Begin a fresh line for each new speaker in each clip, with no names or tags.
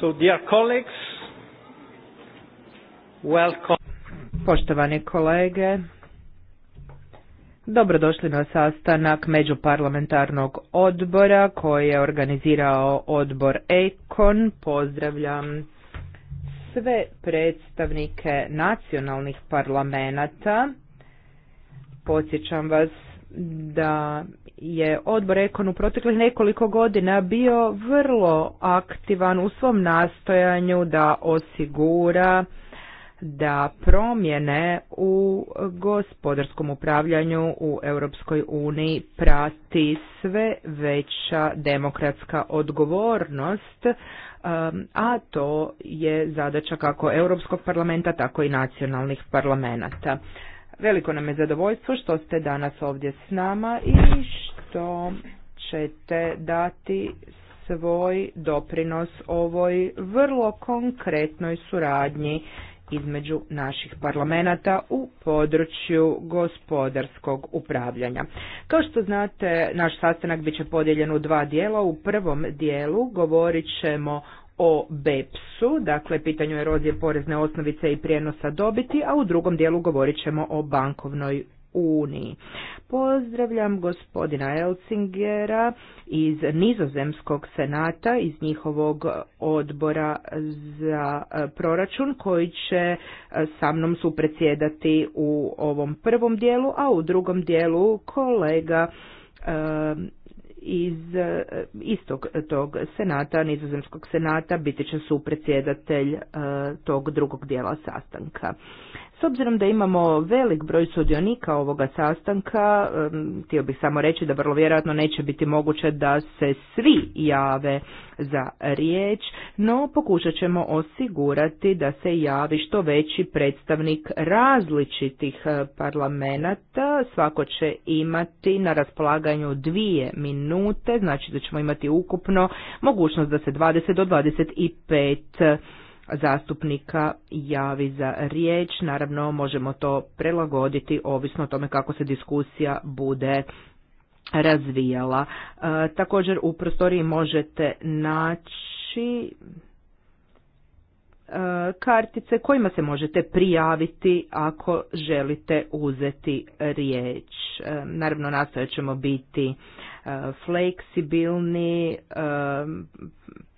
So, dear colleagues, welcome. Poštovani kolege, dobrodošli na sastanak Međuparlamentarnog odbora koji je organizirao odbor EKON. Pozdravljam sve predstavnike nacionalnih parlamenta Podsjećam vas da je odbor Ekon u proteklih nekoliko godina bio vrlo aktivan u svom nastojanju da osigura da promjene u gospodarskom upravljanju u Europskoj uniji prati sve veća demokratska odgovornost, um, a to je zadaća kako Europskog parlamenta, tako i nacionalnih parlamenta. Veliko nam je zadovoljstvo što ste danas ovdje s nama i što ćete dati svoj doprinos ovoj vrlo konkretnoj suradnji između naših parlamenata u području gospodarskog upravljanja. Kao što znate, naš sastanak bit će podijeljen u dva dijela. U prvom dijelu govorit ćemo o BEPS-u, dakle pitanju erozije porezne osnovice i prijenosa dobiti, a u drugom dijelu govorit ćemo o bankovnoj uniji. Pozdravljam gospodina Elsingera iz Nizozemskog senata, iz njihovog odbora za e, proračun koji će e, sa mnom supredsjedati u ovom prvom dijelu, a u drugom dijelu kolega e, iz e, istog tog senata, nizozemskog senata, biti će su predsjedatelj e, tog drugog dijela sastanka. S obzirom da imamo velik broj sudionika ovoga sastanka, htio bih samo reći da vrlo vjerojatno neće biti moguće da se svi jave za riječ, no pokušat ćemo osigurati da se javi što veći predstavnik različitih e, parlamenata. Svako će imati na raspolaganju dvije minute, znači da ćemo imati ukupno mogućnost da se 20 do 25 zastupnika javi za riječ. Naravno, možemo to prelagoditi ovisno o tome kako se diskusija bude razvijala. E, također u prostoriji možete naći e, kartice kojima se možete prijaviti ako želite uzeti riječ. E, naravno nastojat ćemo biti e, fleksibilni, e,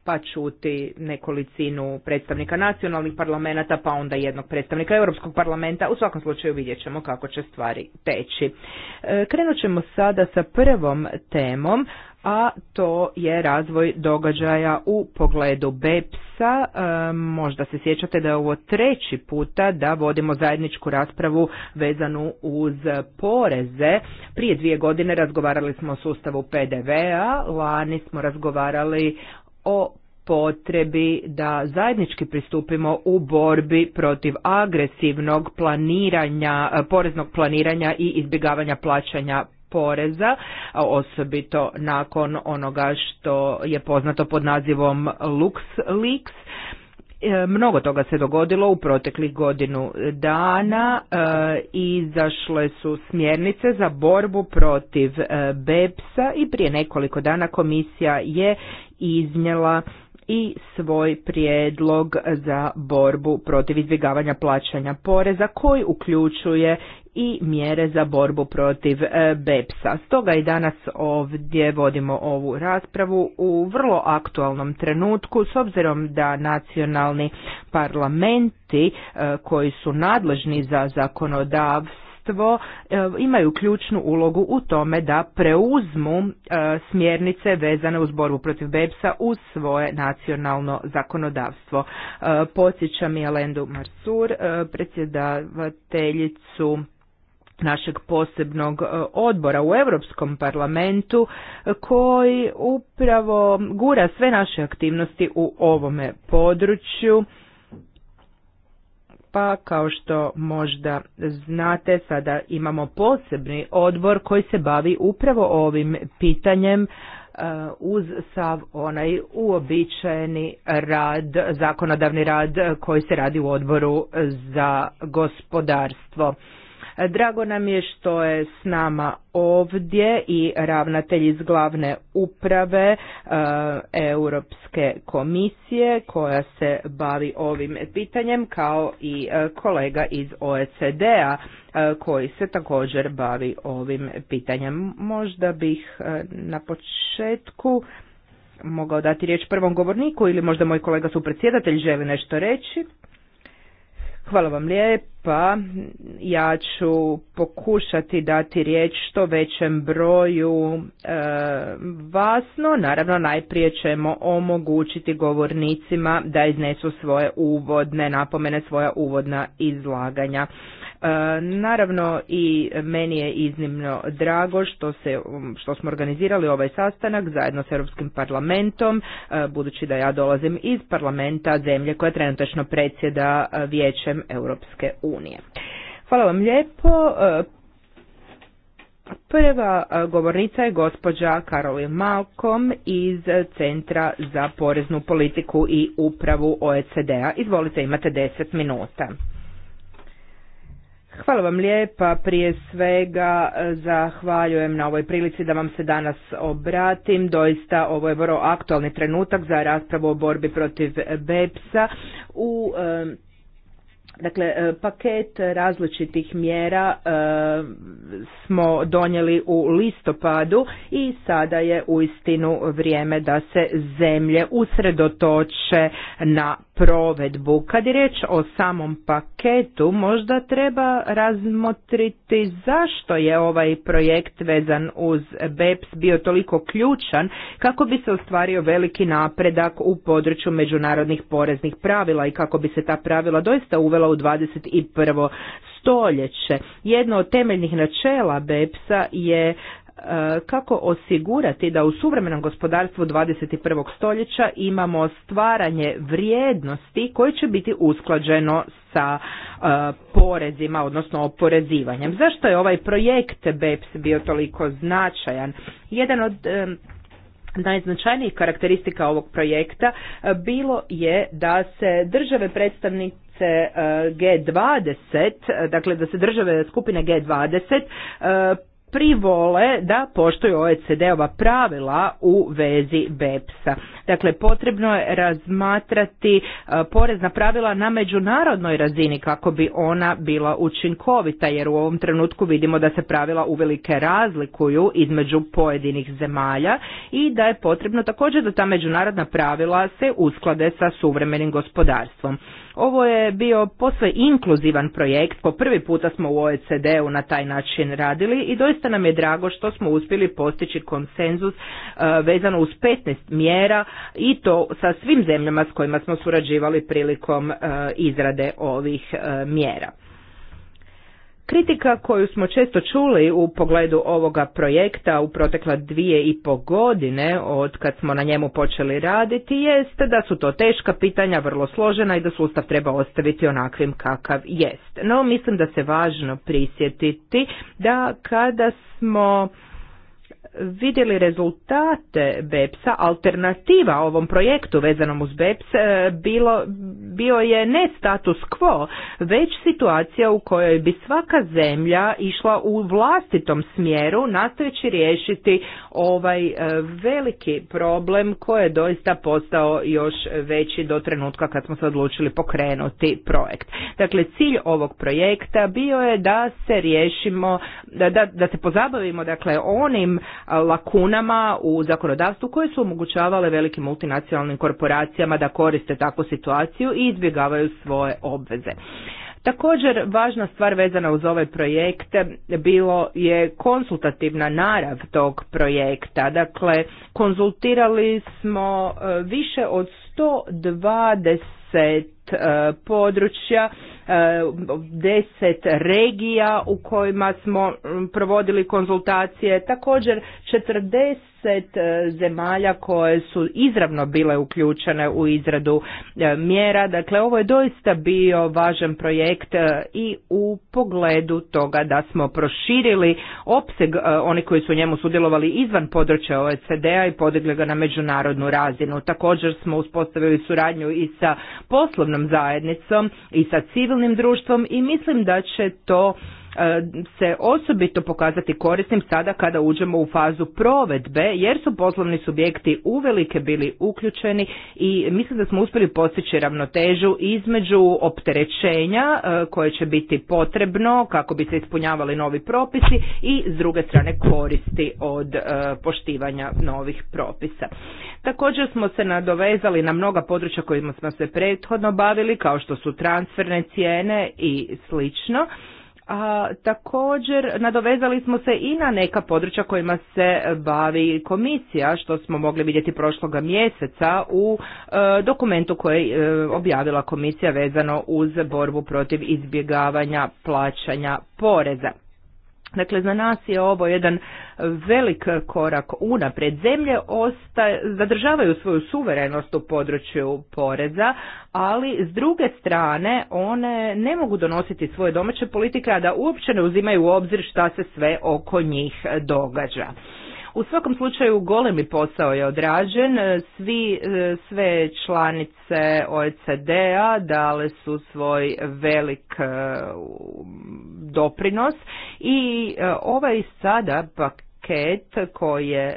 pa čuti nekolicinu predstavnika nacionalnih parlamenta, pa onda jednog predstavnika Europskog parlamenta. U svakom slučaju vidjet ćemo kako će stvari teći. E, krenut ćemo sada sa prvom temom, a to je razvoj događaja u pogledu BEPS-a. E, možda se sjećate da je ovo treći puta da vodimo zajedničku raspravu vezanu uz poreze. Prije dvije godine razgovarali smo o sustavu PDV-a, lani smo razgovarali o potrebi da zajednički pristupimo u borbi protiv agresivnog planiranja, e, poreznog planiranja i izbjegavanja plaćanja poreza, osobito nakon onoga što je poznato pod nazivom Leaks. E, mnogo toga se dogodilo u proteklih godinu dana, e, izašle su smjernice za borbu protiv BEPS-a i prije nekoliko dana komisija je iznjela i svoj prijedlog za borbu protiv izbjegavanja plaćanja poreza koji uključuje i mjere za borbu protiv e, BEPS-a. Stoga i danas ovdje vodimo ovu raspravu u vrlo aktualnom trenutku s obzirom da nacionalni parlamenti e, koji su nadležni za zakonodavstvo E, imaju ključnu ulogu u tome da preuzmu e, smjernice vezane uz borbu protiv beps u svoje nacionalno zakonodavstvo. E, Podsjećam i Lendu Marsur, predsjedavateljicu našeg posebnog odbora u Europskom parlamentu koji upravo gura sve naše aktivnosti u ovome području pa kao što možda znate sada imamo posebni odbor koji se bavi upravo ovim pitanjem e, uz sav onaj uobičajeni rad, zakonodavni rad koji se radi u odboru za gospodarstvo. Drago nam je što je s nama ovdje i ravnatelj iz glavne uprave e, Europske komisije koja se bavi ovim pitanjem kao i e, kolega iz OECD-a e, koji se također bavi ovim pitanjem. Možda bih na početku mogao dati riječ prvom govorniku ili možda moj kolega supredsjedatelj želi nešto reći. Hvala vam lijepo pa ja ću pokušati dati riječ što većem broju e, vasno. naravno najprije ćemo omogućiti govornicima da iznesu svoje uvodne napomene, svoja uvodna izlaganja. E, naravno i meni je iznimno drago što, se, što smo organizirali ovaj sastanak zajedno s Europskim parlamentom, e, budući da ja dolazim iz parlamenta zemlje koja trenutačno predsjeda Vijećem Europske unije. Hvala vam lijepo. E, prva e, govornica je gospođa Karolin Malkom iz Centra za poreznu politiku i upravu OECD-a. Izvolite, imate 10 minuta. Hvala vam lijepa. Prije svega e, zahvaljujem na ovoj prilici da vam se danas obratim. Doista ovo je vrlo aktualni trenutak za raspravu o borbi protiv BEPS-a u Dakle, e, paket različitih mjera e, smo donijeli u listopadu i sada je uistinu vrijeme da se zemlje usredotoče na provedbu. Kad je riječ o samom paketu, možda treba razmotriti zašto je ovaj projekt vezan uz BEPS bio toliko ključan kako bi se ostvario veliki napredak u području međunarodnih poreznih pravila i kako bi se ta pravila doista uvela u 21. stoljeće. Jedno od temeljnih načela BEPS-a je E, kako osigurati da u suvremenom gospodarstvu 21. stoljeća imamo stvaranje vrijednosti koje će biti usklađeno sa e, porezima, odnosno oporezivanjem. Zašto je ovaj projekt BEPS bio toliko značajan? Jedan od e, najznačajnijih karakteristika ovog projekta bilo je da se države predstavnice G20, dakle da se države skupine G20 privole da poštuju OECD-ova pravila u vezi BEPS-a. Dakle, potrebno je razmatrati e, porezna pravila na međunarodnoj razini kako bi ona bila učinkovita, jer u ovom trenutku vidimo da se pravila uvelike razlikuju između pojedinih zemalja i da je potrebno također da ta međunarodna pravila se usklade sa suvremenim gospodarstvom. Ovo je bio posve inkluzivan projekt, po prvi puta smo u OECD-u na taj način radili i doista nam je drago što smo uspjeli postići konsenzus e, vezano uz 15 mjera i to sa svim zemljama s kojima smo surađivali prilikom e, izrade ovih e, mjera. Kritika koju smo često čuli u pogledu ovoga projekta u protekla dvije i po godine od kad smo na njemu počeli raditi jest da su to teška pitanja, vrlo složena i da sustav treba ostaviti onakvim kakav jest. No mislim da se važno prisjetiti da kada smo vidjeli rezultate BEPS-a, alternativa ovom projektu vezanom uz BEPS e, bilo, bio je ne status quo, već situacija u kojoj bi svaka zemlja išla u vlastitom smjeru nastojeći riješiti ovaj e, veliki problem koji je doista postao još veći do trenutka kad smo se odlučili pokrenuti projekt. Dakle, cilj ovog projekta bio je da se riješimo, da, da, da se pozabavimo dakle onim lakunama u zakonodavstvu koje su omogućavale velikim multinacionalnim korporacijama da koriste takvu situaciju i izbjegavaju svoje obveze. Također, važna stvar vezana uz ovaj projekt bilo je konsultativna narav tog projekta. Dakle, konzultirali smo e, više od 120 E, područja, e, deset regija u kojima smo provodili konzultacije, također četrdeset e, zemalja koje su izravno bile uključene u izradu mjera. Dakle, ovo je doista bio važan projekt i u pogledu toga da smo proširili opseg oni koji su u njemu sudjelovali izvan područja OECD-a i podigli ga na međunarodnu razinu. Također smo uspostavili suradnju i sa poslovnom zajednicom i sa civilnim društvom i mislim da će to E, se osobito pokazati korisnim sada kada uđemo u fazu provedbe jer su poslovni subjekti uvelike bili uključeni i mislim da smo uspjeli postići ravnotežu između opterećenja e, koje će biti potrebno kako bi se ispunjavali novi propisi i s druge strane koristi od e, poštivanja novih propisa. Također smo se nadovezali na mnoga područja kojima smo se prethodno bavili kao što su transferne cijene i slično a također nadovezali smo se i na neka područja kojima se bavi komisija, što smo mogli vidjeti prošloga mjeseca u e, dokumentu koji je e, objavila komisija vezano uz borbu protiv izbjegavanja plaćanja poreza. Dakle, za nas je ovo jedan velik korak unaprijed. Zemlje osta, zadržavaju svoju suverenost u području poreza, ali s druge strane one ne mogu donositi svoje domaće politike, a da uopće ne uzimaju u obzir šta se sve oko njih događa. U svakom slučaju golemi posao je odrađen, svi, e, sve članice OECD-a dale su svoj velik e, doprinos i e, ovaj sada pak paket koji je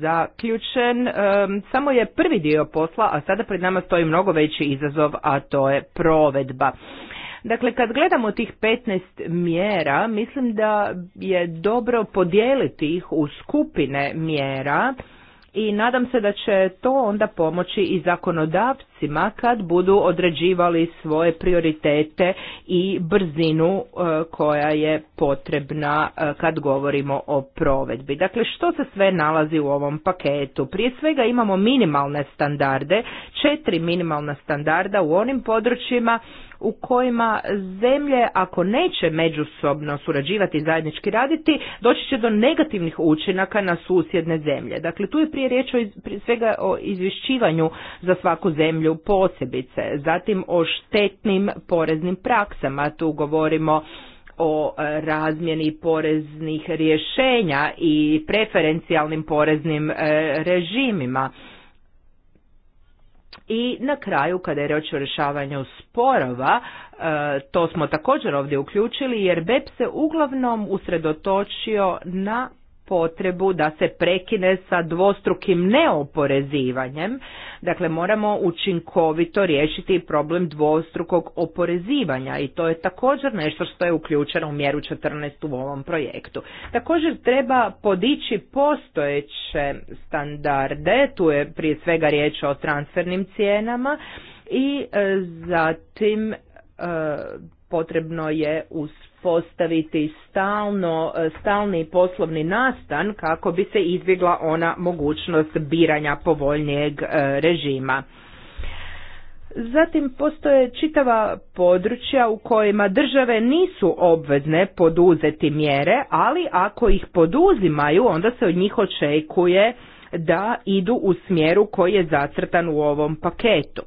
zaključen. Samo je prvi dio posla, a sada pred nama stoji mnogo veći izazov, a to je provedba. Dakle, kad gledamo tih 15 mjera, mislim da je dobro podijeliti ih u skupine mjera i nadam se da će to onda pomoći i zakonodavcu kad budu određivali svoje prioritete i brzinu e, koja je potrebna e, kad govorimo o provedbi. Dakle, što se sve nalazi u ovom paketu? Prije svega imamo minimalne standarde, četiri minimalna standarda u onim područjima u kojima zemlje ako neće međusobno surađivati i zajednički raditi, doći će do negativnih učinaka na susjedne zemlje. Dakle, tu je prije riječ o prije svega o izvješćivanju za svaku zemlju posebice. Zatim o štetnim poreznim praksama, tu govorimo o e, razmjeni poreznih rješenja i preferencijalnim poreznim e, režimima. I na kraju, kada je riječ o rješavanju sporova, e, to smo također ovdje uključili jer BEP se uglavnom usredotočio na potrebu da se prekine sa dvostrukim neoporezivanjem. Dakle, moramo učinkovito riješiti problem dvostrukog oporezivanja i to je također nešto što je uključeno u mjeru 14 u ovom projektu. Također treba podići postojeće standarde, tu je prije svega riječ o transfernim cijenama i e, zatim e, potrebno je uz postaviti stalno, stalni poslovni nastan kako bi se izbjegla ona mogućnost biranja povoljnijeg e, režima. Zatim postoje čitava područja u kojima države nisu obvezne poduzeti mjere, ali ako ih poduzimaju onda se od njih očekuje da idu u smjeru koji je zacrtan u ovom paketu.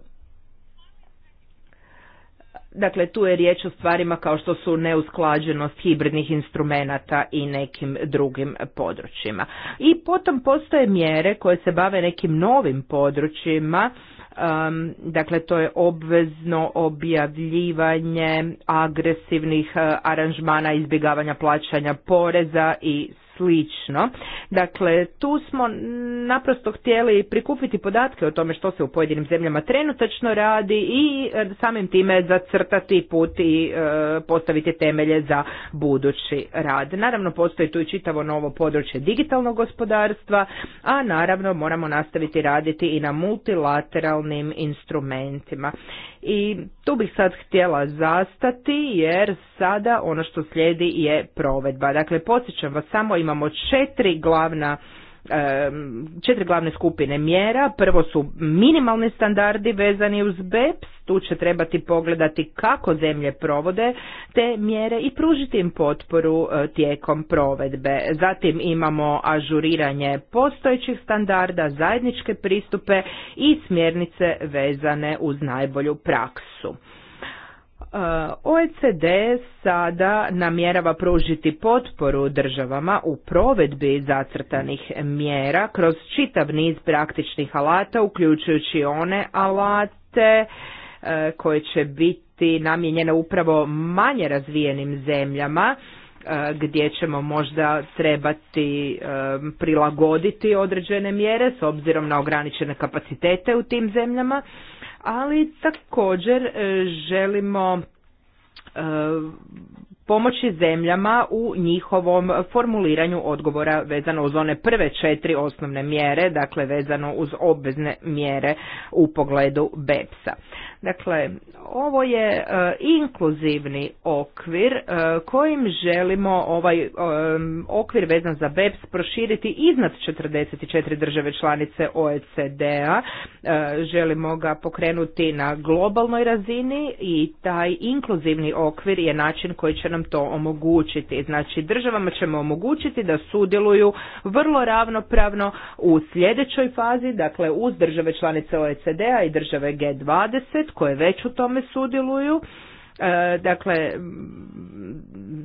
Dakle, tu je riječ o stvarima kao što su neusklađenost hibridnih instrumenata i nekim drugim područjima. I potom postoje mjere koje se bave nekim novim područjima, um, dakle to je obvezno objavljivanje agresivnih uh, aranžmana izbjegavanja plaćanja poreza i slično. Dakle, tu smo naprosto htjeli prikupiti podatke o tome što se u pojedinim zemljama trenutačno radi i e, samim time zacrtati put i e, postaviti temelje za budući rad. Naravno, postoji tu i čitavo novo područje digitalnog gospodarstva, a naravno moramo nastaviti raditi i na multilateralnim instrumentima. I tu bih sad htjela zastati jer sada ono što slijedi je provedba. Dakle, podsjećam vas samo imamo četiri glavna četiri glavne skupine mjera. Prvo su minimalni standardi vezani uz BEPS, tu će trebati pogledati kako zemlje provode te mjere i pružiti im potporu e, tijekom provedbe. Zatim imamo ažuriranje postojećih standarda, zajedničke pristupe i smjernice vezane uz najbolju praksu. OECD sada namjerava pružiti potporu državama u provedbi zacrtanih mjera kroz čitav niz praktičnih alata, uključujući one alate e, koje će biti namjenjene upravo manje razvijenim zemljama, e, gdje ćemo možda trebati e, prilagoditi određene mjere s obzirom na ograničene kapacitete u tim zemljama ali također e, želimo e, pomoći zemljama u njihovom formuliranju odgovora vezano uz one prve četiri osnovne mjere, dakle vezano uz obvezne mjere u pogledu BEPS-a. Dakle, ovo je e, inkluzivni okvir e, kojim želimo ovaj e, okvir vezan za BEPS proširiti iznad 44 države članice OECD-a. Želimo ga pokrenuti na globalnoj razini i taj inkluzivni okvir je način koji će nam to omogućiti. Znači državama ćemo omogućiti da sudjeluju vrlo ravnopravno u sljedećoj fazi, dakle uz države članice OECD-a i države G20 koje već u tome sudjeluju E, dakle,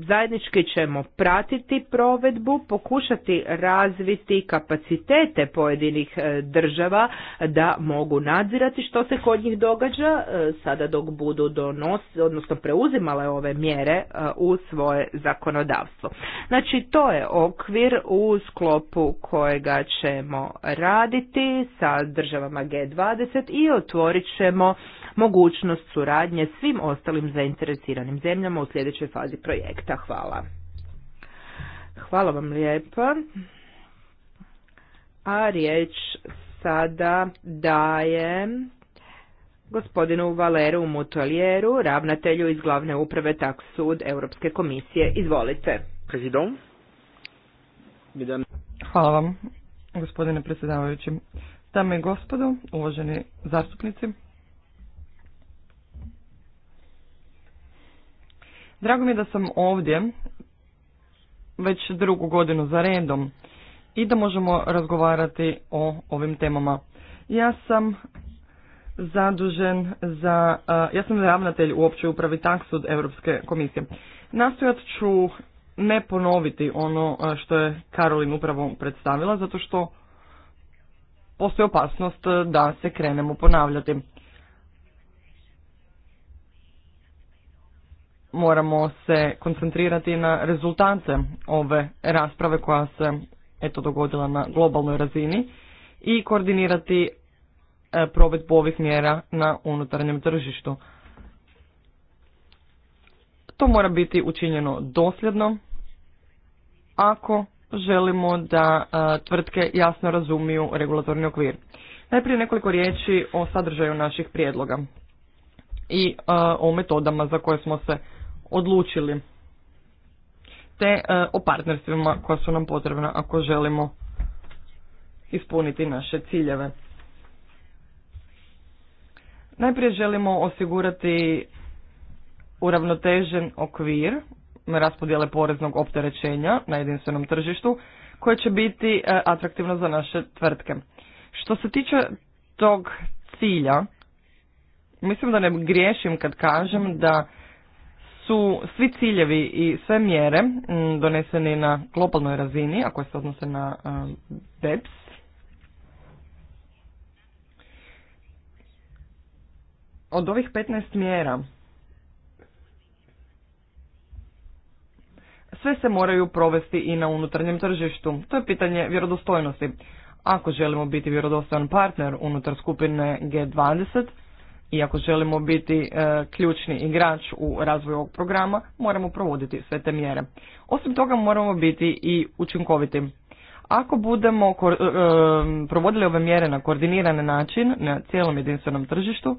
zajednički ćemo pratiti provedbu, pokušati razviti kapacitete pojedinih e, država da mogu nadzirati što se kod njih događa e, sada dok budu donosile, odnosno preuzimale ove mjere u svoje zakonodavstvo. Znači, to je okvir u sklopu kojega ćemo raditi sa državama G20 i otvorit ćemo mogućnost suradnje svim ostalim zainteresiranim zemljama u sljedećoj fazi projekta. Hvala. Hvala vam lijepa. A riječ sada daje gospodinu Valeru Mutoljeru, ravnatelju iz glavne uprave Taksud Europske komisije. Izvolite. prezidom.
Hvala vam, gospodine predsjedavajući. Dame i gospodo, uvaženi zastupnici, Drago mi je da sam ovdje već drugu godinu za redom i da možemo razgovarati o ovim temama. Ja sam zadužen za, ja sam ravnatelj u općoj upravi taksud Europske komisije. Nastojat ću ne ponoviti ono što je Karolin upravo predstavila, zato što postoji opasnost da se krenemo ponavljati. moramo se koncentrirati na rezultate ove rasprave koja se eto dogodila na globalnoj razini i koordinirati e, provedbu ovih mjera na unutarnjem tržištu. To mora biti učinjeno dosljedno ako želimo da e, tvrtke jasno razumiju regulatorni okvir. Najprije nekoliko riječi o sadržaju naših prijedloga i e, o metodama za koje smo se odlučili te e, o partnerstvima koja su nam potrebna ako želimo ispuniti naše ciljeve. Najprije želimo osigurati uravnotežen okvir raspodjele poreznog opterećenja na jedinstvenom tržištu koje će biti e, atraktivno za naše tvrtke. Što se tiče tog cilja, mislim da ne griješim kad kažem da su svi ciljevi i sve mjere doneseni na globalnoj razini, ako se odnose na e, BEPS, od ovih 15 mjera sve se moraju provesti i na unutarnjem tržištu. To je pitanje vjerodostojnosti. Ako želimo biti vjerodostojan partner unutar skupine G20, i ako želimo biti e, ključni igrač u razvoju ovog programa, moramo provoditi sve te mjere. Osim toga moramo biti i učinkoviti. Ako budemo e, provodili ove mjere na koordinirani način na cijelom jedinstvenom tržištu,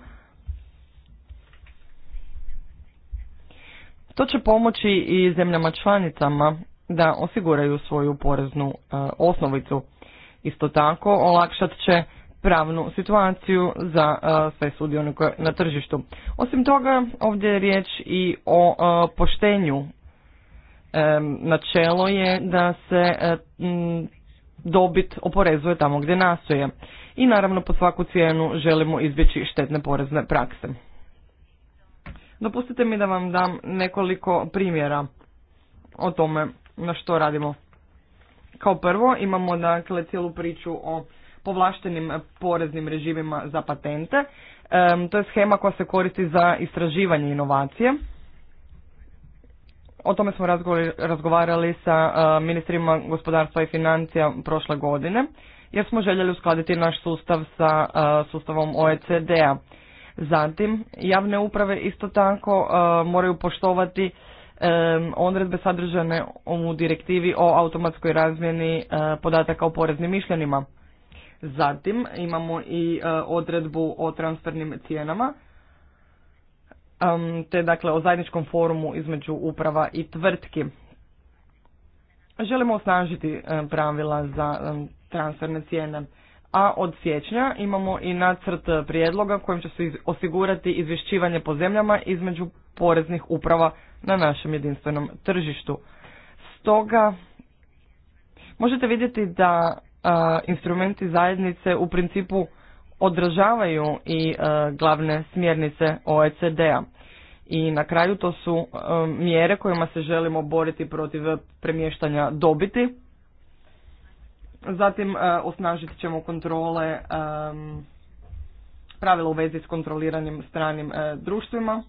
to će pomoći i zemljama članicama da osiguraju svoju poreznu e, osnovicu. Isto tako olakšat će pravnu situaciju za e, sve sudionike na tržištu. Osim toga, ovdje je riječ i o e, poštenju. E, načelo je da se dobit oporezuje tamo gdje nastoje. I naravno po svaku cijenu želimo izbjeći štetne porezne prakse. Dopustite mi da vam dam nekoliko primjera o tome na što radimo. Kao prvo imamo dakle cijelu priču o povlaštenim eh, poreznim režimima za patente. To je schema koja se koristi za istraživanje inovacije. O tome smo razgovarali sa eh, ministrima gospodarstva i financija prošle godine jer smo željeli uskladiti naš sustav sa eh, sustavom OECD-a. Zatim, javne uprave isto tako moraju poštovati odredbe sadržane u direktivi o automatskoj razmjeni podataka o poreznim mišljenima. Zatim imamo i e, odredbu o transfernim cijenama, te dakle o zajedničkom forumu između uprava i tvrtki. Želimo osnažiti e, pravila za e, transferne cijene. A od siječnja imamo i nacrt prijedloga kojim će se osigurati izvješćivanje po zemljama između poreznih uprava na našem jedinstvenom tržištu. Stoga možete vidjeti da instrumenti zajednice u principu odražavaju i glavne smjernice OECD-a. I na kraju to su mjere kojima se želimo boriti protiv premještanja dobiti. Zatim osnažit ćemo kontrole pravila u vezi s kontroliranim stranim društvima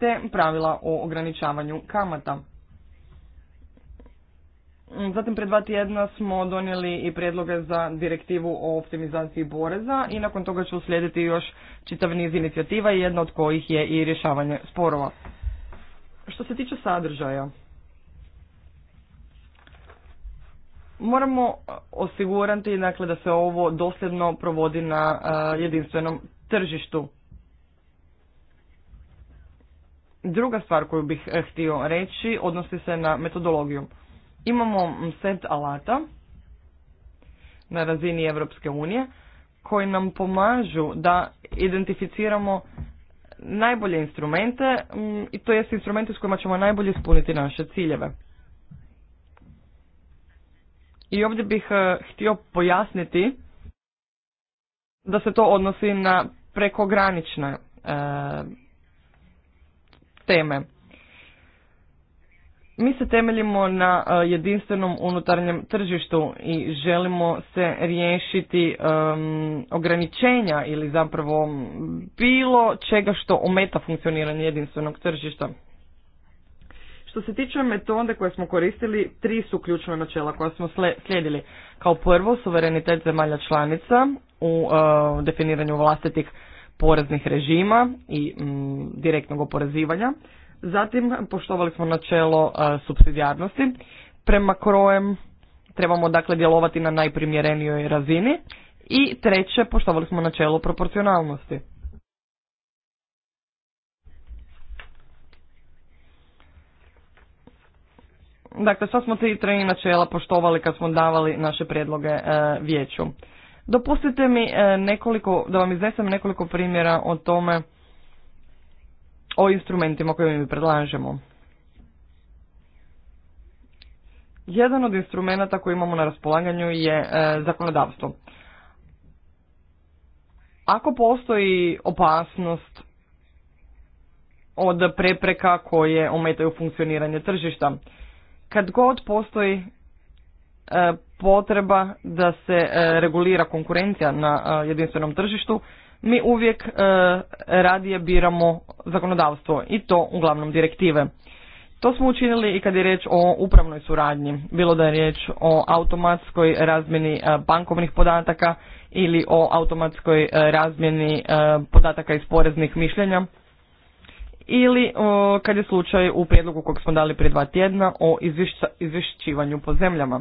te pravila o ograničavanju kamata. Zatim pred dva tjedna smo donijeli i predloge za direktivu o optimizaciji poreza i nakon toga će uslijediti još čitav niz inicijativa i jedna od kojih je i rješavanje sporova. Što se tiče sadržaja, moramo osigurati dakle, da se ovo dosljedno provodi na e, jedinstvenom tržištu. Druga stvar koju bih e, htio reći odnosi se na metodologiju. Imamo mm, set alata na razini Europske unije koji nam pomažu da identificiramo najbolje instrumente mm, i to jest instrumente s kojima ćemo najbolje ispuniti naše ciljeve. I ovdje bih e, htio pojasniti da se to odnosi na prekogranične e, teme. Mi se temeljimo na e, jedinstvenom unutarnjem tržištu i želimo se riješiti ograničenja ili zapravo bilo čega što ometa funkcioniranje jedinstvenog tržišta. Što se tiče metode koje smo koristili, tri su ključna načela koja smo slijedili. Kao prvo, suverenitet zemalja članica u e, definiranju vlastitih poreznih režima i direktnog oporezivanja. Zatim, poštovali smo načelo e, subsidijarnosti prema krojem, trebamo dakle djelovati na najprimjerenijoj razini i treće, poštovali smo načelo proporcionalnosti. Dakle, sad smo ti tri načela poštovali kad smo davali naše prijedloge e, vijeću. Dopustite mi e, nekoliko, da vam iznesem nekoliko primjera o tome o instrumentima koje mi predlažemo. Jedan od instrumenta koji imamo na raspolaganju je e, zakonodavstvo. Ako postoji opasnost od prepreka koje ometaju funkcioniranje tržišta, kad god postoji e, potreba da se e, regulira konkurencija na jedinstvenom tržištu, mi uvijek e, radije biramo zakonodavstvo i to uglavnom direktive. To smo učinili i kad je riječ o upravnoj suradnji, bilo da je riječ o automatskoj razmjeni e, bankovnih podataka ili o automatskoj e, razmjeni e, podataka iz poreznih mišljenja ili kad je slučaj u prijedlogu kojeg smo dali prije dva tjedna o izvješćivanju po zemljama.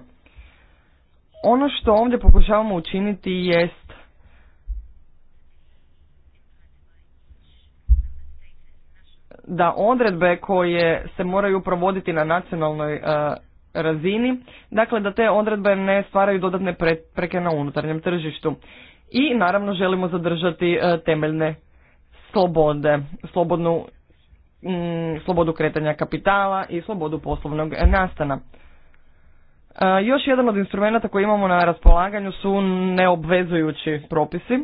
Ono što ovdje pokušavamo učiniti jest da odredbe koje se moraju provoditi na nacionalnoj e, razini, dakle da te odredbe ne stvaraju dodatne prepreke na unutarnjem tržištu. I naravno želimo zadržati e, temeljne slobode, slobodnu, mm, slobodu kretanja kapitala i slobodu poslovnog nastana. E, još jedan od instrumenta koji imamo na raspolaganju su neobvezujući propisi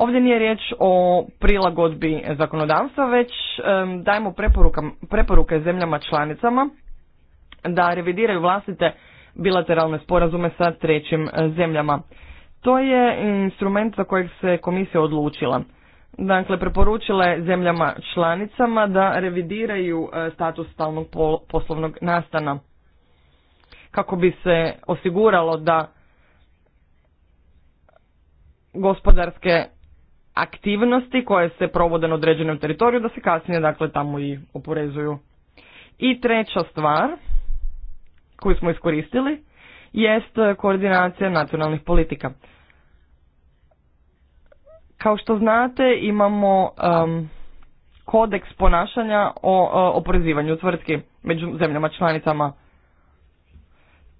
Ovdje nije riječ o prilagodbi zakonodavstva, već dajemo preporuke zemljama članicama da revidiraju vlastite bilateralne sporazume sa trećim e, zemljama. To je instrument za kojeg se komisija odlučila. Dakle, preporučila je zemljama članicama da revidiraju e, status stalnog poslovnog nastana kako bi se osiguralo da gospodarske aktivnosti koje se provode na određenom teritoriju da se kasnije dakle tamo i oporezuju. I treća stvar koju smo iskoristili jest koordinacija nacionalnih politika. Kao što znate imamo kodeks ponašanja o oporezivanju tvrtki među zemljama članicama.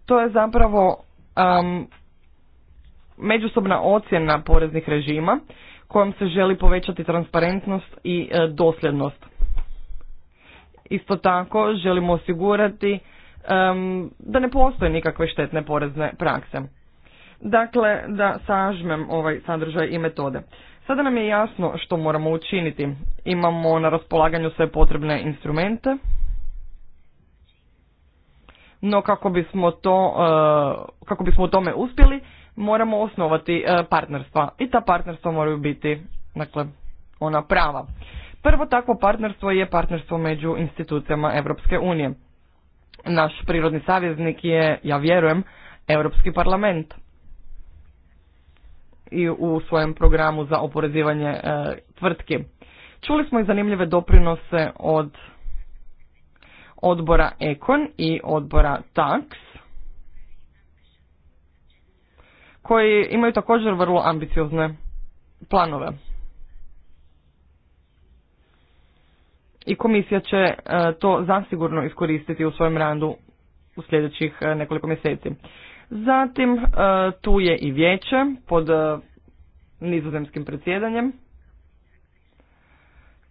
To je zapravo međusobna ocjena poreznih režima kojom se želi povećati transparentnost i e, dosljednost. Isto tako želimo osigurati da ne postoje nikakve štetne porezne prakse. Dakle, da sažmem ovaj sadržaj i metode. Sada nam je jasno što moramo učiniti. Imamo na raspolaganju sve potrebne instrumente, no kako bismo, to, e, kako bismo u tome uspjeli, moramo osnovati e, partnerstva i ta partnerstva moraju biti dakle, ona prava. Prvo takvo partnerstvo je partnerstvo među institucijama Europske unije. Naš prirodni saveznik je, ja vjerujem, Europski parlament. I u svojem programu za oporezivanje e, tvrtki. Čuli smo i zanimljive doprinose od odbora Econ i odbora Tax koji imaju također vrlo ambiciozne planove. I komisija će e, to zasigurno iskoristiti u svojem randu u sljedećih e, nekoliko mjeseci. Zatim e, tu je i vijeće pod nizozemskim predsjedanjem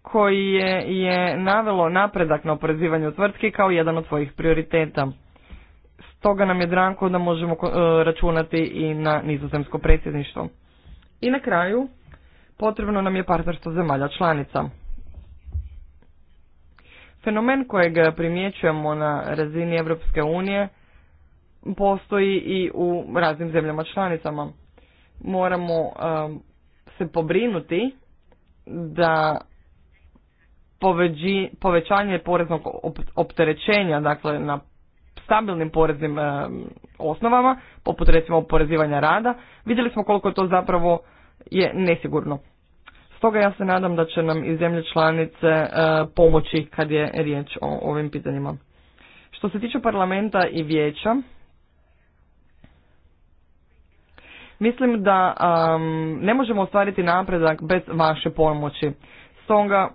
koji je, je navelo napredak na oporezivanju tvrtki kao jedan od svojih prioriteta. Toga nam je dranko da možemo e, računati i na nizozemsko predsjedništvo. I na kraju, potrebno nam je partnerstvo zemalja članica. Fenomen kojeg primjećujemo na razini Europske unije postoji i u raznim zemljama članicama. Moramo e, se pobrinuti da povećanje poreznog opterećenja dakle na stabilnim poreznim eh, osnovama, poput recimo oporezivanja rada, vidjeli smo koliko to zapravo je nesigurno. Stoga ja se nadam da će nam i zemlje članice eh, pomoći kad je riječ o ovim pitanjima. Što se tiče parlamenta i vijeća, mislim da ne možemo ostvariti napredak bez vaše pomoći. Stoga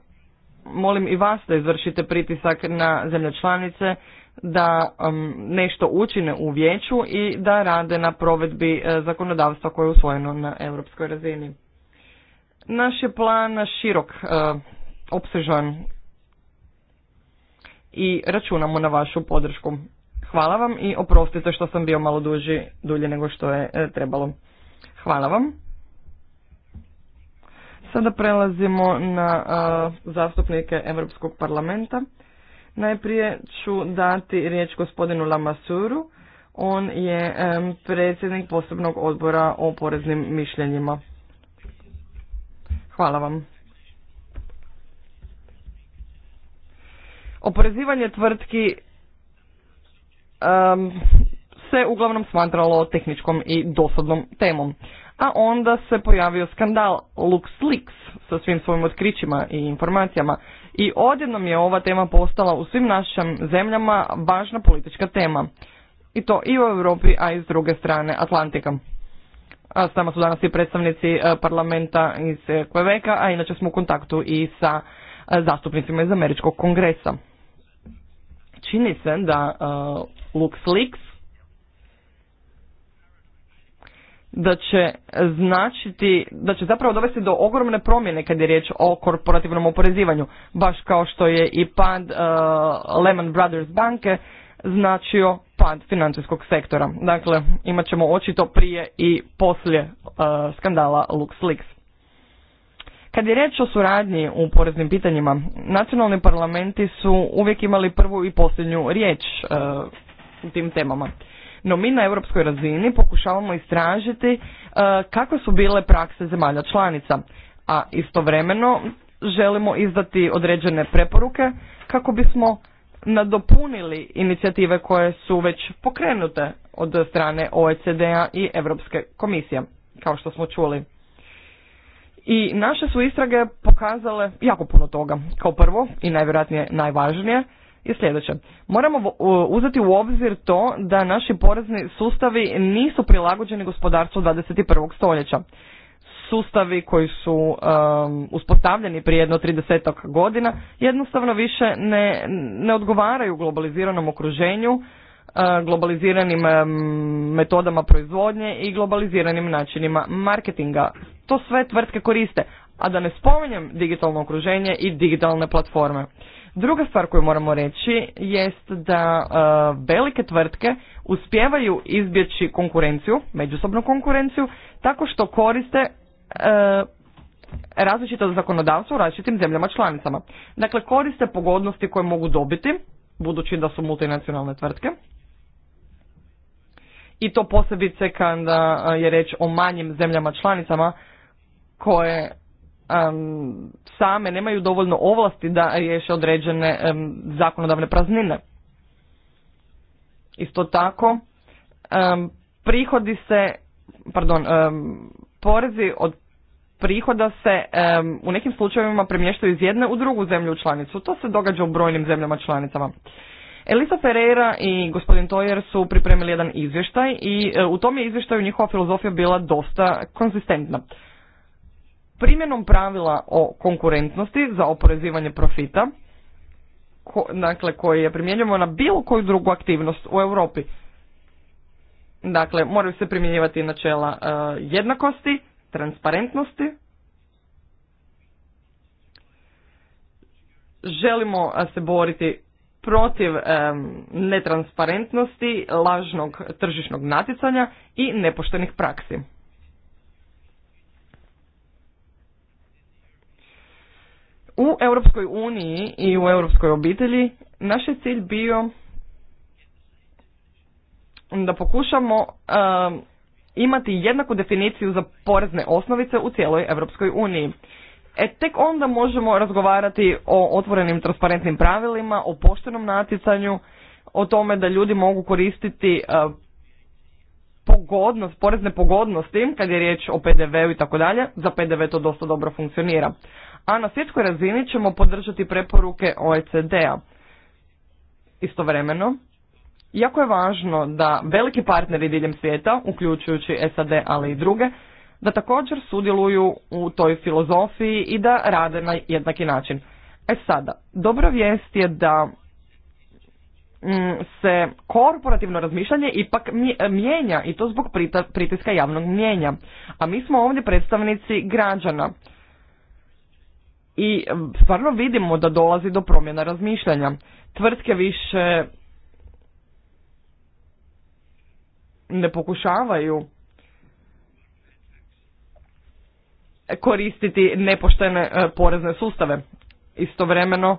molim i vas da izvršite pritisak na zemlje članice da um, nešto učine u vijeću i da rade na provedbi e, zakonodavstva koje je usvojeno na europskoj razini. Naš je plan širok, e, opsežan i računamo na vašu podršku. Hvala vam i oprostite što sam bio malo duži, dulje nego što je e, trebalo. Hvala vam. Sada prelazimo na zastupnike Europskog parlamenta. Najprije ću dati riječ gospodinu Lamasuru. On je predsjednik posebnog odbora o poreznim mišljenjima. Hvala vam. Oporezivanje tvrtki um, se uglavnom smatralo tehničkom i dosadnom temom. A onda se pojavio skandal LuxLeaks sa svim svojim otkrićima i informacijama i odjednom je ova tema postala u svim našim zemljama važna politička tema. I to i u Europi, a i s druge strane Atlantika. A s nama su danas i predstavnici e, parlamenta iz e, Quebeca, a inače smo u kontaktu i sa e, zastupnicima iz Američkog kongresa. Čini se da uh, LuxLeaks da će značiti, da će zapravo dovesti do ogromne promjene kad je riječ o korporativnom oporezivanju, baš kao što je i pad uh, Lehman Brothers banke značio pad financijskog sektora. Dakle, imat ćemo očito prije i poslije e, skandala LuxLeaks. Kad je riječ o suradnji u poreznim pitanjima, nacionalni parlamenti su uvijek imali prvu i posljednju riječ e, u tim temama. No mi na europskoj razini pokušavamo istražiti e, kakve su bile prakse zemalja članica, a istovremeno želimo izdati određene preporuke kako bismo nadopunili inicijative koje su već pokrenute od strane OECD-a i Europske komisije, kao što smo čuli. I naše su istrage pokazale jako puno toga. Kao prvo i najvjerojatnije najvažnije, je sljedeće. Moramo uzeti u obzir to da naši porezni sustavi nisu prilagođeni gospodarstvu 21. stoljeća. Sustavi koji su um, uspostavljeni prije jedno 30. godina jednostavno više ne, ne odgovaraju globaliziranom okruženju, uh, globaliziranim um, metodama proizvodnje i globaliziranim načinima marketinga. To sve tvrtke koriste, a da ne spominjem digitalno okruženje i digitalne platforme. Druga stvar koju moramo reći jest da e, velike tvrtke uspijevaju izbjeći konkurenciju, međusobnu konkurenciju, tako što koriste e, različito zakonodavstvo u različitim zemljama članicama. Dakle, koriste pogodnosti koje mogu dobiti, budući da su multinacionalne tvrtke. I to posebice kada je reč o manjim zemljama članicama koje um, same nemaju dovoljno ovlasti da riješe određene zakonodavne praznine. Isto tako, um, prihodi se, pardon, porezi od prihoda se u nekim slučajevima premještaju iz jedne u drugu zemlju članicu. To se događa u brojnim zemljama članicama. Elisa Ferreira i gospodin Toyer su pripremili jedan izvještaj i e, u tom je izvještaju njihova filozofija bila dosta konzistentna primjenom pravila o konkurentnosti za oporezivanje profita, dakle koji je primjenjivo na bilo koju drugu aktivnost u Europi. Dakle, moraju se primjenjivati načela e, jednakosti, transparentnosti. Želimo e, se boriti protiv e, netransparentnosti, lažnog tržišnog natjecanja i nepoštenih praksi. U Europskoj uniji i u Europskoj obitelji naš je cilj bio da pokušamo um, imati jednaku definiciju za porezne osnovice u cijeloj Europskoj uniji. E tek onda možemo razgovarati o otvorenim transparentnim pravilima, o poštenom natjecanju, o tome da ljudi mogu koristiti uh, pogodnost, porezne pogodnosti, kad je riječ o PDV-u i tako dalje, za PDV to dosta dobro funkcionira a na svjetskoj razini ćemo podržati preporuke OECD-a. Istovremeno, jako je važno da veliki partneri diljem svijeta, uključujući SAD ali i druge, da također sudjeluju u toj filozofiji i da rade na jednaki način. E sada, dobra vijest je da mm, se korporativno razmišljanje ipak mijenja i to zbog pritiska javnog mijenja. A mi smo ovdje predstavnici građana i stvarno vidimo da dolazi do promjena razmišljanja. Tvrtke više ne pokušavaju koristiti nepoštene e, porezne sustave. Istovremeno,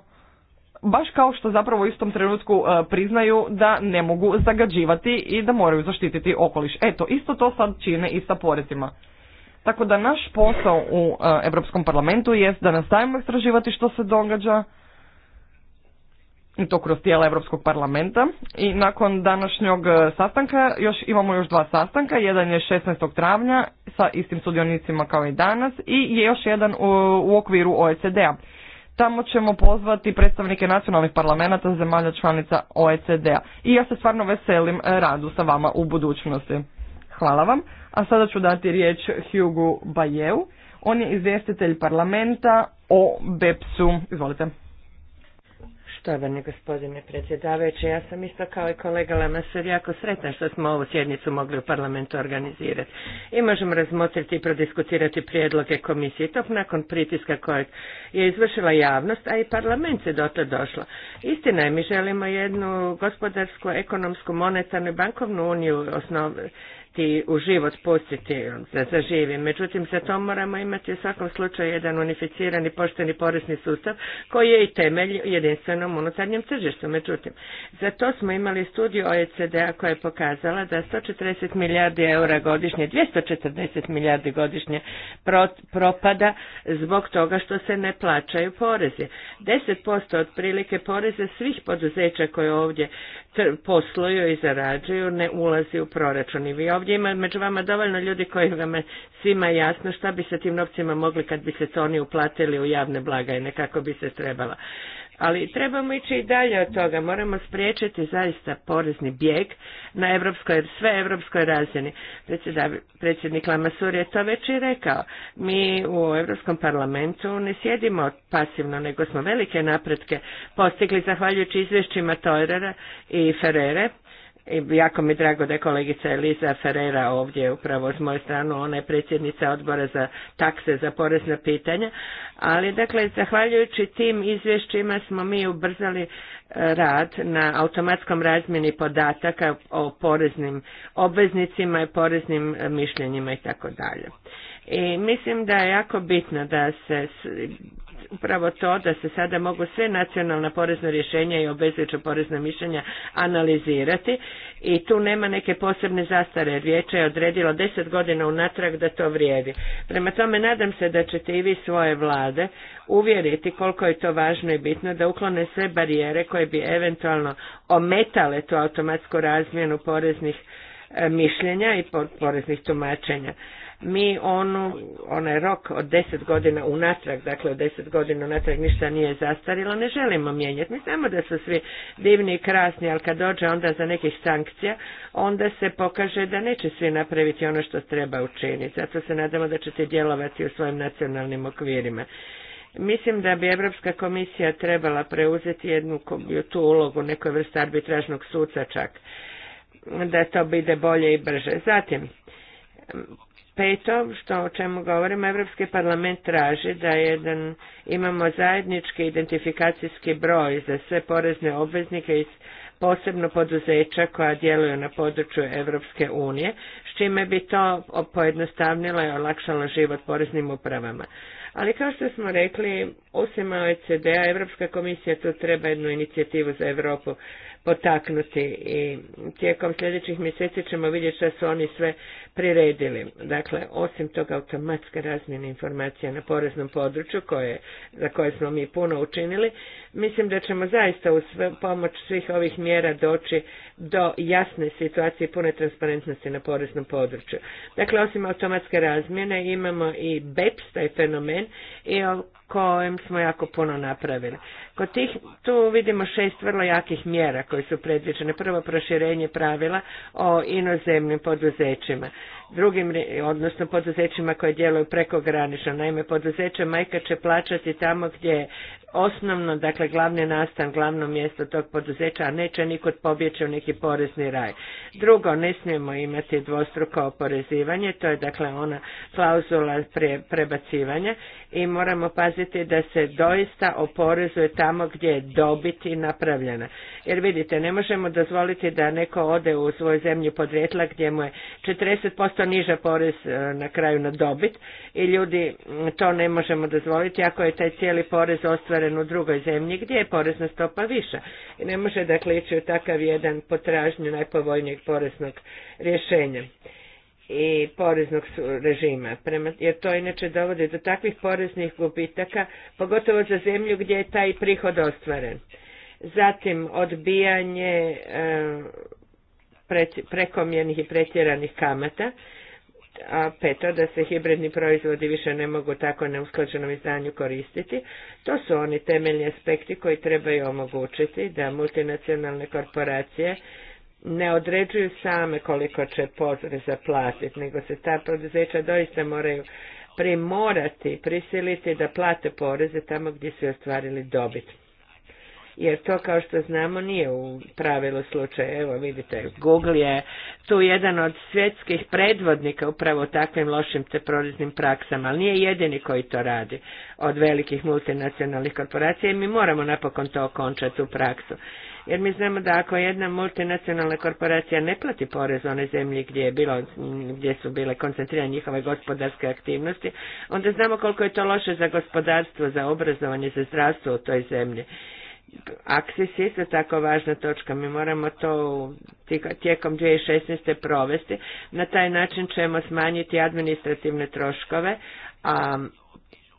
baš kao što zapravo u istom trenutku e, priznaju da ne mogu zagađivati i da moraju zaštititi okoliš. Eto, isto to sad čine i sa porezima. Tako da naš posao u e, Europskom parlamentu jest da nastavimo istraživati što se događa i to kroz tijela Europskog parlamenta i nakon današnjeg e, sastanka još imamo još dva sastanka, jedan je 16. travnja sa istim sudionicima kao i danas i je još jedan u, u okviru OECD-a. Tamo ćemo pozvati predstavnike nacionalnih parlamenta zemalja članica OECD-a i ja se stvarno veselim e, radu sa vama u budućnosti. Hvala vam. A sada ću dati riječ Hugo Bajeu. On je izvjestitelj parlamenta
o BEPS-u. Izvolite. Štovani gospodine predsjedavajući, ja sam isto kao i kolega Lamasar jako sretna što smo ovu sjednicu mogli u parlamentu organizirati. I možemo razmotriti i prodiskutirati prijedloge komisije, to nakon pritiska kojeg je izvršila javnost, a i parlament se do to došlo. Istina je, mi želimo jednu gospodarsku, ekonomsku, monetarnu i bankovnu uniju osnovu ti u život pustiti da zaživi. Međutim, za to moramo imati u svakom slučaju jedan unificirani pošteni porezni sustav koji je i temelj jedinstvenom unutarnjem tržištu. Međutim, za to smo imali studiju OECD-a koja je pokazala da 140 milijardi eura godišnje, 240 milijardi godišnje propada zbog toga što se ne plaćaju poreze. 10% otprilike poreze svih poduzeća koje ovdje posluju i zarađuju ne ulazi u proračun. I ovdje ima među vama dovoljno ljudi koji vam je svima jasno šta bi se tim novcima mogli kad bi se to oni uplatili u javne blagajne kako bi se trebala. Ali trebamo ići i dalje od toga, moramo spriječiti zaista porezni bijeg na evropskoj, sve evropskoj razini. Predsjednik Lamasur je to već i rekao. Mi u Europskom parlamentu ne sjedimo pasivno, nego smo velike napretke postigli zahvaljujući izvješćima Tojrera i Ferrere jako mi drago da je kolegica Eliza Ferreira ovdje upravo s moje stranu, ona je predsjednica odbora za takse za porezna pitanja, ali dakle zahvaljujući tim izvješćima smo mi ubrzali e, rad na automatskom razmjeni podataka o poreznim obveznicima i poreznim e, mišljenjima i tako dalje. I mislim da je jako bitno da se upravo to da se sada mogu sve nacionalna porezna rješenja i obvezujuća porezna mišljenja analizirati i tu nema neke posebne zastare. Vijeće je odredilo deset godina unatrag da to vrijedi. Prema tome nadam se da ćete i vi svoje vlade uvjeriti koliko je to važno i bitno da uklone sve barijere koje bi eventualno ometale tu automatsku razmjenu poreznih e, mišljenja i poreznih tumačenja mi onu, onaj rok od deset godina unatrag, dakle od deset godina unatrag ništa nije zastarilo, ne želimo mijenjati. Mi znamo da su svi divni i krasni, ali kad dođe onda za nekih sankcija, onda se pokaže da neće svi napraviti ono što treba učiniti. Zato se nadamo da ćete djelovati u svojim nacionalnim okvirima. Mislim da bi Europska komisija trebala preuzeti jednu tu ulogu, nekoj vrsta arbitražnog suca čak, da to ide bolje i brže. Zatim, Peto, što o čemu govorim, Evropski parlament traži da jedan, imamo zajednički identifikacijski broj za sve porezne obveznike iz posebno poduzeća koja djeluju na području Evropske unije, s čime bi to pojednostavnilo i olakšalo život poreznim upravama. Ali kao što smo rekli, osim OECD-a, Europska komisija tu treba jednu inicijativu za Europu potaknuti i tijekom sljedećih mjeseci ćemo vidjeti što su oni sve priredili. Dakle, osim toga automatska razmjena informacija na poreznom području koje, za koje smo mi puno učinili, mislim da ćemo zaista uz pomoć svih ovih mjera doći do jasne situacije pune transparentnosti na poreznom području. Dakle, osim automatske razmjene imamo i BEPS, taj fenomen, i o kojem smo jako puno napravili. Kod tih tu vidimo šest vrlo jakih mjera koje su predviđene. Prvo proširenje pravila o inozemnim poduzećima, drugim, odnosno poduzećima koje djeluju prekogranično. Naime, poduzeće majka će plaćati tamo gdje je osnovno, dakle glavni nastan, glavno mjesto tog poduzeća, a neće nikud pobjeći u neki porezni raj. Drugo, ne smijemo imati dvostruko oporezivanje, to je dakle ona klauzula prebacivanja i moramo paziti da se doista oporezuje ta tamo gdje je dobit i napravljena. Jer vidite, ne možemo dozvoliti da neko ode u svoju zemlju podrijetla gdje mu je 40% niža porez e, na kraju na dobit i ljudi to ne možemo dozvoliti ako je taj cijeli porez ostvaren u drugoj zemlji gdje je porezna stopa viša. I ne može dakle ići u takav jedan potražnju najpovoljnijeg poreznog rješenja i poreznog režima. jer to inače dovodi do takvih poreznih gubitaka, pogotovo za zemlju gdje je taj prihod ostvaren. Zatim odbijanje eh, prekomjenih i pretjeranih kamata, a peto da se hibridni proizvodi više ne mogu tako neusklađenom izdanju koristiti. To su oni temeljni aspekti koji trebaju omogućiti da multinacionalne korporacije ne određuju same koliko će poreza platiti, nego se ta poduzeća doista moraju primorati, prisiliti da plate poreze tamo gdje su ostvarili dobit. Jer to, kao što znamo, nije u pravilu slučaj. Evo, vidite, Google je tu jedan od svjetskih predvodnika upravo takvim lošim te praksama, ali nije jedini koji to radi od velikih multinacionalnih korporacija i mi moramo napokon to okončati u praksu jer mi znamo da ako jedna multinacionalna korporacija ne plati porez one zemlji gdje, je bilo, gdje su bile koncentrirane njihove gospodarske aktivnosti, onda znamo koliko je to loše za gospodarstvo, za obrazovanje, za zdravstvo u toj zemlji. Aksis je isto tako važna točka, mi moramo to tijekom 2016. provesti. Na taj način ćemo smanjiti administrativne troškove, a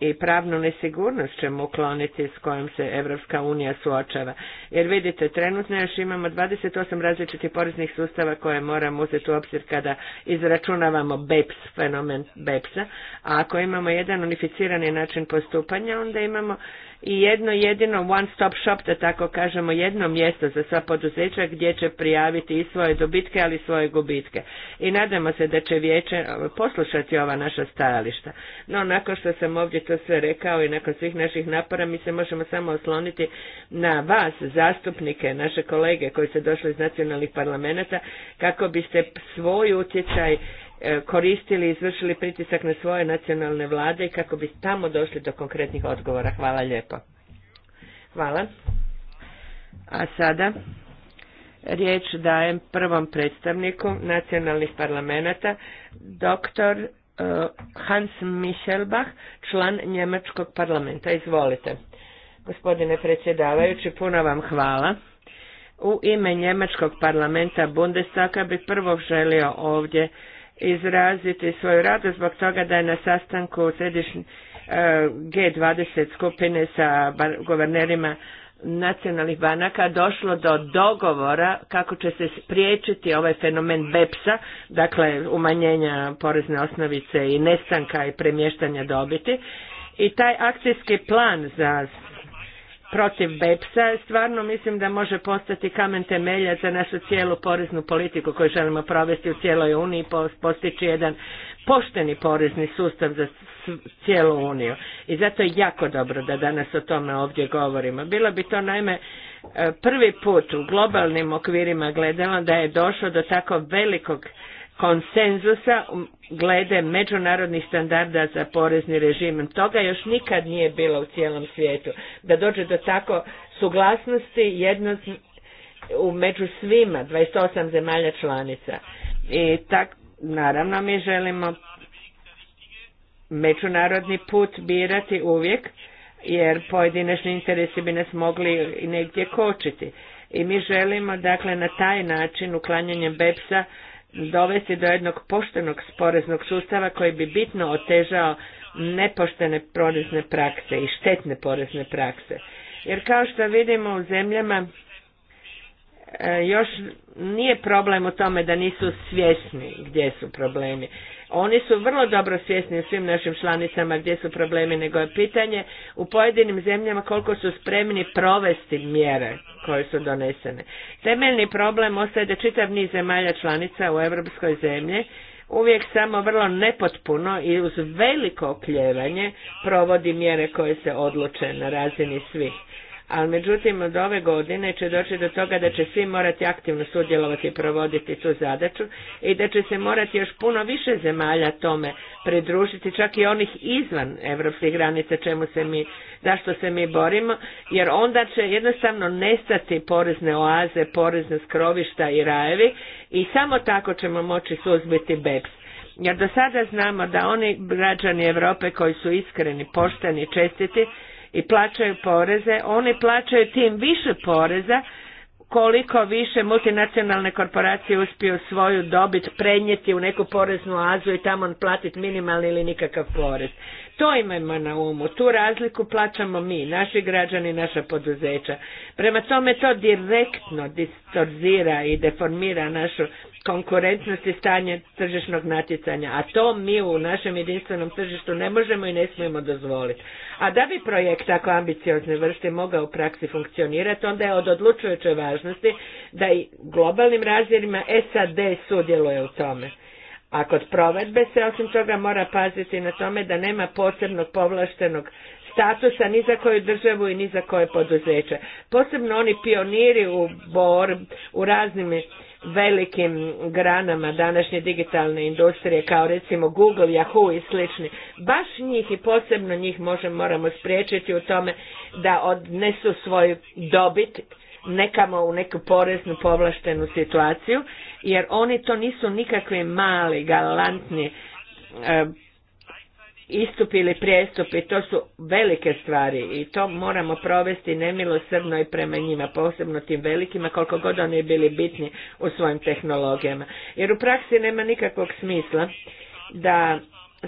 i pravnu nesigurnost ćemo ukloniti s kojom se Evropska unija suočava. Jer vidite, trenutno još imamo 28 različitih poreznih sustava koje moramo uzeti u obzir kada izračunavamo BEPS, fenomen BEPS-a, a ako imamo jedan unificirani način postupanja, onda imamo i jedno jedino one stop shop, da tako kažemo, jedno mjesto za sva poduzeća gdje će prijaviti i svoje dobitke, ali i svoje gubitke. I nadamo se da će vijeće e, poslušati ova naša stajališta. No, nakon što sam ovdje to sve rekao i nakon svih naših napora, mi se možemo samo osloniti na vas, zastupnike, naše kolege koji su došli iz nacionalnih parlamenta, kako biste svoj utjecaj E, koristili i izvršili pritisak na svoje nacionalne vlade i kako bi tamo došli do konkretnih odgovora. Hvala lijepo. Hvala. A sada riječ dajem prvom predstavniku nacionalnih parlamenta, doktor e, Hans Michelbach, član Njemačkog parlamenta. Izvolite. Gospodine predsjedavajući, puno vam hvala. U ime Njemačkog parlamenta Bundestaka bih prvo želio ovdje izraziti svoju radu zbog toga da je na sastanku središnje e, G20 skupine sa guvernerima nacionalnih banaka došlo do dogovora kako će se spriječiti ovaj fenomen BEPS-a, dakle umanjenja porezne osnovice i nestanka i premještanja dobiti. I taj akcijski plan za protiv BEPS-a stvarno mislim da može postati kamen temelja za našu cijelu poreznu politiku koju želimo provesti u cijeloj Uniji i postići jedan pošteni porezni sustav za cijelu Uniju. I zato je jako dobro da danas o tome ovdje govorimo. Bilo bi to naime e, prvi put u globalnim okvirima gledalo da je došlo do tako velikog konsenzusa glede međunarodnih standarda za porezni režim. Toga još nikad nije bilo u cijelom svijetu. Da dođe do tako suglasnosti jedno u među svima 28 zemalja članica. I tak, naravno mi želimo međunarodni put birati uvijek jer pojedinačni interesi bi nas mogli i negdje kočiti. I mi želimo dakle na taj način uklanjanjem BEPS-a dovesti do jednog poštenog poreznog sustava koji bi bitno otežao nepoštene porezne prakse i štetne porezne prakse. Jer kao što vidimo u zemljama E, još nije problem u tome da nisu svjesni gdje su problemi. Oni su vrlo dobro svjesni u svim našim članicama gdje su problemi, nego je pitanje u pojedinim zemljama koliko su spremni provesti mjere koje su donesene. Temeljni problem ostaje da čitav niz zemalja članica u europskoj zemlji uvijek samo vrlo nepotpuno i uz veliko okljevanje provodi mjere koje se odluče na razini svih ali međutim od ove godine će doći do toga da će svi morati aktivno sudjelovati i provoditi tu zadaću i da će se morati još puno više zemalja tome pridružiti, čak i onih izvan evropskih granica čemu se mi, zašto se mi borimo, jer onda će jednostavno nestati porezne oaze, porezne skrovišta i rajevi i samo tako ćemo moći suzbiti BEPS. Jer do sada znamo da oni građani Europe koji su iskreni, pošteni, čestiti, i plaćaju poreze, oni plaćaju tim više poreza koliko više multinacionalne korporacije uspiju svoju dobit prenijeti u neku poreznu oazu i tamo platiti minimalni ili nikakav porez. To imajmo na umu. Tu razliku plaćamo mi, naši građani, naša poduzeća. Prema tome to direktno distorzira i deformira našu konkurentnost i stanje tržišnog natjecanja, a to mi u našem jedinstvenom tržištu ne možemo i ne smijemo dozvoliti. A da bi projekt tako ambiciozne vrste mogao u praksi funkcionirati, onda je od odlučujuće važnosti da i globalnim razmjerima SAD sudjeluje u tome. A kod provedbe se osim toga mora paziti na tome da nema posebnog povlaštenog statusa ni za koju državu i ni za koje poduzeće. Posebno oni pioniri u bor, u raznim velikim granama današnje digitalne industrije kao recimo Google, Yahoo i slični. Baš njih i posebno njih možemo, moramo spriječiti u tome da odnesu svoju dobit nekamo u neku poreznu povlaštenu situaciju jer oni to nisu nikakvi mali, galantni e, istupi ili prijestupi, to su velike stvari i to moramo provesti nemilosrdno i prema njima, posebno tim velikima, koliko god oni bili bitni u svojim tehnologijama. Jer u praksi nema nikakvog smisla da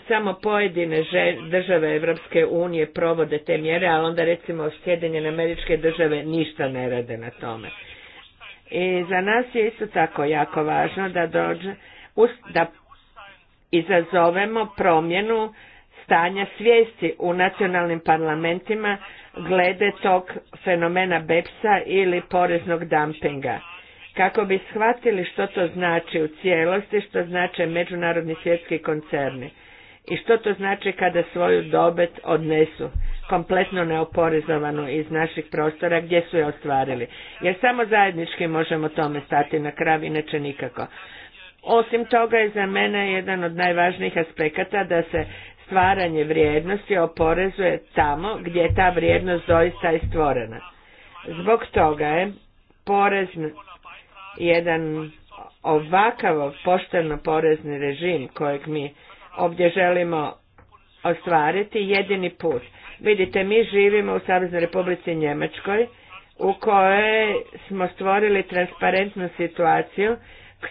samo pojedine države Evropske unije provode te mjere, ali onda recimo Sjedinjene američke države ništa ne rade na tome. I za nas je isto tako jako važno da dođe, da izazovemo promjenu stanja svijesti u nacionalnim parlamentima glede tog fenomena BEPSA ili poreznog dumpinga. Kako bi shvatili što to znači u cijelosti, što znače međunarodni svjetski koncerni i što to znači kada svoju dobet odnesu kompletno neoporezovano iz naših prostora gdje su je ostvarili. Jer samo zajednički možemo tome stati na krav, inače nikako. Osim toga je za mene jedan od najvažnijih aspekata da se stvaranje vrijednosti oporezuje tamo gdje je ta vrijednost doista i stvorena. Zbog toga je porez jedan ovakav pošteno porezni režim kojeg mi ovdje želimo ostvariti jedini put. Vidite, mi živimo u Saveznoj Republici Njemačkoj u kojoj smo stvorili transparentnu situaciju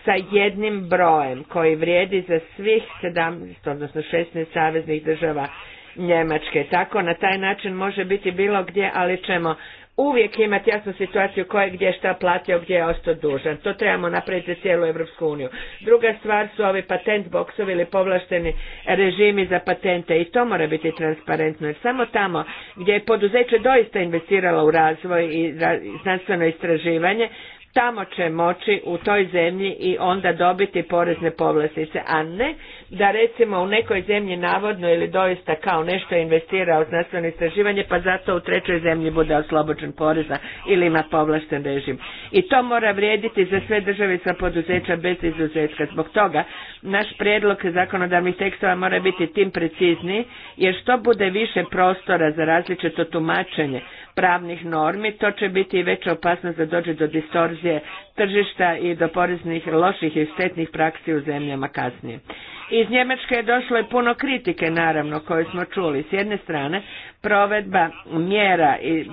sa jednim brojem koji vrijedi za svih 17, odnosno 16 saveznih država Njemačke. Tako na taj način može biti bilo gdje, ali ćemo uvijek imati jasnu situaciju ko je gdje šta platio, gdje je ostao dužan. To trebamo napraviti za cijelu Europsku uniju. Druga stvar su ovi patent boksovi ili povlašteni režimi za patente i to mora biti transparentno. Jer samo tamo gdje je poduzeće doista investiralo u razvoj i znanstveno istraživanje, tamo će moći u toj zemlji i onda dobiti porezne povlastice, a ne da recimo u nekoj zemlji navodno ili doista kao nešto investira u znanstveno istraživanje pa zato u trećoj zemlji bude oslobođen poreza ili ima povlašten režim. I to mora vrijediti za sve države sa poduzeća bez izuzetka. Zbog toga naš prijedlog zakonodavnih tekstova mora biti tim precizniji jer što bude više prostora za različito tumačenje pravnih normi, to će biti veća opasnost da dođe do distorzije tržišta i do poreznih loših i štetnih praksi u zemljama kasnije. Iz Njemačke je došlo i puno kritike, naravno, koje smo čuli. S jedne strane, provedba mjera i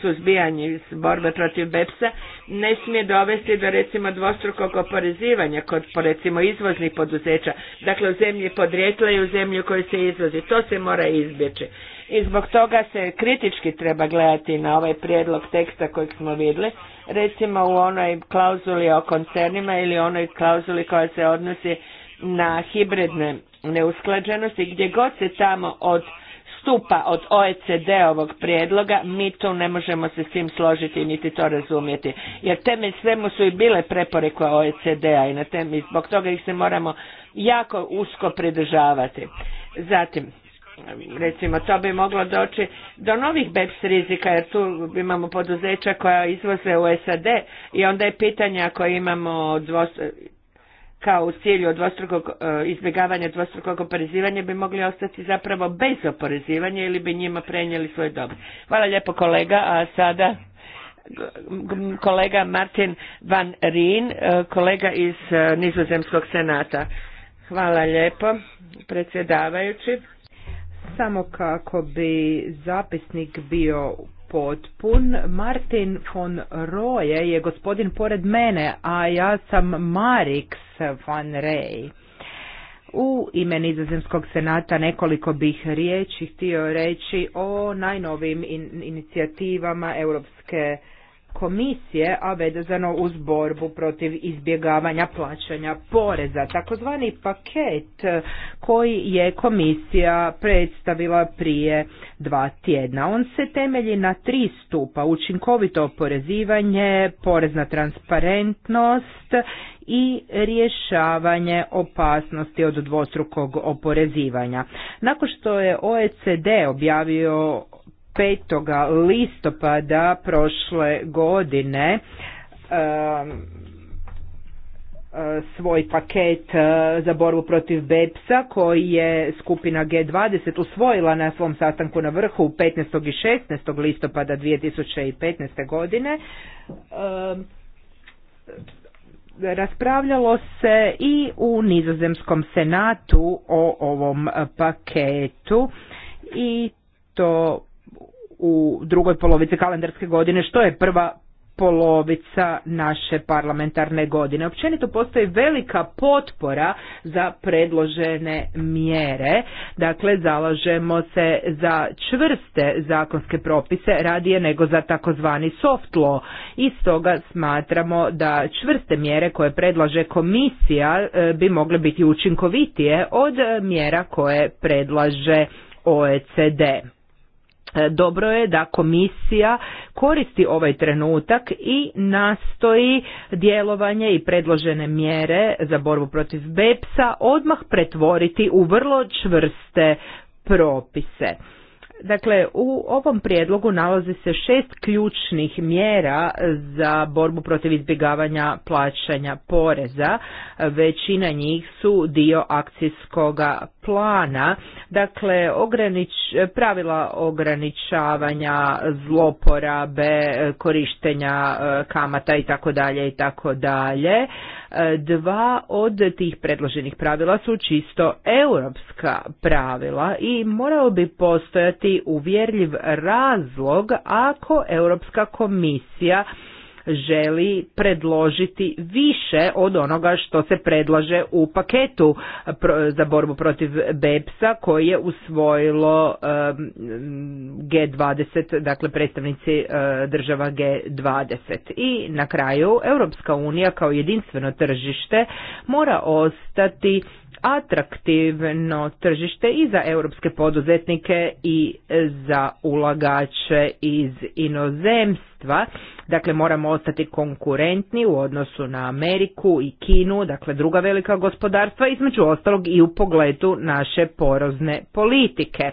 suzbijanje borbe protiv BEPS-a ne smije dovesti do, recimo, dvostrukog oporezivanja kod, recimo, izvoznih poduzeća, dakle, u zemlji podrijetla i u zemlji u kojoj se izvozi. To se mora izbjeći i zbog toga se kritički treba gledati na ovaj prijedlog teksta kojeg smo vidjeli, recimo u onoj klauzuli o koncernima ili onoj klauzuli koja se odnosi na hibridne neusklađenosti, gdje god se tamo od stupa od OECD-ovog prijedloga, mi tu ne možemo se s tim složiti niti to razumjeti. Jer temelj svemu su i bile preporeke OECD-a i na temi, zbog toga ih se moramo jako usko pridržavati. Zatim, recimo to bi moglo doći do novih BEPS rizika jer tu imamo poduzeća koja izvoze u SAD i onda je pitanje ako imamo kao u cilju dvostrukog e, izbjegavanja dvostrukog oporezivanja bi mogli ostati zapravo bez oporezivanja ili bi njima prenijeli svoje dobro. Hvala lijepo kolega, a sada kolega Martin van Rijn, e, kolega iz e, Nizozemskog senata. Hvala lijepo, predsjedavajući.
Samo kako bi zapisnik bio potpun, Martin von Roje je gospodin pored mene, a ja sam Marix van Rej. U ime Nizozemskog senata nekoliko bih riječi htio reći o najnovim inicijativama Europske komisije, a vezano uz borbu protiv izbjegavanja plaćanja poreza. Takozvani paket koji je komisija predstavila prije dva tjedna. On se temelji na tri stupa, učinkovito oporezivanje, porezna transparentnost i rješavanje opasnosti od dvostrukog oporezivanja. Nakon što je OECD objavio 5. listopada prošle godine um, uh, svoj paket uh, za borbu protiv BEPS-a koji je skupina G20 usvojila na svom sastanku na vrhu 15. i 16. listopada 2015. godine. Um, raspravljalo se i u Nizozemskom senatu o ovom paketu i to u drugoj polovici kalendarske godine što je prva polovica naše parlamentarne godine. Općenito postoji velika potpora za predložene mjere. Dakle, zalažemo se za čvrste zakonske propise radije nego za takozvani soft law. I stoga smatramo da čvrste mjere koje predlaže komisija e, bi mogle biti učinkovitije od mjera koje predlaže OECD. E, dobro je da komisija koristi ovaj trenutak i nastoji djelovanje i predložene mjere za borbu protiv BEPS-a odmah pretvoriti u vrlo čvrste propise. Dakle, u ovom prijedlogu nalazi se šest ključnih mjera za borbu protiv izbjegavanja plaćanja poreza. Većina njih su dio akcijskoga plana. Dakle, ogranič, pravila ograničavanja zloporabe, korištenja e, kamata i tako dalje i tako dalje. Dva od tih predloženih pravila su čisto europska pravila i morao bi postojati uvjerljiv razlog ako Europska komisija želi predložiti više od onoga što se predlaže u paketu za borbu protiv BEPS-a koji je usvojilo G20, dakle predstavnici e, država G20. I na kraju Europska unija kao jedinstveno tržište mora ostati atraktivno tržište i za europske poduzetnike i za ulagače iz inozemstva. Dakle, moramo ostati konkurentni u odnosu na Ameriku i Kinu, dakle druga velika gospodarstva, između ostalog i u pogledu naše porozne politike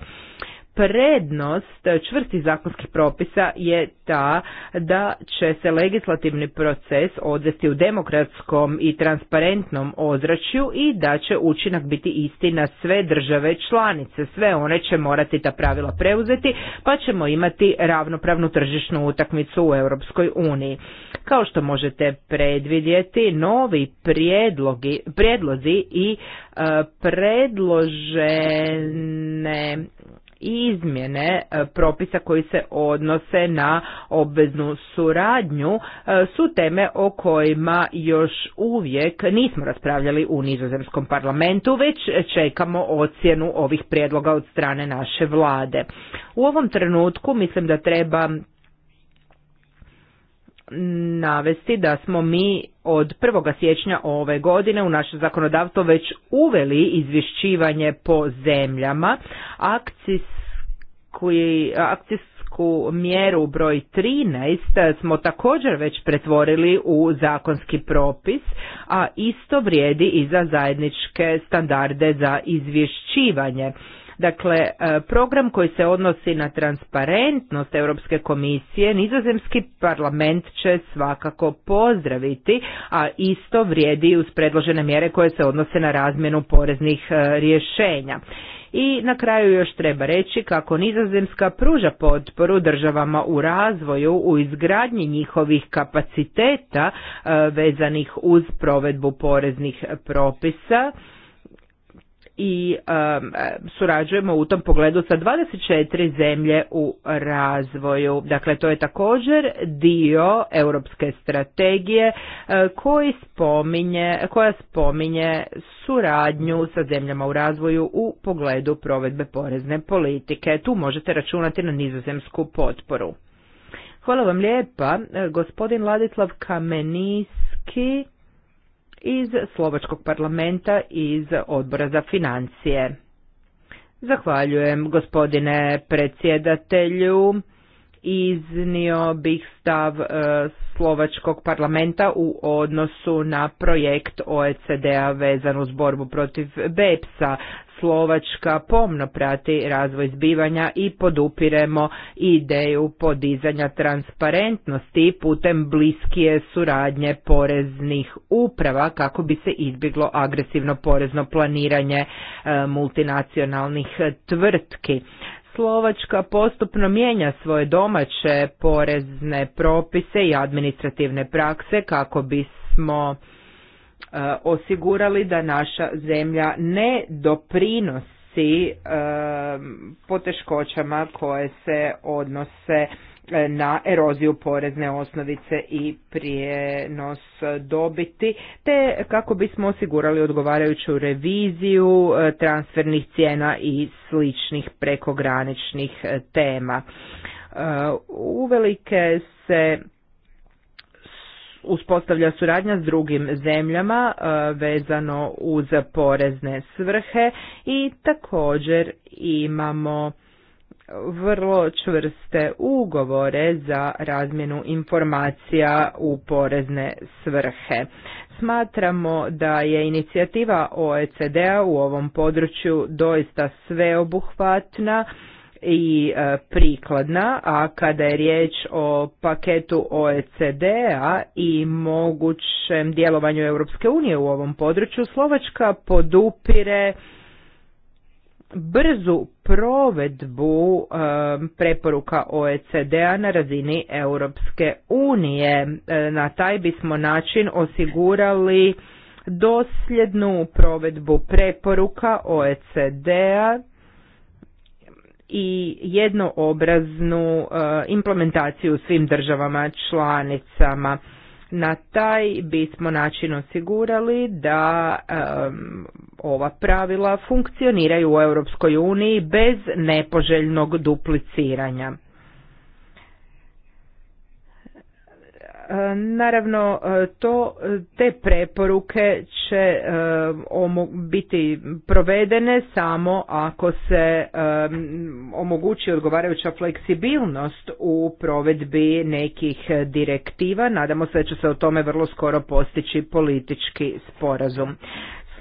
prednost čvrstih zakonskih propisa je ta da će se legislativni proces odvesti u demokratskom i transparentnom ozračju i da će učinak biti isti na sve države članice. Sve one će morati ta pravila preuzeti pa ćemo imati ravnopravnu tržišnu utakmicu u Europskoj uniji. Kao što možete predvidjeti, novi prijedlozi i e, predložene izmjene e, propisa koji se odnose na obveznu suradnju e, su teme o kojima još uvijek nismo raspravljali u nizozemskom parlamentu, već čekamo ocjenu ovih prijedloga od strane naše vlade. U ovom trenutku mislim da treba navesti da smo mi od 1. siječnja ove godine u naše zakonodavstvo već uveli izvješćivanje po zemljama. akcijski akcijsku mjeru broj 13 smo također već pretvorili u zakonski propis, a isto vrijedi i za zajedničke standarde za izvješćivanje. Dakle, e, program koji se odnosi na transparentnost Europske komisije, nizozemski parlament će svakako pozdraviti, a isto vrijedi uz predložene mjere koje se odnose na razmjenu poreznih e, rješenja. I na kraju još treba reći kako Nizozemska pruža potporu državama u razvoju u izgradnji njihovih kapaciteta e, vezanih uz provedbu poreznih propisa i um, surađujemo u tom pogledu sa 24 zemlje u razvoju. Dakle, to je također dio europske strategije uh, koji spominje, koja spominje suradnju sa zemljama u razvoju u pogledu provedbe porezne politike. Tu možete računati na nizozemsku potporu. Hvala vam lijepa. Gospodin Ladislav Kameniski iz Slovačkog parlamenta iz odbora za financije. Zahvaljujem gospodine predsjedatelju. Iznio bih stav e, Slovačkog parlamenta u odnosu na projekt OECD-a vezan uz borbu protiv BEPS-a. Slovačka pomno prati razvoj zbivanja i podupiremo ideju podizanja transparentnosti putem bliskije suradnje poreznih uprava kako bi se izbjeglo agresivno porezno planiranje e, multinacionalnih tvrtki. Slovačka postupno mijenja svoje domaće porezne propise i administrativne prakse kako bismo E, osigurali da naša zemlja ne doprinosi e, poteškoćama koje se odnose e, na eroziju porezne osnovice i prijenos dobiti, te kako bismo osigurali odgovarajuću reviziju transfernih cijena i sličnih prekograničnih tema. Uvelike se uspostavlja suradnja s drugim zemljama e, vezano uz porezne svrhe i također imamo vrlo čvrste ugovore za razmjenu informacija u porezne svrhe. Smatramo da je inicijativa OECD-a u ovom području doista sveobuhvatna i e, prikladna, a kada je riječ o paketu OECD-a i mogućem djelovanju Europske unije u ovom području, Slovačka podupire brzu provedbu e, preporuka OECD-a na razini Europske unije. E, na taj bismo način osigurali dosljednu provedbu preporuka OECD-a i jednoobraznu e, implementaciju u svim državama članicama. Na taj bismo način osigurali da e, ova pravila funkcioniraju u Europskoj uniji bez nepoželjnog dupliciranja. E, naravno, e, to, e, te preporuke će biti provedene samo ako se omogući odgovarajuća fleksibilnost u provedbi nekih direktiva. Nadamo se da će se o tome vrlo skoro postići politički sporazum.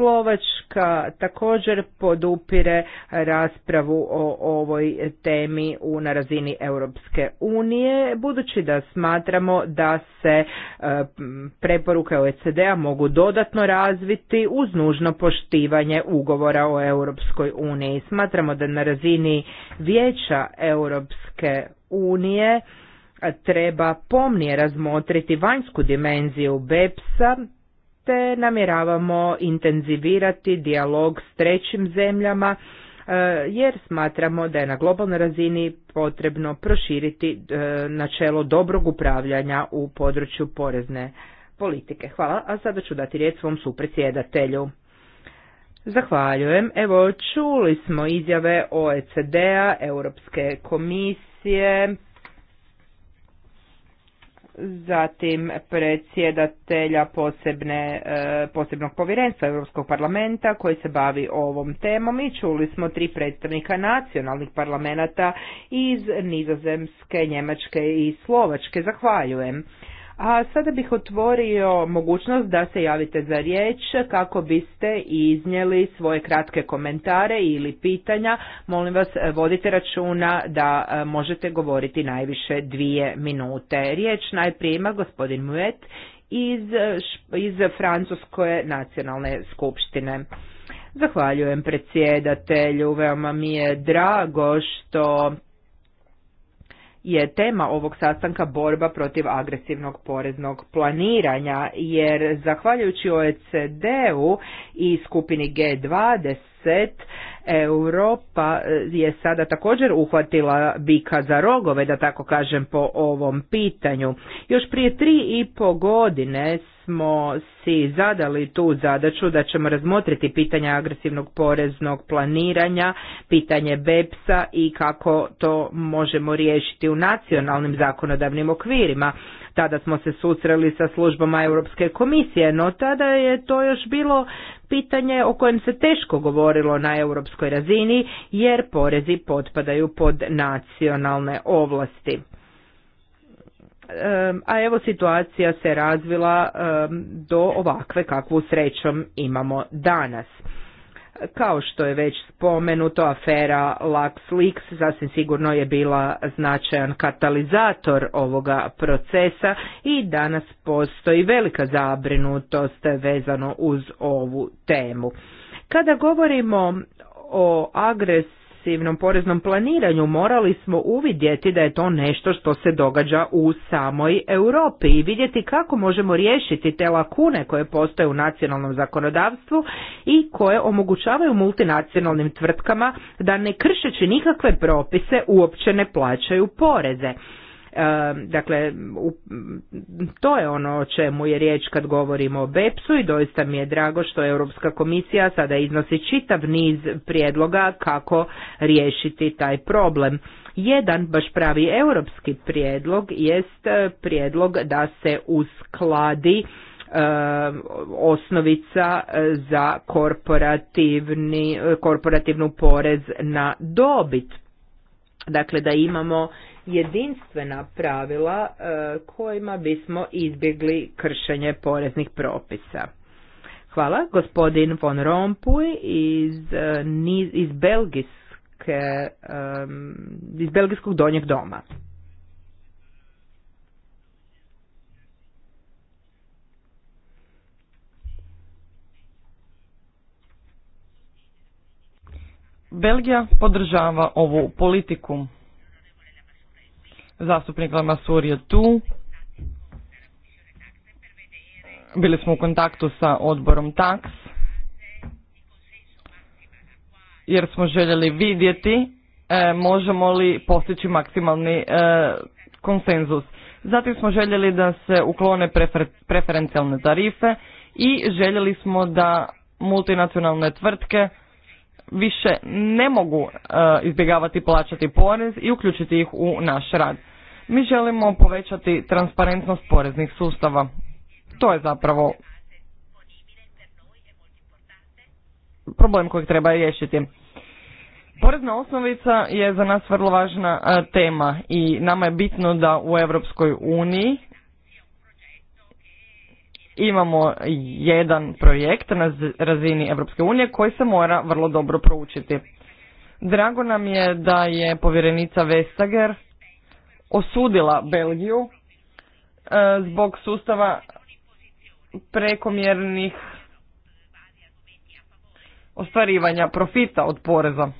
Slovačka također podupire raspravu o ovoj temi u, na razini Europske unije, budući da smatramo da se e, preporuke OECD-a mogu dodatno razviti uz nužno poštivanje ugovora o Europskoj uniji. Smatramo da na razini vijeća Europske unije e, treba pomnije razmotriti vanjsku dimenziju BEPS-a te namjeravamo intenzivirati dijalog s trećim zemljama e, jer smatramo da je na globalnoj razini potrebno proširiti e, načelo dobrog upravljanja u području porezne politike. Hvala, a sada ću dati riječ svom supredsjedatelju. Zahvaljujem. Evo, čuli smo izjave OECD-a, Europske komisije, zatim predsjedatelja posebne, e, posebnog povjerenstva Europskog parlamenta koji se bavi ovom temom i čuli smo tri predstavnika nacionalnih parlamenta iz Nizozemske, Njemačke i Slovačke. Zahvaljujem. A sada bih otvorio mogućnost da se javite za riječ kako biste iznijeli svoje kratke komentare ili pitanja. Molim vas, e, vodite računa da e, možete govoriti najviše dvije minute. Riječ najprije ima gospodin Muet iz, e, iz Francuske nacionalne skupštine. Zahvaljujem predsjedatelju, veoma mi je drago što je tema ovog sastanka borba protiv agresivnog poreznog planiranja, jer zahvaljujući OECD-u i skupini G20 Europa e, je sada također uhvatila bika za rogove, da tako kažem, po ovom pitanju. Još prije tri i po godine smo si zadali tu zadaću da ćemo razmotriti pitanja agresivnog poreznog planiranja, pitanje BEPS-a i kako to možemo riješiti u nacionalnim zakonodavnim okvirima. Tada smo se susreli sa službama Europske komisije, no tada je to još bilo pitanje o kojem se teško govorilo na europskoj razini jer porezi potpadaju pod nacionalne ovlasti a evo situacija se razvila do ovakve kakvu srećom imamo danas. Kao što je već spomenuto, afera LuxLeaks sasvim sigurno je bila značajan katalizator ovoga procesa i danas postoji velika zabrinutost vezano uz ovu temu. Kada govorimo o agres agresivnom poreznom planiranju morali smo uvidjeti da je to nešto što se događa u samoj Europi i vidjeti kako možemo riješiti te lakune koje postoje u nacionalnom zakonodavstvu i koje omogućavaju multinacionalnim tvrtkama da ne kršeći nikakve propise uopće ne plaćaju poreze. Dakle, to je ono o čemu je riječ kad govorimo o BEPS-u i doista mi je drago što Europska komisija sada iznosi čitav niz prijedloga kako riješiti taj problem. Jedan baš pravi europski prijedlog jest e, prijedlog da se uskladi e, osnovica e, za korporativnu porez na dobit. Dakle, da imamo jedinstvena pravila e, kojima bismo izbjegli kršenje poreznih propisa. Hvala, gospodin von Rompuy iz, e, iz, Belgijske, e, iz Belgijskog donjeg doma.
Belgija podržava ovu politiku Zastupnik Lamasur je tu. Bili smo u kontaktu sa odborom TAX jer smo željeli vidjeti e, možemo li postići maksimalni e, konsenzus. Zatim smo željeli da se uklone prefer, preferencijalne tarife i željeli smo da multinacionalne tvrtke više ne mogu e, izbjegavati plaćati porez i uključiti ih u naš rad. Mi želimo povećati transparentnost poreznih sustava. To je zapravo problem kojeg treba riješiti. Porezna osnovica je za nas vrlo važna e, tema i nama je bitno da u Europskoj uniji imamo jedan projekt na razini Europske unije koji se mora vrlo dobro proučiti. Drago nam je da je povjerenica Vestager osudila Belgiju e, zbog sustava prekomjernih ostvarivanja profita od poreza.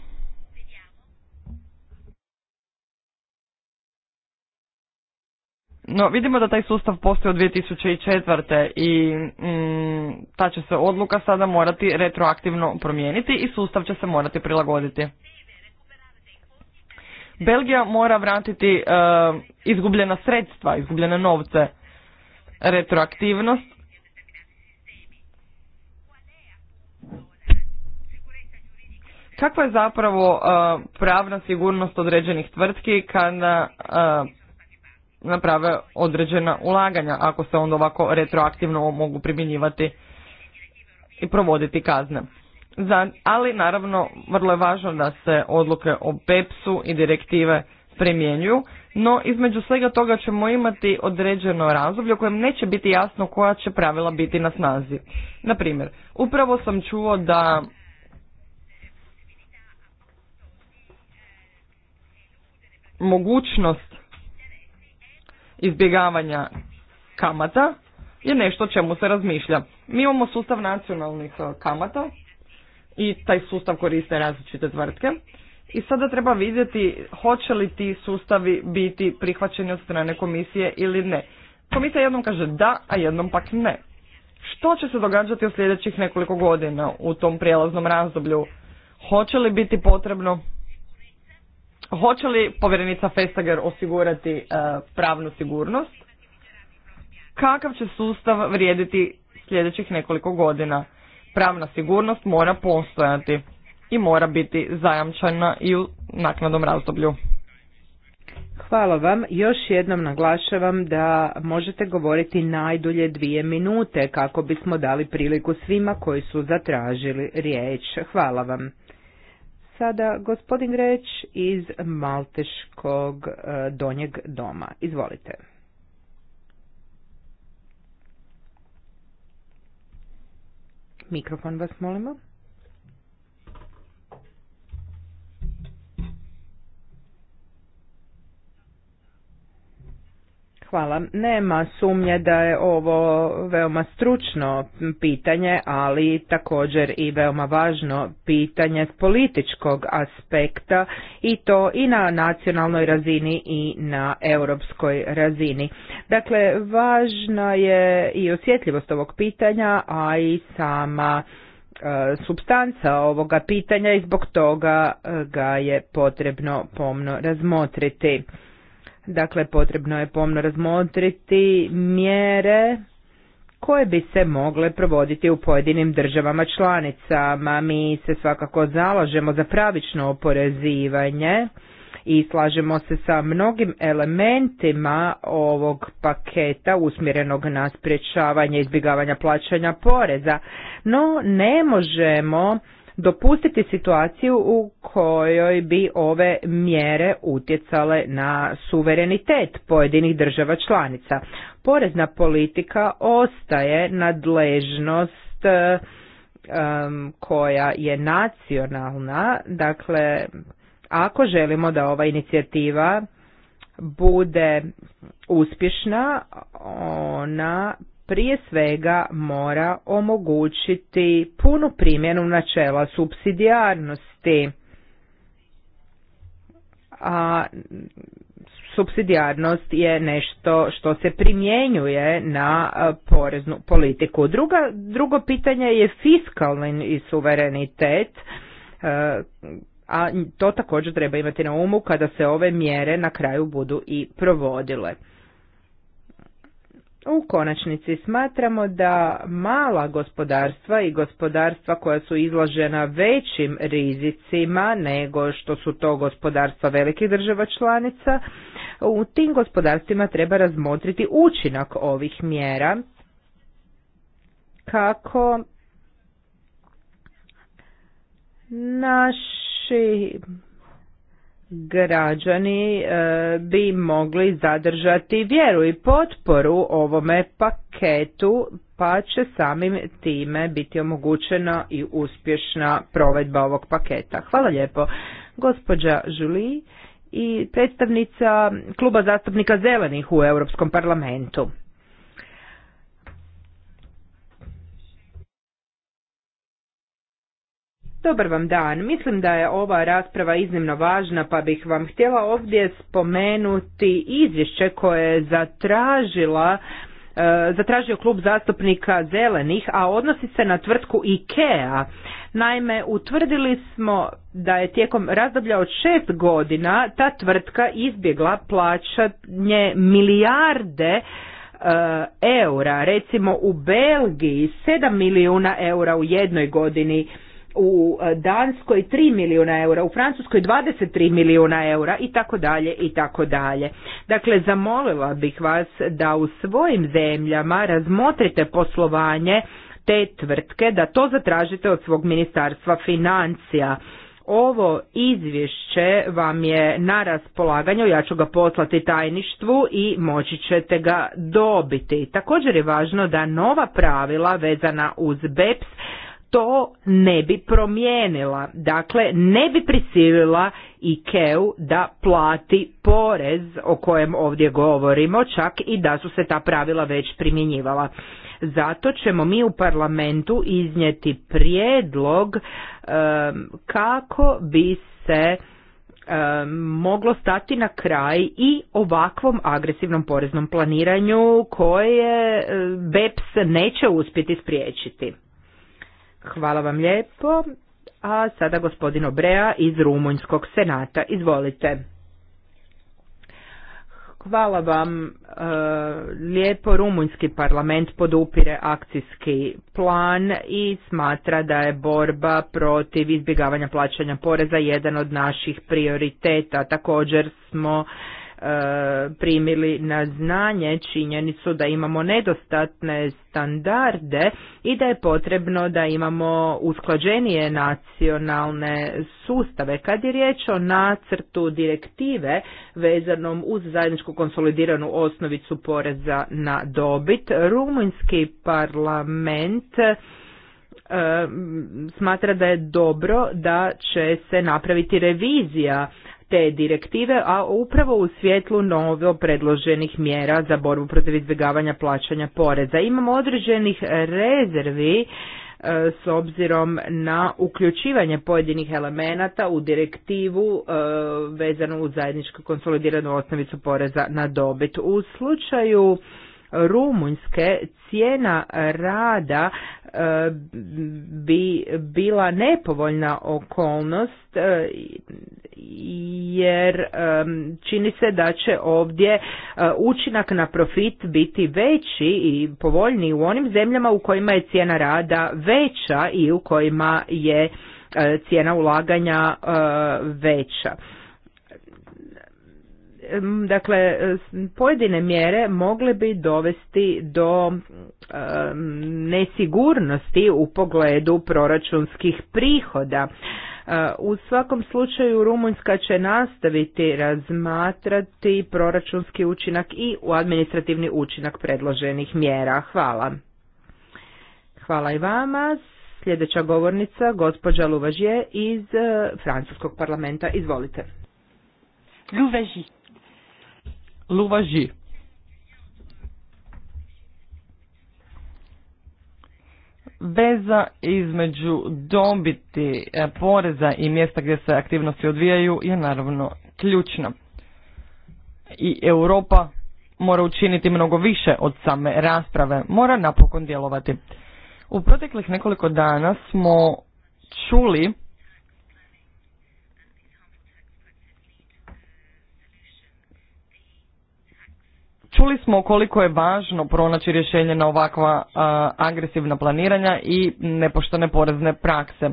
No, vidimo da taj sustav postoji od 2004. i mm, ta će se odluka sada morati retroaktivno promijeniti i sustav će se morati prilagoditi. Belgija mora vratiti uh, izgubljena sredstva, izgubljene novce, retroaktivnost. Kakva je zapravo e, pravna sigurnost određenih tvrtki kada uh, naprave određena ulaganja, ako se onda ovako retroaktivno mogu primjenjivati i provoditi kazne? ali naravno vrlo je važno da se odluke o peps i direktive primjenjuju, no između svega toga ćemo imati određeno razdoblje u kojem neće biti jasno koja će pravila biti na snazi. Naprimjer, upravo sam čuo da mogućnost izbjegavanja kamata je nešto o čemu se razmišlja. Mi imamo sustav nacionalnih kamata i taj sustav koriste različite tvrtke. I sada treba vidjeti hoće li ti sustavi biti prihvaćeni od strane komisije ili ne. Komisija jednom kaže da, a jednom pak ne. Što će se događati u sljedećih nekoliko godina u tom prijelaznom razdoblju? Hoće li biti potrebno Hoće li povjerenica Festager osigurati e, pravnu sigurnost? Kakav će sustav vrijediti sljedećih nekoliko godina? pravna sigurnost mora postojati i mora biti zajamčena i u naknadnom razdoblju. Hvala vam.
Još jednom naglašavam da možete govoriti najdulje dvije minute kako bismo dali priliku svima koji su zatražili riječ. Hvala vam. Sada gospodin Greć iz Malteškog e, donjeg doma. Izvolite. Mikrofon vas molimo. Hvala. Nema sumnje da je ovo veoma stručno pitanje, ali također i veoma važno pitanje s političkog aspekta i to i na nacionalnoj razini i na europskoj razini. Dakle, važna je i osjetljivost ovog pitanja, a i sama e, substanca ovoga pitanja i zbog toga ga je potrebno pomno razmotriti. Dakle, potrebno je pomno razmotriti mjere koje bi se mogle provoditi u pojedinim državama članicama. Mi se svakako zalažemo za pravično oporezivanje i slažemo se sa mnogim elementima ovog paketa usmjerenog na sprječavanje izbjegavanja plaćanja poreza, no ne možemo dopustiti situaciju u kojoj bi ove mjere utjecale na suverenitet pojedinih država članica. Porezna politika ostaje nadležnost eh, koja je nacionalna, dakle ako želimo da ova inicijativa bude uspješna, ona prije svega mora omogućiti punu primjenu načela subsidijarnosti. A subsidijarnost je nešto što se primjenjuje na poreznu politiku. drugo pitanje je fiskalni i suverenitet, a to također treba imati na umu kada se ove mjere na kraju budu i provodile. U konačnici smatramo da mala gospodarstva i gospodarstva koja su izložena većim rizicima nego što su to gospodarstva velikih država članica, u tim gospodarstvima treba razmotriti učinak ovih mjera kako naši građani e, bi mogli zadržati vjeru i potporu ovome paketu pa će samim time biti omogućena i uspješna provedba ovog paketa. Hvala lijepo. Gospođa Žuli i predstavnica kluba zastupnika zelenih u Europskom parlamentu. Dobar vam dan. Mislim da je ova rasprava iznimno važna, pa bih vam htjela ovdje spomenuti izvješće koje je zatražila e, zatražio klub zastupnika zelenih, a odnosi se na tvrtku IKEA. Naime, utvrdili smo da je tijekom razdoblja od šest godina ta tvrtka izbjegla plaćanje milijarde e, eura. Recimo u Belgiji sedam milijuna eura u jednoj godini u e, Danskoj 3 milijuna eura, u Francuskoj 23 milijuna eura i tako dalje i tako dalje. Dakle, zamolila bih vas da u svojim zemljama razmotrite poslovanje te tvrtke, da to zatražite od svog ministarstva financija. Ovo izvješće vam je na raspolaganju, ja ću ga poslati tajništvu i moći ćete ga dobiti. Također je važno da nova pravila vezana uz BEPS to ne bi promijenila. Dakle, ne bi prisilila IKEU da plati porez o kojem ovdje govorimo, čak i da su se ta pravila već primjenjivala. Zato ćemo mi u parlamentu iznijeti prijedlog e, kako bi se e, moglo stati na kraj i ovakvom agresivnom poreznom planiranju koje e, BEPS neće uspjeti spriječiti. Hvala vam lijepo. A sada gospodin Obrea iz Rumunjskog senata. Izvolite. Hvala vam. E, lijepo Rumunjski parlament podupire akcijski plan i smatra da je borba protiv izbjegavanja plaćanja poreza jedan od naših prioriteta. Također smo primili na znanje činjenicu da imamo nedostatne standarde i da je potrebno da imamo usklađenije nacionalne sustave. Kad je riječ o nacrtu direktive vezanom uz zajedničku konsolidiranu osnovicu poreza na dobit, rumunjski parlament e, smatra da je dobro da će se napraviti revizija te direktive, a upravo u svjetlu novo predloženih mjera za borbu protiv izbjegavanja plaćanja poreza. Imamo određenih rezervi e, s obzirom na uključivanje pojedinih elemenata u direktivu e, vezanu u zajedničku konsolidiranu osnovicu poreza na dobit. U slučaju Rumunjske cijena rada e, bi bila nepovoljna okolnost e, jer e, čini se da će ovdje učinak na profit biti veći i povoljniji u onim zemljama u kojima je cijena rada veća i u kojima je cijena ulaganja veća dakle pojedine mjere mogle bi dovesti do nesigurnosti u pogledu proračunskih prihoda. E, u svakom slučaju Rumunjska će nastaviti razmatrati proračunski učinak i u administrativni učinak predloženih mjera. Hvala. Hvala i vama. Sljedeća govornica, gospođa Luvažje iz e, Francuskog parlamenta. Izvolite. Louvagie. Luvaži.
Veza između dobiti e, poreza i mjesta gdje se aktivnosti odvijaju je naravno ključna. I Europa mora učiniti mnogo više od same rasprave, mora napokon djelovati. U proteklih nekoliko dana smo čuli Čuli smo koliko je važno pronaći rješenje na ovakva agresivna planiranja i nepoštene porezne prakse.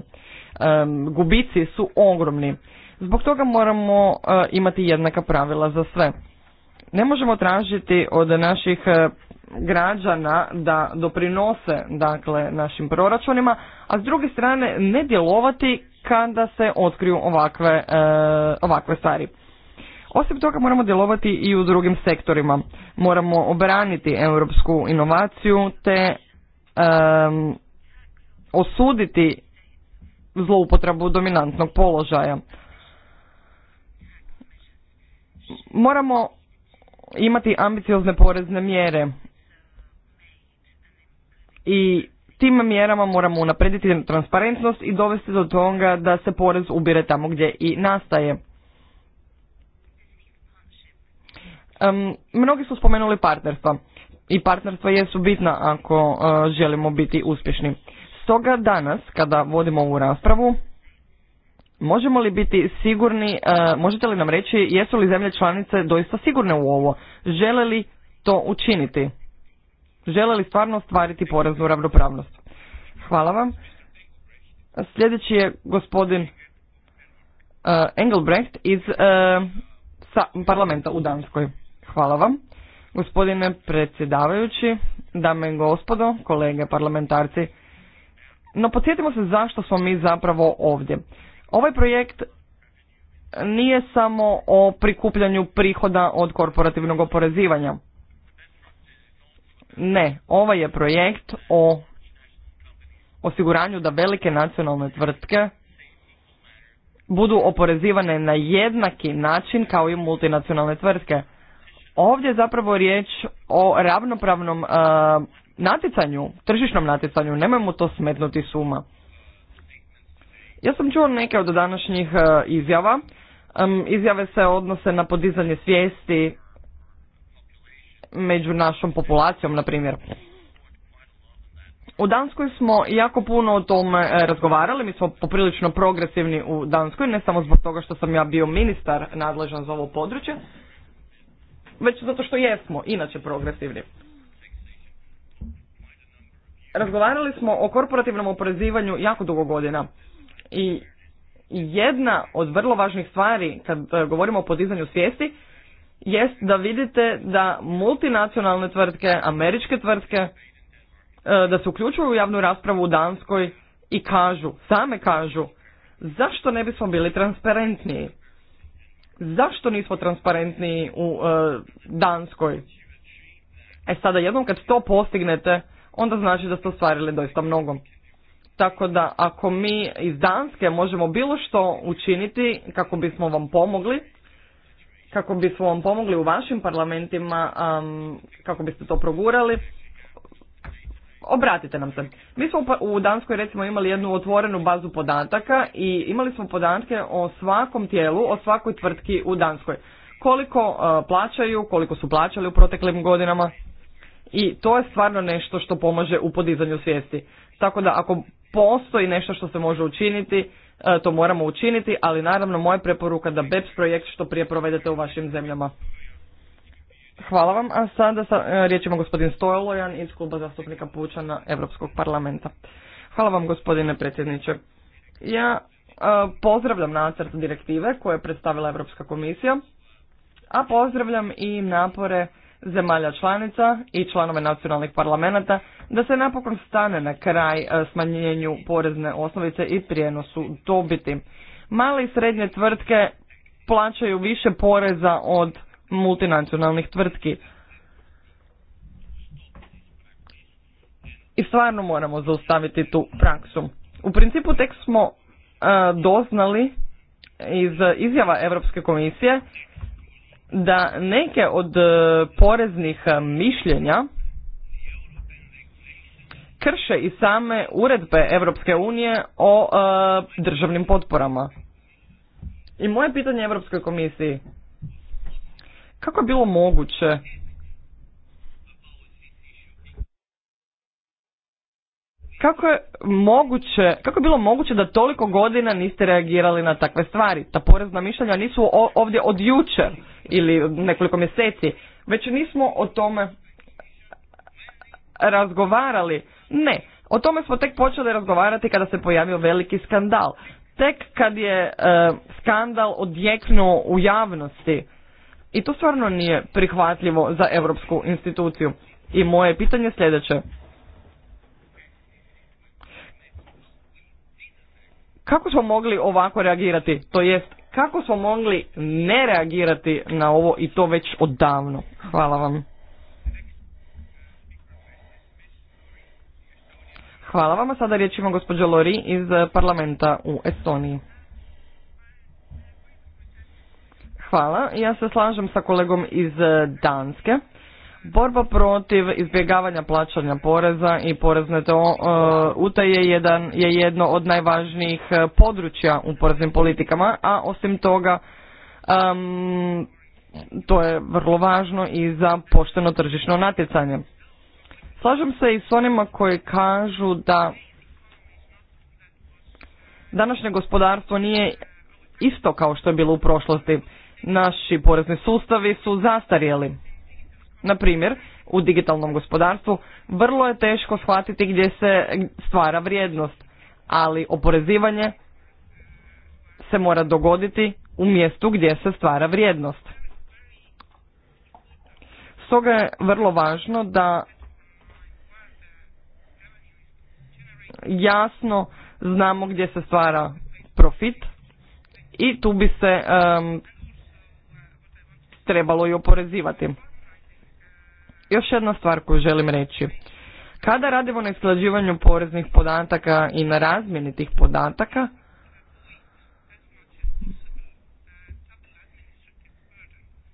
Gubici su ogromni. Zbog toga moramo imati jednaka pravila za sve. Ne možemo tražiti od naših e, građana da doprinose dakle našim proračunima, a s druge strane ne djelovati kada se otkriju ovakve, e, ovakve stvari. Osim toga moramo djelovati i u drugim sektorima. Moramo obraniti europsku inovaciju te um, osuditi zloupotrebu dominantnog položaja. Moramo imati ambiciozne porezne mjere i tim mjerama moramo unaprediti transparentnost i dovesti do toga da se porez ubire tamo gdje i nastaje. Mnogi su spomenuli partnerstva i partnerstva jesu bitna ako e, želimo biti uspješni. Stoga danas kada vodimo ovu raspravu možemo li biti sigurni, e, možete li nam reći jesu li zemlje članice doista sigurne u ovo? Žele li to učiniti? Žele li stvarno ostvariti poreznu ravnopravnost? Hvala vam. Sljedeći je gospodin e, Engelbrecht iz parlamenta u Danskoj. Hvala vam. Gospodine predsjedavajući, dame i gospodo, kolege parlamentarci, no podsjetimo se zašto smo mi zapravo ovdje. Ovaj projekt nije samo o prikupljanju prihoda od korporativnog oporezivanja. Ne, ovaj je projekt o osiguranju da velike nacionalne tvrtke budu oporezivane na jednaki način kao i multinacionalne tvrtke ovdje je zapravo riječ o ravnopravnom e, natjecanju, tržišnom natjecanju, nemojmo to smetnuti suma. Ja sam čuo neke od današnjih e, izjava. Izjave se odnose na podizanje svijesti među našom populacijom, na primjer. U Danskoj smo jako puno o tome e, razgovarali, mi smo poprilično progresivni u Danskoj, ne samo zbog toga što sam ja bio ministar nadležan za ovo područje, već zato što jesmo inače progresivni. Razgovarali smo o korporativnom oporezivanju jako dugo godina i jedna od vrlo važnih stvari kad e, govorimo o podizanju svijesti jest da vidite da multinacionalne tvrtke, američke tvrtke, e, da se uključuju u javnu raspravu u Danskoj i kažu, same kažu, zašto ne bismo bili transparentniji? zašto nismo transparentni u e, Danskoj? E sada jednom kad to postignete, onda znači da ste ostvarili doista mnogo. Tako da ako mi iz Danske možemo bilo što učiniti kako bismo vam pomogli, kako bismo vam pomogli u vašim parlamentima, kako biste to progurali, obratite nam se. Mi smo pa- u Danskoj recimo imali jednu otvorenu bazu podataka i imali smo podatke o svakom tijelu, o svakoj tvrtki u Danskoj. Koliko e, plaćaju, koliko su plaćali u proteklim godinama i to je stvarno nešto što pomaže u podizanju svijesti. Tako da ako postoji nešto što se može učiniti, e, to moramo učiniti, ali naravno moja preporuka da BEPS projekt što prije provedete u vašim zemljama. Hvala vam, a sada sa e, riječima gospodin Stojlojan iz Kluba zastupnika Pučana Europskog parlamenta. Hvala vam gospodine predsjedniče. Ja e, pozdravljam nacrt direktive koje je predstavila Europska komisija, a pozdravljam i napore zemalja članica i članove nacionalnih parlamenta da se napokon stane na kraj e, smanjenju porezne osnovice i prijenosu dobiti. Male i srednje tvrtke plaćaju više poreza od multinacionalnih tvrtki. I stvarno moramo zaustaviti tu praksu. U principu tek smo e, doznali iz izjava Europske komisije da neke od e, poreznih e, mišljenja krše i same uredbe Europske unije o državnim potporama. I moje pitanje Europskoj komisiji kako je bilo moguće Kako je moguće, kako je bilo moguće da toliko godina niste reagirali na takve stvari? Ta porezna mišljenja nisu ovdje od jučer ili nekoliko mjeseci, već nismo o tome razgovarali. Ne, o tome smo tek počeli razgovarati kada se pojavio veliki skandal. Tek kad je e, skandal odjeknuo u javnosti, i to stvarno nije prihvatljivo za europsku instituciju. I moje pitanje sljedeće. Kako smo mogli ovako reagirati? To jest, kako smo mogli ne reagirati na ovo i to već odavno? Hvala vam. Hvala vam, sada riječ ima gospođa Lori iz parlamenta u Estoniji. Hvala. Ja se slažem sa kolegom iz e, Danske. Borba protiv izbjegavanja plaćanja poreza i porezne to e, jedan, je jedno od najvažnijih e, područja u poreznim politikama, a osim toga to je vrlo važno i za pošteno tržišno natjecanje. Slažem se i s onima koji kažu da današnje gospodarstvo nije isto kao što je bilo u prošlosti Naši porezni sustavi su zastarjeli. Na primjer, u digitalnom gospodarstvu vrlo je teško shvatiti gdje se stvara vrijednost, ali oporezivanje se mora dogoditi u mjestu gdje se stvara vrijednost. Stoga je vrlo važno da jasno znamo gdje se stvara profit i tu bi se trebalo i oporezivati. Još jedna stvar koju želim reći. Kada radimo na isklađivanju poreznih podataka i na razmjeni tih podataka,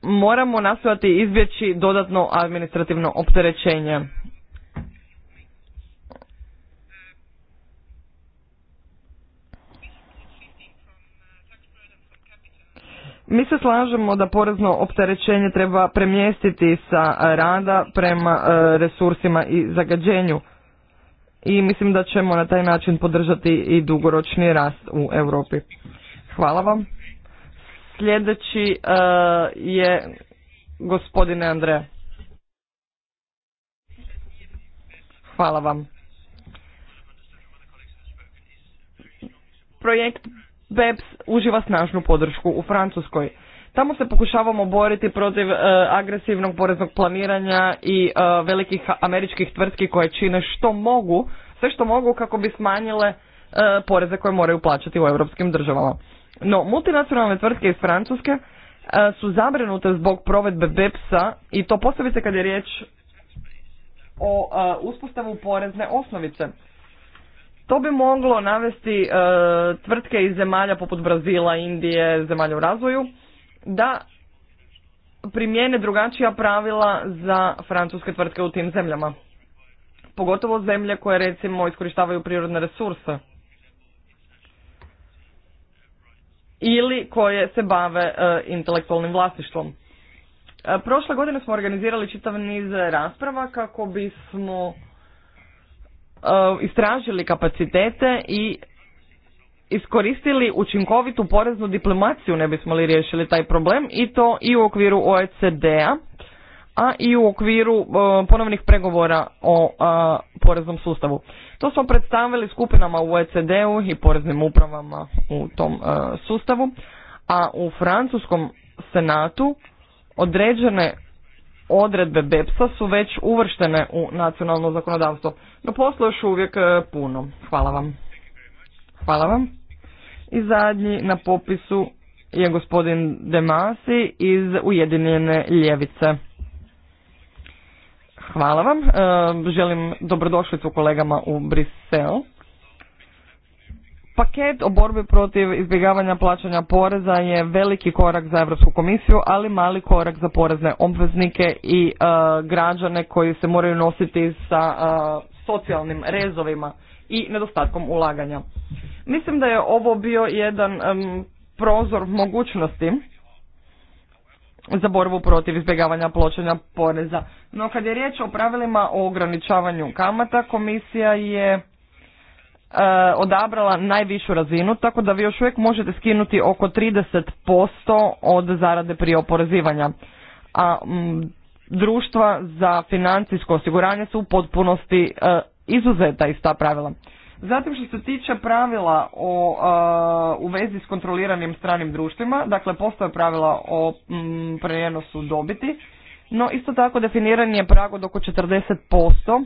moramo nastojati izbjeći dodatno administrativno opterećenje Mi se slažemo da porezno opterećenje treba premjestiti sa e, rada prema e, resursima i zagađenju i mislim da ćemo na taj način podržati i dugoročni rast u Europi. Hvala vam. Sljedeći e, je gospodine Andreja. Hvala vam. Projekt BEPS uživa snažnu podršku u Francuskoj. Tamo se pokušavamo boriti protiv e, agresivnog poreznog planiranja i e, velikih američkih tvrtki koje čine što mogu, sve što mogu kako bi smanjile e, poreze koje moraju plaćati u europskim državama. No, multinacionalne tvrtke iz Francuske su zabrinute zbog provedbe BEPS-a i to posebice kad je riječ o uspostavu porezne osnovice. To bi moglo navesti e, tvrtke iz zemalja poput Brazila, Indije, zemalja u razvoju, da primijene drugačija pravila za francuske tvrtke u tim zemljama. Pogotovo zemlje koje recimo iskorištavaju prirodne resurse. ili koje se bave e, intelektualnim vlasništvom. E, prošle godine smo organizirali čitav niz rasprava kako bismo Uh, istražili kapacitete i iskoristili učinkovitu poreznu diplomaciju ne bismo li riješili taj problem i to i u okviru OECD-a, a i u okviru uh, ponovnih pregovora o uh, poreznom sustavu. To smo predstavili skupinama u OECD-u i poreznim upravama u tom sustavu, a u francuskom senatu određene odredbe BEPS-a su već uvrštene u nacionalno zakonodavstvo. No posla još uvijek e, puno. Hvala vam. Hvala vam. I zadnji na popisu je gospodin Demasi iz Ujedinjene ljevice. Hvala vam. E, želim dobrodošlicu kolegama u Brisel. Paket o borbi protiv izbjegavanja plaćanja poreza je veliki korak za Europsku komisiju, ali mali korak za porezne obveznike i e, građane koji se moraju nositi sa e, socijalnim rezovima i nedostatkom ulaganja. Mislim da je ovo bio jedan prozor mogućnosti za borbu protiv izbjegavanja plaćanja poreza. No kad je riječ o pravilima o ograničavanju kamata, komisija je E, odabrala najvišu razinu, tako da vi još uvijek možete skinuti oko 30% od zarade prije oporezivanja. A društva za financijsko osiguranje su u potpunosti e, izuzeta iz ta pravila. Zatim što se tiče pravila o, e, u vezi s kontroliranim stranim društvima, dakle postoje pravila o m, prenosu dobiti, no isto tako definiran je prag od oko 40%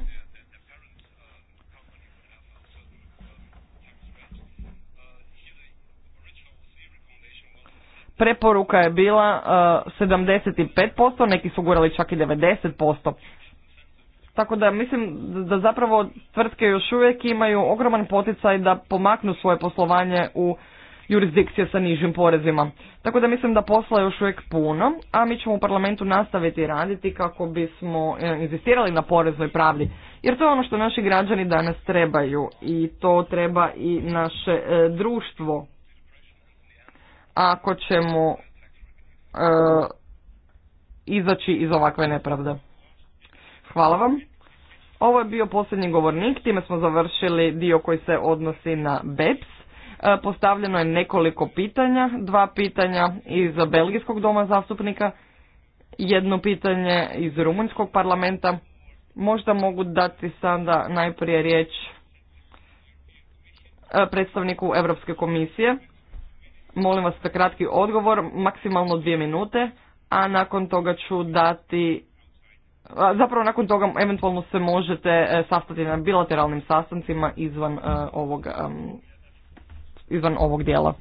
preporuka je bila 75%, eh, neki su gurali čak i 90%. Tako da mislim da zapravo tvrtke još uvijek imaju ogroman poticaj da pomaknu svoje poslovanje u jurisdikcije sa nižim porezima. Tako da mislim da posla je još uvijek puno, a mi ćemo u parlamentu nastaviti raditi kako bismo eh, inzistirali na poreznoj pravdi. Jer to je ono što naši građani danas trebaju i to treba i naše eh, društvo ako ćemo uh, izaći iz ovakve nepravde. Hvala vam. Ovo je bio posljednji govornik, time smo završili dio koji se odnosi na BEPS. E, postavljeno je nekoliko pitanja, dva pitanja iz Belgijskog doma zastupnika, jedno pitanje iz Rumunjskog parlamenta. Možda mogu dati sada najprije riječ e, predstavniku Europske komisije Molim vas za kratki odgovor, maksimalno dvije minute, a nakon toga ću dati zapravo nakon toga eventualno se možete e, sastati na bilateralnim sastancima izvan e, ovog izvan ovog dijela.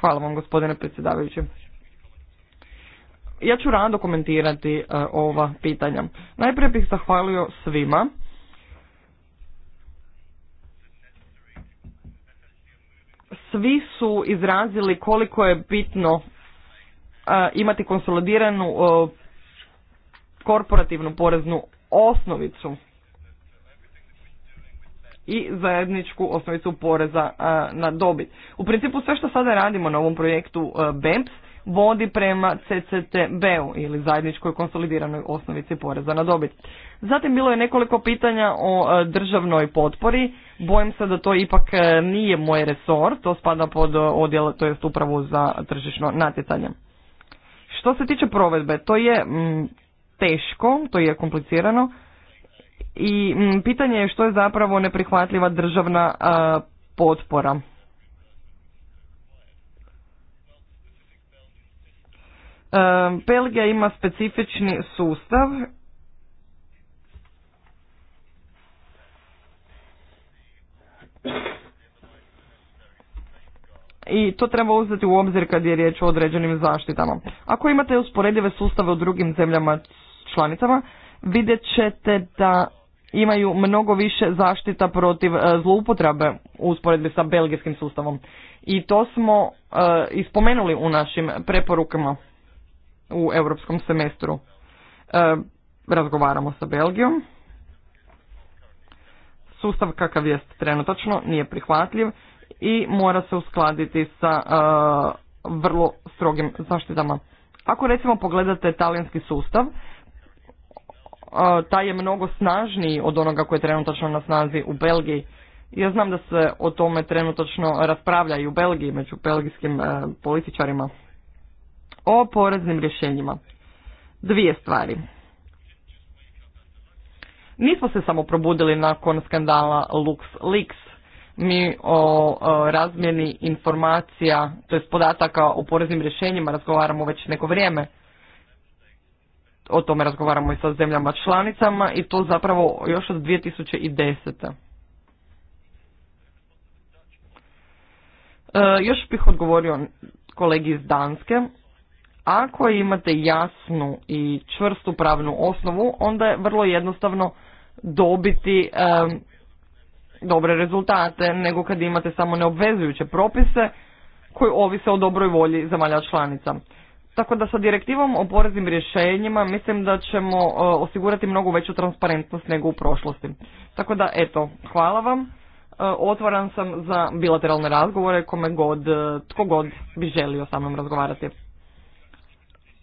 Hvala vam gospodine predsjedavajući. Ja ću rado komentirati e, ova pitanja. Najprije bih zahvalio svima svi su izrazili koliko je bitno uh, imati konsolidiranu uh, korporativnu poreznu osnovicu i zajedničku osnovicu poreza uh, na dobit. U principu sve što sada radimo na ovom projektu BEMPS vodi prema CCTB-u ili zajedničkoj konsolidiranoj osnovici poreza na dobit. Zatim bilo je nekoliko pitanja o e, državnoj potpori. Bojim se da to ipak e, nije moj resor, to spada pod e, odjel, to jest upravo za tržišno natjecanje. Što se tiče provedbe, to je teško, to je komplicirano i pitanje je što je zapravo neprihvatljiva državna potpora. Belgija ima specifični sustav i to treba uzeti u obzir kad je riječ o određenim zaštitama. Ako imate usporedive sustave u drugim zemljama članicama, vidjet ćete da imaju mnogo više zaštita protiv e, zloupotrebe u usporedbi sa belgijskim sustavom. I to smo e, ispomenuli u našim preporukama u europskom semestru. E, razgovaramo sa Belgijom. Sustav kakav jest trenutačno nije prihvatljiv i mora se uskladiti sa e, vrlo strogim zaštitama. Ako recimo pogledate talijanski sustav, e, taj je mnogo snažniji od onoga koji je trenutačno na snazi u Belgiji. Ja znam da se o tome trenutačno raspravlja i u Belgiji među belgijskim e, političarima o poreznim rješenjima. Dvije stvari. Nismo se samo probudili nakon skandala LuxLeaks. Mi o razmjeni informacija, to jest podataka o poreznim rješenjima razgovaramo već neko vrijeme. O tome razgovaramo i sa zemljama članicama i to zapravo još od 2010. E, još bih odgovorio kolegi iz Danske. Ako imate jasnu i čvrstu pravnu osnovu, onda je vrlo jednostavno dobiti dobre rezultate nego kad imate samo neobvezujuće propise koji ovise o dobroj volji zemalja članica. Tako da sa direktivom o poreznim rješenjima mislim da ćemo e, osigurati mnogo veću transparentnost nego u prošlosti. Tako da eto, hvala vam. otvoren otvoran sam za bilateralne razgovore kome god, e, tko god bi želio sa mnom razgovarati.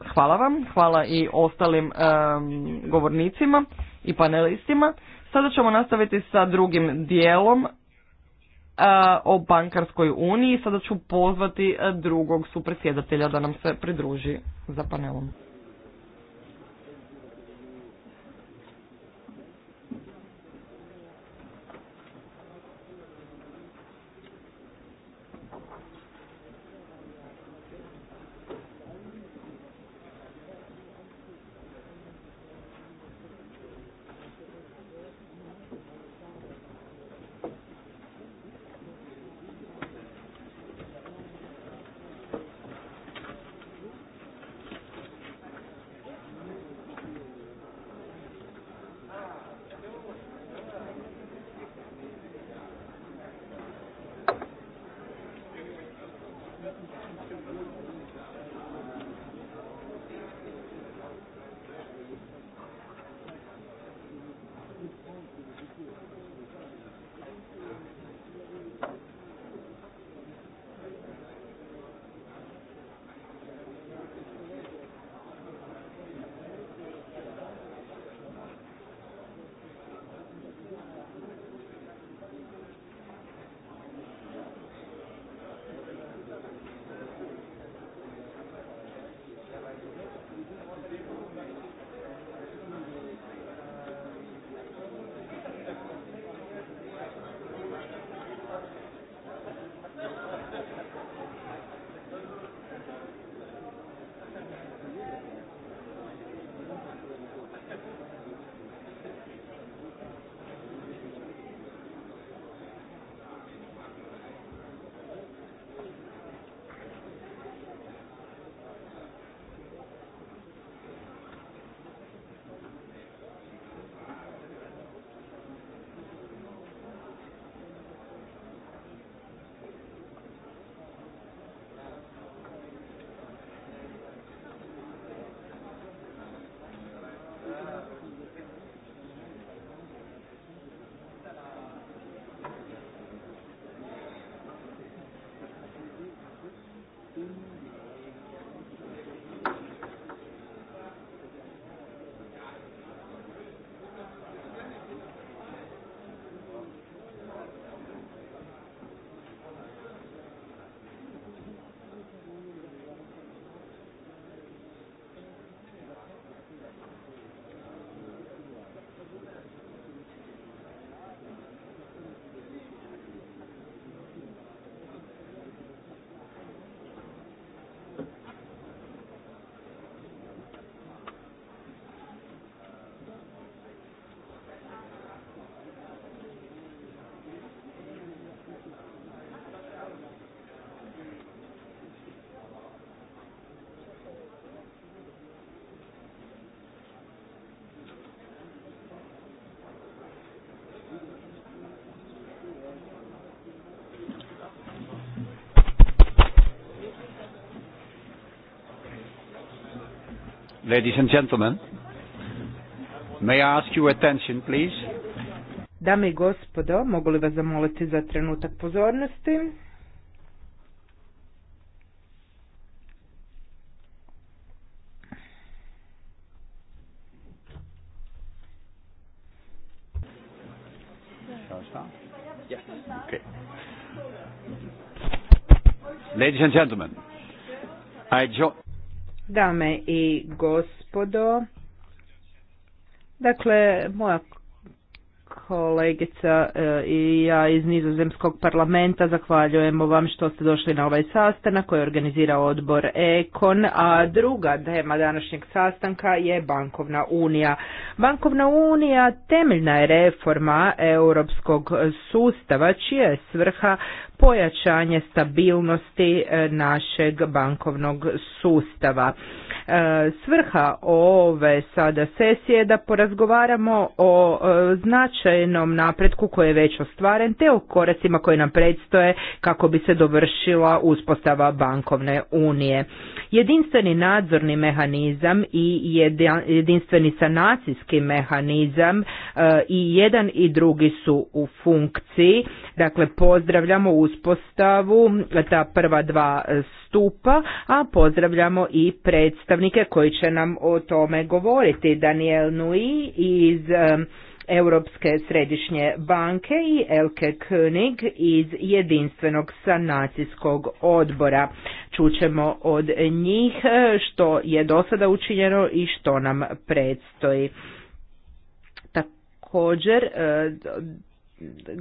Hvala vam, hvala i ostalim govornicima i panelistima. Sada ćemo nastaviti sa drugim dijelom e, o bankarskoj uniji. Sada ću pozvati e, drugog supresjedatelja da nam se pridruži za panelom.
Ladies and gentlemen, may I ask your attention, please?
Dame i gospodo, mogu li vas zamoliti za trenutak pozornosti?
Ladies and gentlemen, I join...
Dame i gospodo, dakle, moja kolegica e, i ja iz Nizozemskog parlamenta zahvaljujemo vam što ste došli na ovaj sastanak koji organizira odbor Ekon, a druga tema današnjeg sastanka je Bankovna unija. Bankovna unija temeljna je reforma europskog sustava čija je svrha pojačanje stabilnosti e, našeg bankovnog sustava. E, svrha ove sada sesije je da porazgovaramo o e, značajnom napretku koji je već ostvaren te o koracima koji nam predstoje kako bi se dovršila uspostava bankovne unije. Jedinstveni nadzorni mehanizam i jedinstveni sanacijski mehanizam e, i jedan i drugi su u funkciji. Dakle, pozdravljamo uspostavu ta prva dva stupa, a pozdravljamo i predstavnike koji će nam o tome govoriti. Daniel Nui iz Europske središnje banke i Elke König iz Jedinstvenog sanacijskog odbora. Čućemo od njih e, što je do sada učinjeno i što nam predstoji. Također e,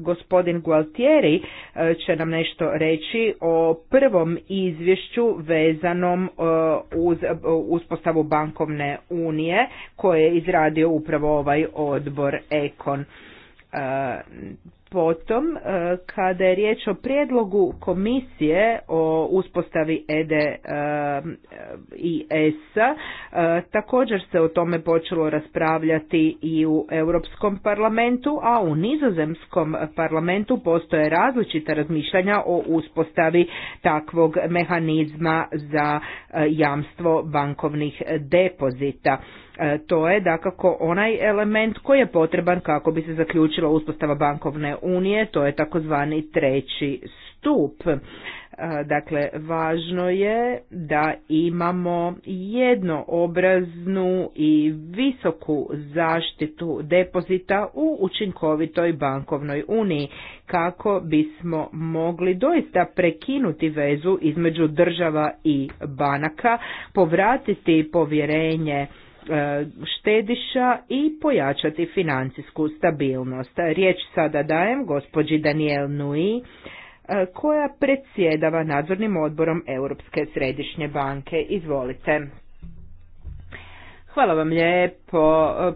gospodin Gualtieri e, će nam nešto reći o prvom izvješću vezanom e, uz e, uspostavu bankovne unije koje je izradio upravo ovaj odbor Ekon. Potom, e, kada je riječ o prijedlogu komisije o uspostavi e e, i ESA, također se o tome počelo raspravljati i u Europskom parlamentu, a u Nizozemskom parlamentu postoje različita razmišljanja o uspostavi takvog mehanizma za jamstvo bankovnih depozita. E, to je dakako onaj element koji je potreban kako bi se zaključila uspostava bankovne unije, to je takozvani treći stup. E, dakle, važno je da imamo jednoobraznu i visoku zaštitu depozita u učinkovitoj bankovnoj uniji kako bismo mogli doista prekinuti vezu između država i banaka, povratiti povjerenje E, štediša i pojačati financijsku stabilnost. Riječ sada dajem gospođi Daniel Nui e, koja predsjedava nadzornim odborom Europske središnje banke. Izvolite. Hvala vam lijepo,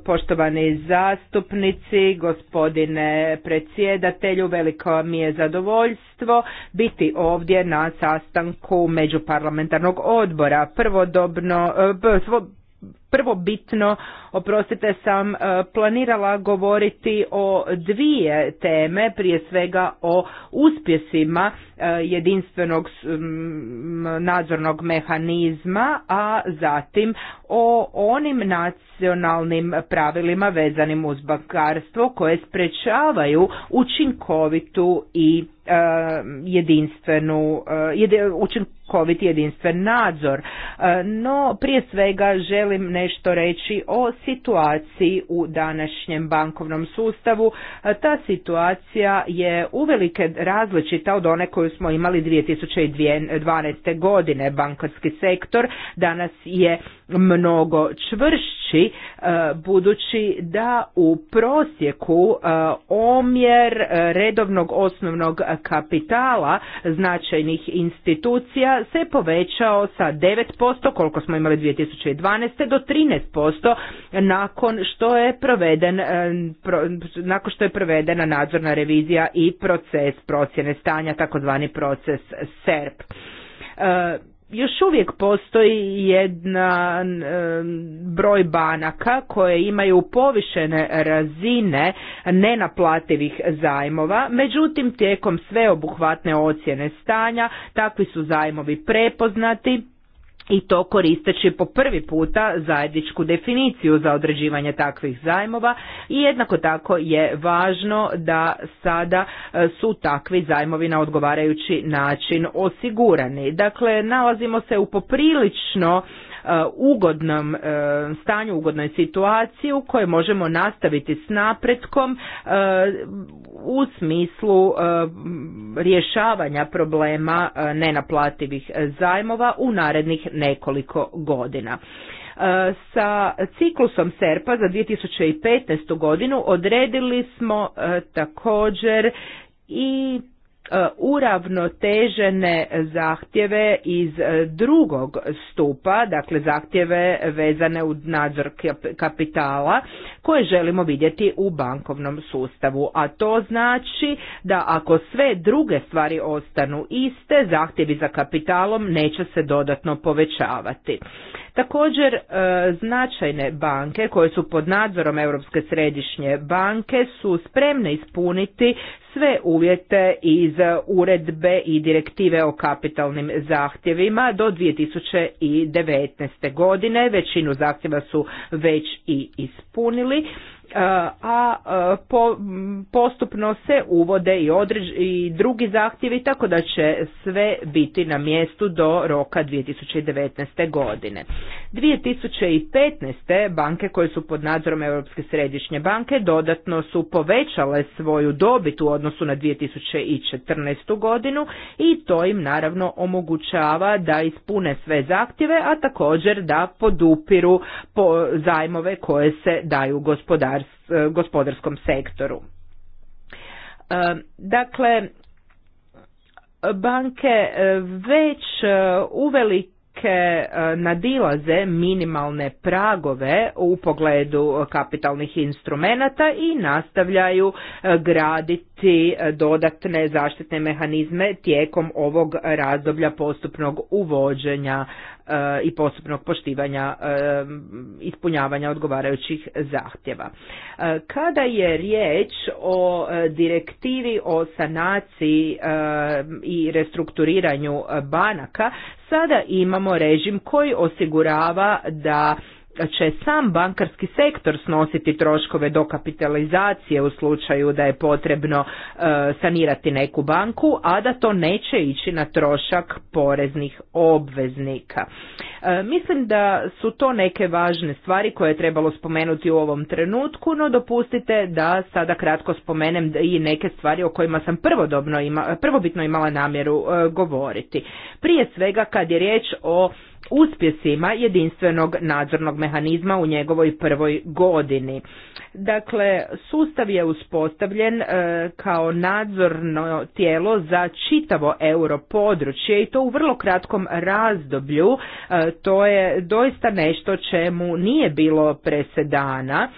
poštovani zastupnici, gospodine predsjedatelju, veliko mi je zadovoljstvo biti ovdje na sastanku Međuparlamentarnog odbora. Prvodobno, e, prvo bitno, oprostite sam, e, planirala govoriti o dvije teme, prije svega o uspjesima e, jedinstvenog nadzornog mehanizma, a zatim o onim nacionalnim pravilima vezanim uz bankarstvo koje sprečavaju učinkovitu i e, jedinstvenu, učinkoviti jedinstven nadzor. No, prije svega želim ne nešto reći o situaciji u današnjem bankovnom sustavu. Ta situacija je uvelike različita od one koju smo imali 2012. godine. Bankarski sektor danas je mnogo čvršći e, budući da u prosjeku e, omjer e, redovnog osnovnog kapitala značajnih institucija se povećao sa 9% koliko smo imali 2012. do 13% nakon što je proveden e, nakon što je provedena nadzorna revizija i proces procjene stanja takozvani proces SERP e, još uvijek postoji jedna e, broj banaka koje imaju povišene razine nenaplativih zajmova, međutim tijekom sveobuhvatne ocjene stanja takvi su zajmovi prepoznati i to koristeći po prvi puta zajedničku definiciju za određivanje takvih zajmova i jednako tako je važno da sada e, su takvi zajmovi na odgovarajući način osigurani. Dakle, nalazimo se u poprilično Eh, ugodnom eh, stanju, ugodnoj situaciji u kojoj možemo nastaviti s napretkom eh, u smislu rješavanja problema nenaplativih zajmova u narednih nekoliko godina sa ciklusom SERPA za 2015. godinu odredili smo također i E, uravnotežene zahtjeve iz e, drugog stupa, dakle zahtjeve vezane u nadzor kapitala koje želimo vidjeti u bankovnom sustavu. A to znači da ako sve druge stvari ostanu iste, zahtjevi za kapitalom neće se dodatno povećavati. Također e, značajne banke koje su pod nadzorom Europske središnje banke su spremne ispuniti sve uvjete iz uredbe i direktive o kapitalnim zahtjevima do 2019. godine. Većinu zahtjeva su već i ispunili a postupno se uvode i, određ, i drugi zahtjevi tako da će sve biti na mjestu do roka 2019. godine. 2015. banke koje su pod nadzorom Europske središnje banke dodatno su povećale svoju dobit u odnosu na 2014. godinu i to im naravno omogućava da ispune sve zahtjeve, a također da podupiru zajmove koje se daju gospodarstvu E, gospodarskom sektoru. E, dakle, banke e, već uveli E, nadilaze minimalne pragove u pogledu kapitalnih instrumenata i nastavljaju e, graditi e, dodatne zaštitne mehanizme tijekom ovog razdoblja postupnog uvođenja i postupnog poštivanja ispunjavanja odgovarajućih zahtjeva. Kada je riječ o direktivi o sanaciji i restrukturiranju banaka, Sada imamo režim koji osigurava da će sam bankarski sektor snositi troškove dokapitalizacije u slučaju da je potrebno e, sanirati neku banku, a da to neće ići na trošak poreznih obveznika. E, mislim da su to neke važne stvari koje je trebalo spomenuti u ovom trenutku, no dopustite da sada kratko spomenem i neke stvari o kojima sam prvodobno ima, prvobitno imala namjeru e, govoriti. Prije svega kad je riječ o uspjesima jedinstvenog nadzornog mehanizma u njegovoj prvoj godini. Dakle, sustav je uspostavljen e, kao nadzorno tijelo za čitavo europodručje i to u vrlo kratkom razdoblju. E, to je doista nešto čemu nije bilo presedana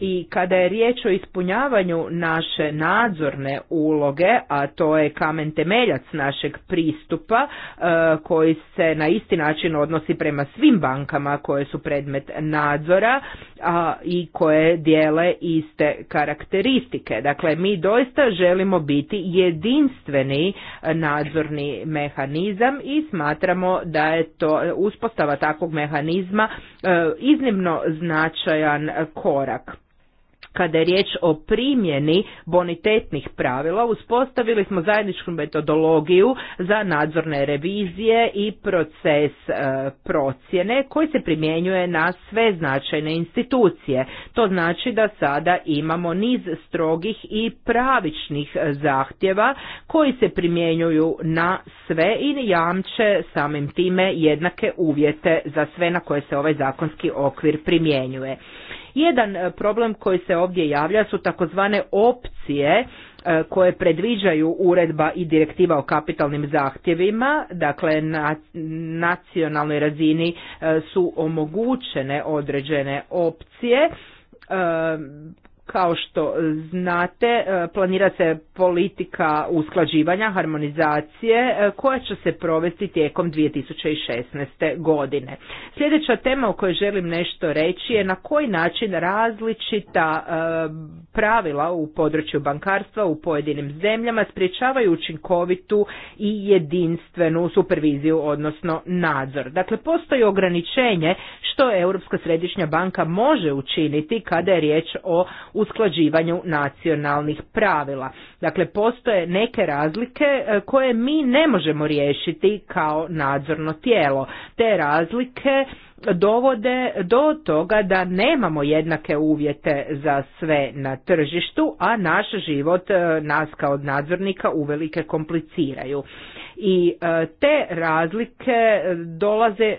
i kada je riječ o ispunjavanju naše nadzorne uloge, a to je kamen temeljac našeg pristupa e, koji se na isti način odnosi prema svim bankama koje su predmet nadzora i koje dijele iste karakteristike. Dakle, mi doista želimo biti jedinstveni nadzorni mehanizam i smatramo da je to uspostava takvog mehanizma e, iznimno značajan korak kada je riječ o primjeni bonitetnih pravila, uspostavili smo zajedničku metodologiju za nadzorne revizije i proces e, procjene koji se primjenjuje na sve značajne institucije. To znači da sada imamo niz strogih i pravičnih zahtjeva koji se primjenjuju na sve i jamče samim time jednake uvjete za sve na koje se ovaj zakonski okvir primjenjuje. Jedan e, problem koji se ovdje javlja su takozvane opcije e, koje predviđaju uredba i direktiva o kapitalnim zahtjevima, dakle na nacionalnoj razini e, su omogućene određene opcije kao što znate, e, planira se politika usklađivanja, harmonizacije e, koja će se provesti tijekom 2016. godine. Sljedeća tema o kojoj želim nešto reći je na koji način različita e, pravila u području bankarstva u pojedinim zemljama sprječavaju učinkovitu i jedinstvenu superviziju, odnosno nadzor. Dakle, postoji ograničenje što Europska središnja banka može učiniti kada je riječ o usklađivanju nacionalnih pravila. Dakle, postoje neke razlike e, koje mi ne možemo riješiti kao nadzorno tijelo. Te razlike dovode do toga da nemamo jednake uvjete za sve na tržištu, a naš život e, nas kao nadzornika uvelike kompliciraju i e, te razlike dolaze e,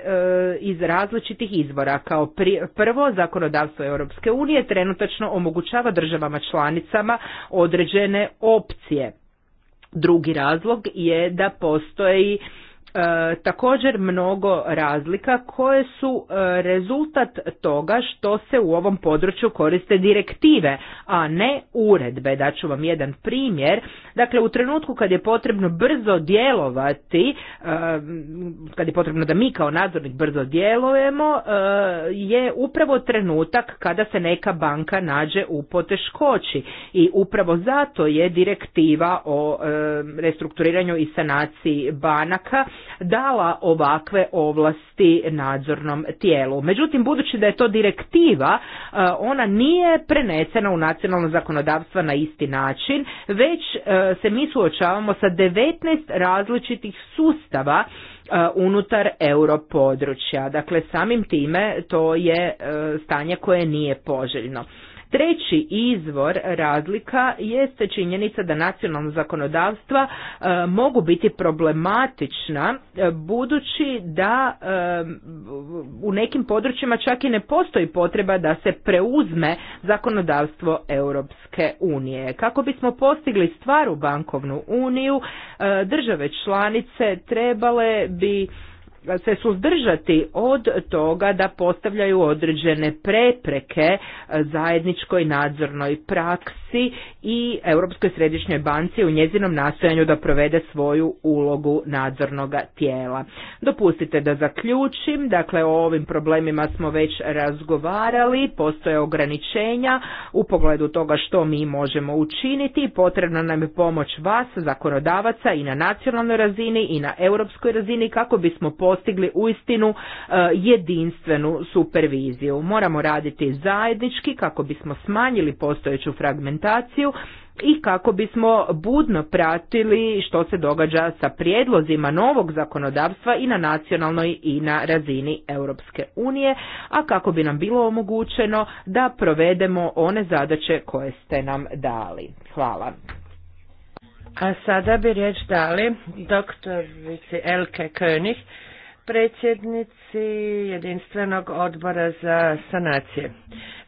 iz različitih izvora. Kao prvo, zakonodavstvo Europske unije trenutačno omogućava državama članicama određene opcije. Drugi razlog je da postoji E, također mnogo razlika koje su e, rezultat toga što se u ovom području koriste direktive, a ne uredbe. ću vam jedan primjer. Dakle, u trenutku kad je potrebno brzo djelovati, e, kad je potrebno da mi kao nadzornik brzo djelujemo, e, je upravo trenutak kada se neka banka nađe u poteškoći. I upravo zato je direktiva o e, restrukturiranju i sanaciji banaka dala ovakve ovlasti nadzornom tijelu. Međutim, budući da je to direktiva, e, ona nije prenesena u nacionalno zakonodavstvo na isti način, već e, se mi suočavamo sa 19 različitih sustava e, unutar europodručja. Dakle, samim time to je stanje koje nije poželjno. Treći izvor razlika jeste činjenica da nacionalna zakonodavstva e, mogu biti problematična e, budući da e, u nekim područjima čak i ne postoji potreba da se preuzme zakonodavstvo Europske unije. Kako bismo postigli u bankovnu uniju, države članice trebale bi se suzdržati od toga da postavljaju određene prepreke e, zajedničkoj nadzornoj praksi i Europskoj središnjoj banci u njezinom nastojanju da provede svoju ulogu nadzornog tijela. Dopustite da zaključim, dakle o ovim problemima smo već razgovarali, postoje ograničenja u pogledu toga što mi možemo učiniti, potrebna nam je pomoć vas, zakonodavaca i na nacionalnoj razini i na europskoj razini kako bismo postigli uistinu e, jedinstvenu superviziju. Moramo raditi zajednički kako bismo smanjili postojeću fragmentaciju i kako bismo budno pratili što se događa sa prijedlozima novog zakonodavstva i na nacionalnoj i na razini Europske unije, a kako bi nam bilo omogućeno da provedemo one
zadaće koje ste nam dali. Hvala. A sada bi riječ dali doktorici Elke König predsjednici jedinstvenog odbora za sanacije.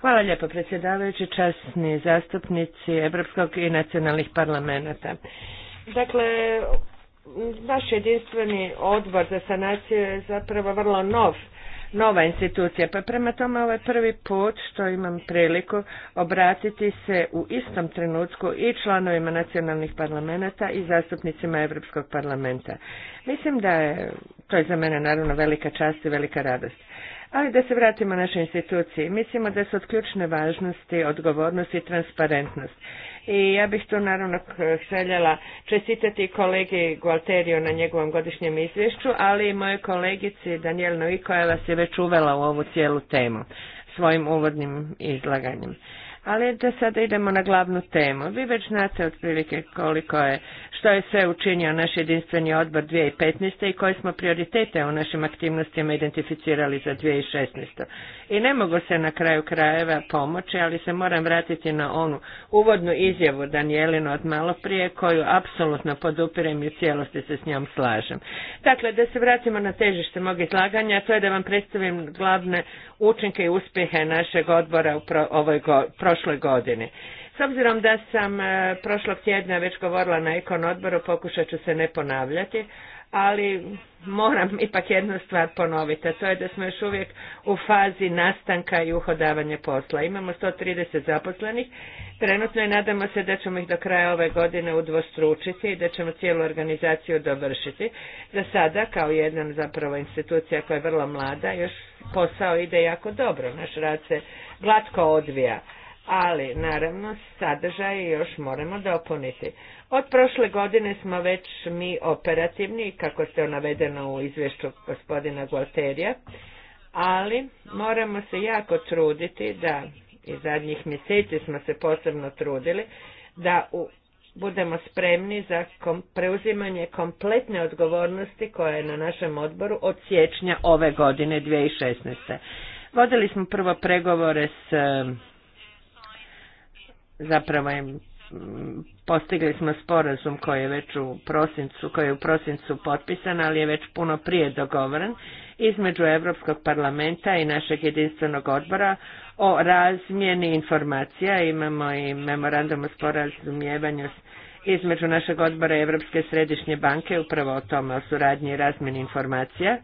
Hvala lijepo predsjedavajući, časni zastupnici Europskog i nacionalnih parlamenta. Dakle, naš jedinstveni odbor za sanacije je zapravo vrlo nov nova institucija. Pa prema tome ovaj prvi put što imam priliku obratiti se u istom trenutku i članovima nacionalnih parlamenta i zastupnicima Europskog parlamenta. Mislim da je, to je za mene naravno velika čast i velika radost. Ali da se vratimo našoj instituciji. Mislimo da su od ključne važnosti odgovornost i transparentnost i ja bih tu naravno željela čestitati kolegi Gualteriju na njegovom godišnjem izvješću, ali i moje kolegici Danijel Noviko se već uvela u ovu cijelu temu svojim uvodnim izlaganjem. Ali da sada idemo na glavnu temu. Vi već znate otprilike koliko je, što je sve učinio naš jedinstveni odbor 2015. i koje smo prioritete u našim aktivnostima identificirali za 2016. I ne mogu se na kraju krajeva pomoći, ali se moram vratiti na onu uvodnu izjavu Danijelinu od malo prije, koju apsolutno podupirem i u cijelosti se s njom slažem. Dakle, da se vratimo na težište mog izlaganja, to je da vam predstavim glavne učinke i uspjehe našeg odbora u ovoj pro prošloj godini. S obzirom da sam e, prošlog tjedna već govorila na Ekon odboru, pokušat ću se ne ponavljati, ali moram ipak jednu stvar ponoviti, a to je da smo još uvijek u fazi nastanka i uhodavanja posla. Imamo 130 zaposlenih, trenutno i nadamo se da ćemo ih do kraja ove godine udvostručiti i da ćemo cijelu organizaciju dovršiti. Za sada, kao jedna zapravo institucija koja je vrlo mlada, još posao ide jako dobro, naš rad se glatko odvija ali naravno sadržaje još moramo dopuniti. Od prošle godine smo već mi operativni, kako ste navedeno u izvješću gospodina Gualterija, ali moramo se jako truditi da, i zadnjih mjeseci smo se posebno trudili, da u, budemo spremni za kom, preuzimanje kompletne odgovornosti koja je na našem odboru od siječnja ove godine 2016. Vodili smo prvo pregovore s zapravo je postigli smo sporazum koji je već u prosincu, koji je u prosincu potpisan, ali je već puno prije dogovoren između Europskog parlamenta i našeg jedinstvenog odbora o razmjeni informacija. Imamo i memorandum o sporazumijevanju između našeg odbora i Europske središnje banke upravo o tome, o suradnji i razmjeni informacija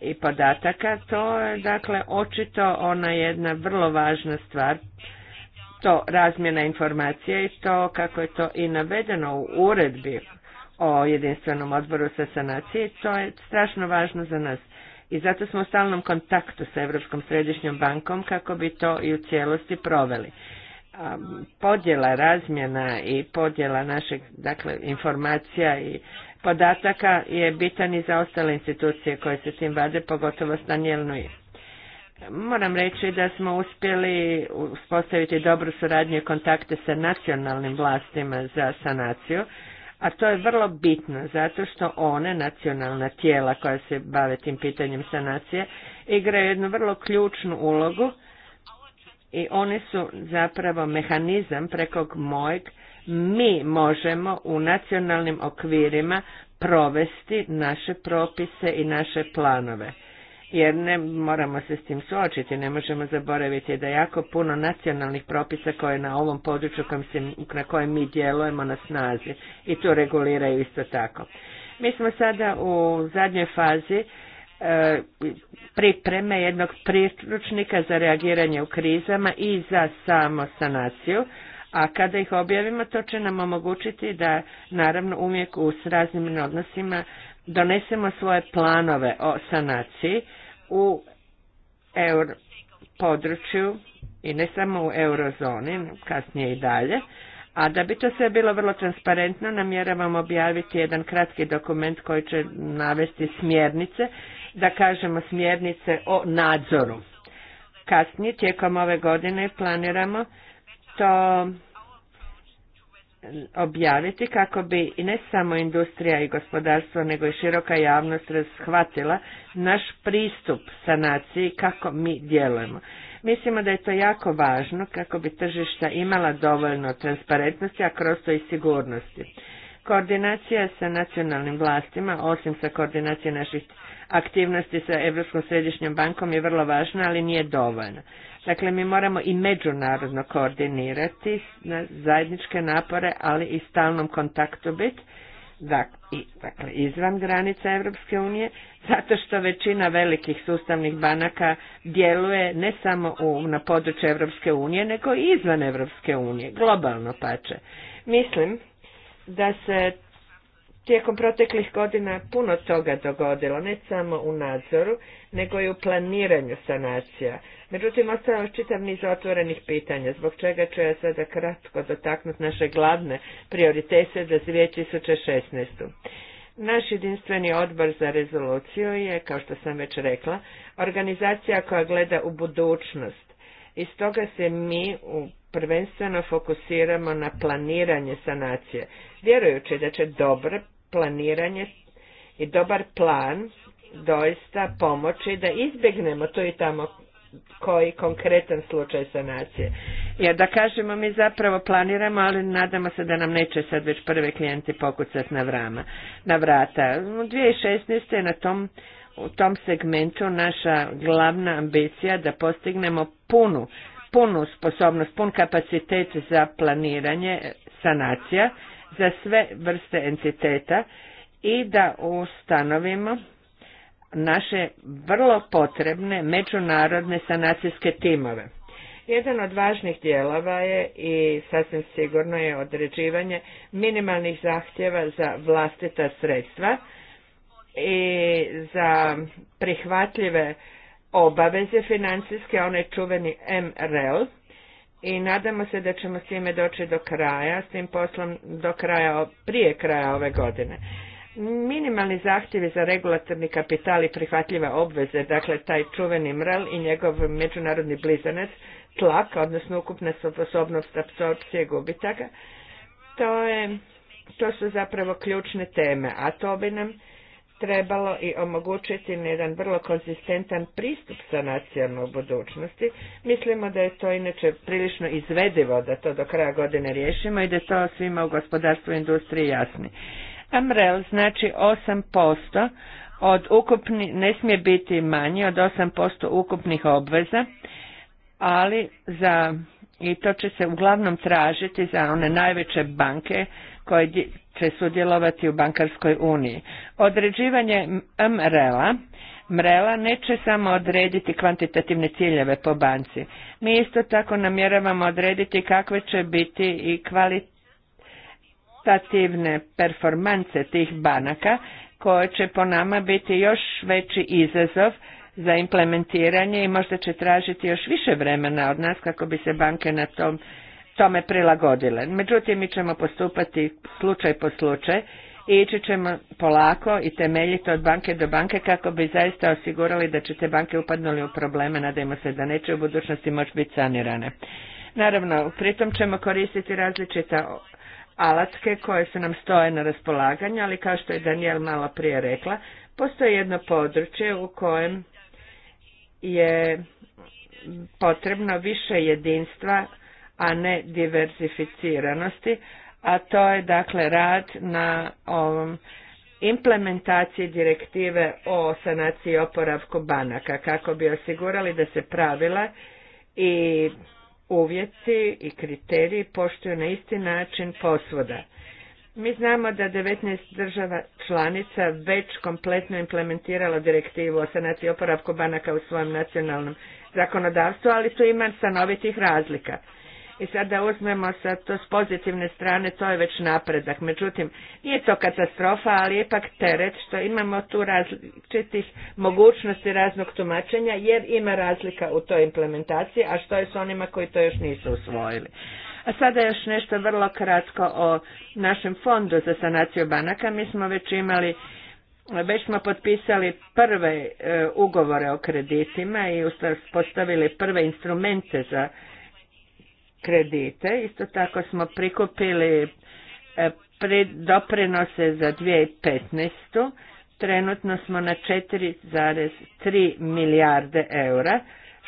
i podataka. To je dakle očito ona jedna vrlo važna stvar to razmjena informacija i to kako je to i navedeno u uredbi o jedinstvenom odboru sa sanacije, to je strašno važno za nas. I zato smo u stalnom kontaktu sa Europskom središnjom bankom kako bi to i u cijelosti proveli. Podjela razmjena i podjela našeg, dakle, informacija i podataka je bitan i za ostale institucije koje se tim vade, pogotovo stanjelno Moram reći da smo uspjeli uspostaviti dobru suradnju i kontakte sa nacionalnim vlastima za sanaciju, a to je vrlo bitno zato što one, nacionalna tijela koja se bave tim pitanjem sanacije, igraju jednu vrlo ključnu ulogu i oni su zapravo mehanizam preko mojeg mi možemo u nacionalnim okvirima provesti naše propise i naše planove jer ne moramo se s tim suočiti, ne možemo zaboraviti da jako puno nacionalnih propisa koje na ovom području na kojem mi djelujemo na snazi i to reguliraju isto tako. Mi smo sada u zadnjoj fazi e, pripreme jednog priručnika za reagiranje u krizama i za samo sanaciju, a kada ih objavimo to će nam omogućiti da naravno uvijek u raznim odnosima donesemo svoje planove o sanaciji u euro području i ne samo u eurozoni, kasnije i dalje, a da bi to sve bilo vrlo transparentno, namjeravam objaviti jedan kratki dokument koji će navesti smjernice, da kažemo smjernice o nadzoru. Kasnije, tijekom ove godine, planiramo to objaviti kako bi i ne samo industrija i gospodarstvo, nego i široka javnost razhvatila naš pristup sanaciji kako mi djelujemo. Mislimo da je to jako važno kako bi tržišta imala dovoljno transparentnosti, a kroz to i sigurnosti. Koordinacija sa nacionalnim vlastima, osim sa koordinacije naših aktivnosti sa Europskom središnjom bankom je vrlo važna, ali nije dovoljna. Dakle, mi moramo i međunarodno koordinirati na zajedničke napore, ali i stalnom kontaktu biti, dakle, izvan granica Europske unije, zato što većina velikih sustavnih banaka djeluje ne samo u, na području Europske unije, nego i izvan Europske unije, globalno pače. Mislim da se tijekom proteklih godina puno toga dogodilo, ne samo u nadzoru, nego i u planiranju sanacija. Međutim, ostalo još čitav niz otvorenih pitanja, zbog čega ću ja sada kratko dotaknuti naše glavne prioritete za 2016. Naš jedinstveni odbor za rezoluciju je, kao što sam već rekla, organizacija koja gleda u budućnost. I stoga se mi u prvenstveno fokusiramo na planiranje sanacije, vjerujući da će dobro planiranje i dobar plan doista pomoći da izbjegnemo to i tamo koji konkretan slučaj sanacije. Jer da kažemo mi zapravo planiramo, ali nadamo se da nam neće sad već prve klijenti pokucati na, vrama, na vrata. 2016. na tom u tom segmentu naša glavna ambicija da postignemo punu, punu sposobnost, pun kapacitet za planiranje sanacija za sve vrste entiteta i da ustanovimo naše vrlo potrebne međunarodne sanacijske timove. Jedan od važnih dijelova je i sasvim sigurno je određivanje minimalnih zahtjeva za vlastita sredstva i za prihvatljive obaveze financijske, onaj čuveni MREL, i nadamo se da ćemo s time doći do kraja, s tim poslom do kraja, prije kraja ove godine. Minimalni zahtjevi za regulatorni kapital i prihvatljive obveze, dakle taj čuveni mrel i njegov međunarodni blizanac, tlak, odnosno ukupna sposobnost apsorpcije gubitaka, to, je, to su zapravo ključne teme, a to bi nam trebalo i omogućiti jedan vrlo konzistentan pristup sanacijama u budućnosti. Mislimo da je to inače prilično izvedivo da to do kraja godine riješimo i da je to svima u gospodarstvu i industriji jasni mrel znači 8% od ukupni, ne smije biti manji od 8% ukupnih obveza, ali za, i to će se uglavnom tražiti za one najveće banke koje će sudjelovati u bankarskoj uniji. Određivanje mrela a Mrela neće samo odrediti kvantitativne ciljeve po banci. Mi isto tako namjeravamo odrediti kakve će biti i kvalit performance performanse tih banaka koje će po nama biti još veći izazov za implementiranje i možda će tražiti još više vremena od nas kako bi se banke na tom, tome prilagodile. Međutim, mi ćemo postupati slučaj po slučaj i ići ćemo polako i temeljito od banke do banke kako bi zaista osigurali da će te banke upadnuli u probleme, nadajmo se da neće u budućnosti moći biti sanirane. Naravno, pritom ćemo koristiti različita alatke koje se nam stoje na raspolaganju, ali kao što je Daniel malo prije rekla, postoji jedno područje u kojem je potrebno više jedinstva, a ne diversificiranosti, a to je dakle rad na ovom implementaciji direktive o sanaciji i oporavku banaka kako bi osigurali da se pravila i uvjeti i kriteriji poštuju na isti način posvoda. Mi znamo da 19 država članica već kompletno implementirala direktivu o sanaciji oporavku banaka u svojem nacionalnom zakonodavstvu, ali tu ima stanovitih razlika i sada uzmemo sa to s pozitivne strane, to je već napredak. Međutim, nije to katastrofa, ali je ipak teret što imamo tu različitih mogućnosti raznog tumačenja jer ima razlika u toj implementaciji, a što je s onima koji to još nisu usvojili. A sada još nešto vrlo kratko o našem fondu za sanaciju banaka. Mi smo već imali već smo potpisali prve e, ugovore o kreditima i postavili prve instrumente za kredite. Isto tako smo prikupili e, doprinose za 2015. Trenutno smo na 4,3 milijarde eura,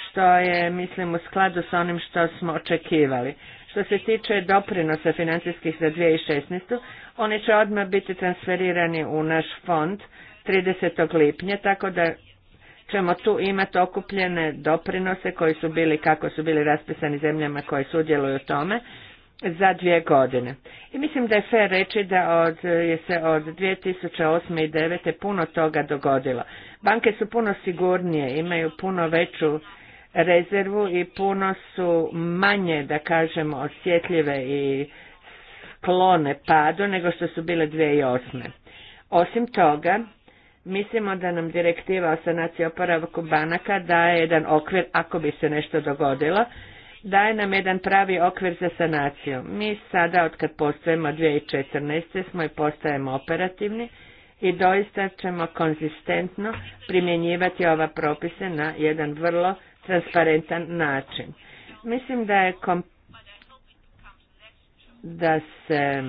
što je, mislim, u skladu s onim što smo očekivali. Što se tiče doprinosa financijskih za 2016. oni će odmah biti transferirani u naš fond 30. lipnja, tako da ćemo tu imati okupljene doprinose koji su bili, kako su bili raspisani zemljama koje sudjeluju u tome, za dvije godine. I mislim da je fair reći da od, je se od 2008. i 2009. puno toga dogodilo. Banke su puno sigurnije, imaju puno veću rezervu i puno su manje, da kažemo, osjetljive i klone padu nego što su bile 2008. Osim toga, Mislimo da nam direktiva o sanaciji oporavku banaka daje jedan okvir ako bi se nešto dogodilo, daje nam jedan pravi okvir za sanaciju. Mi sada, od kad tisuće 2014. smo i postajemo operativni i doista ćemo konzistentno primjenjivati ova propise na jedan vrlo transparentan način. Mislim da je da se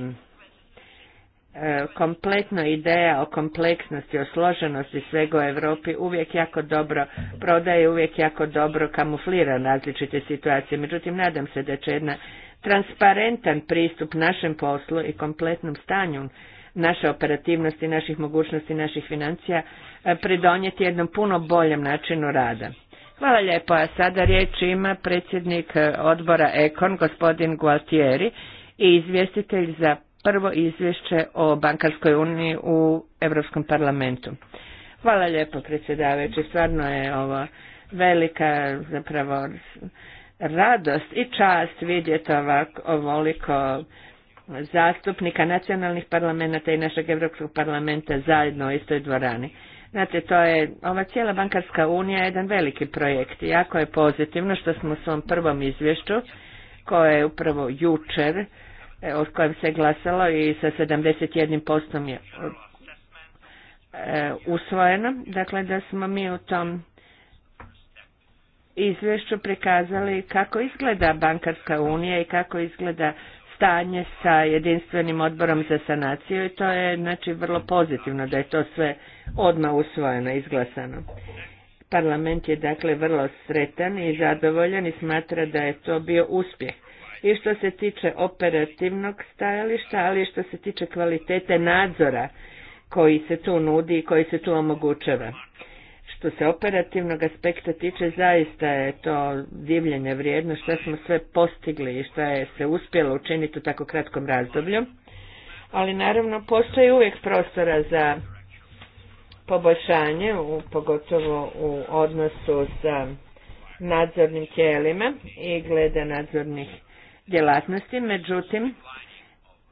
E, kompletno ideja o kompleksnosti, o složenosti svega u Europi uvijek jako dobro prodaje, uvijek jako dobro kamuflira različite situacije. Međutim, nadam se da će jedna transparentan pristup našem poslu i kompletnom stanju naše operativnosti, naših mogućnosti, naših financija e, pridonijeti jednom puno boljem načinu rada. Hvala lijepo, a sada riječ ima predsjednik e, odbora Ekon, gospodin Gualtieri i izvjestitelj za prvo izvješće o bankarskoj uniji u Europskom parlamentu. Hvala lijepo predsjedavajući, stvarno je ovo velika zapravo radost i čast vidjeti ovako, ovoliko zastupnika nacionalnih parlamenta i našeg Europskog parlamenta zajedno u istoj dvorani. Znate, to je, ova cijela bankarska unija je jedan veliki projekt i jako je pozitivno što smo u svom prvom izvješću, koje je upravo jučer E, o kojem se glasalo i sa 71% je e, usvojeno. Dakle, da smo mi u tom izvješću prikazali kako izgleda bankarska unija i kako izgleda stanje sa jedinstvenim odborom za sanaciju i to je znači vrlo pozitivno da je to sve odmah usvojeno, izglasano. Parlament je dakle vrlo sretan i zadovoljan i smatra da je to bio uspjeh i što se tiče operativnog stajališta, ali i što se tiče kvalitete nadzora koji se tu nudi i koji se tu omogućava. Što se operativnog aspekta tiče, zaista je to divljenje vrijedno što smo sve postigli i što je se uspjelo učiniti u tako kratkom razdoblju. Ali naravno postoji uvijek prostora za poboljšanje, u, pogotovo u odnosu sa nadzornim tijelima i glede nadzornih djelatnosti, međutim,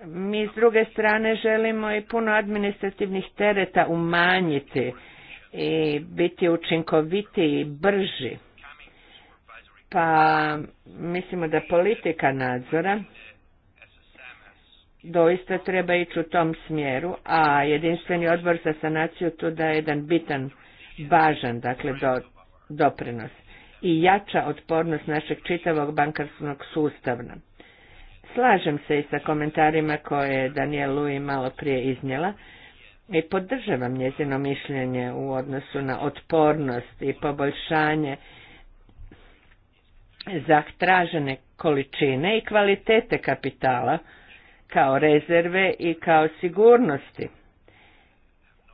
mi s druge strane želimo i puno administrativnih tereta umanjiti i biti učinkovitiji i brži. Pa mislimo da politika nadzora doista treba ići u tom smjeru, a jedinstveni odbor za sanaciju tu da je jedan bitan, važan, dakle, do, doprinos i jača otpornost našeg čitavog bankarskog sustava. Slažem se i sa komentarima koje je Daniel Lui malo prije iznijela i podržavam njezino mišljenje u odnosu na otpornost i poboljšanje zahtražene količine i kvalitete kapitala kao rezerve i kao sigurnosti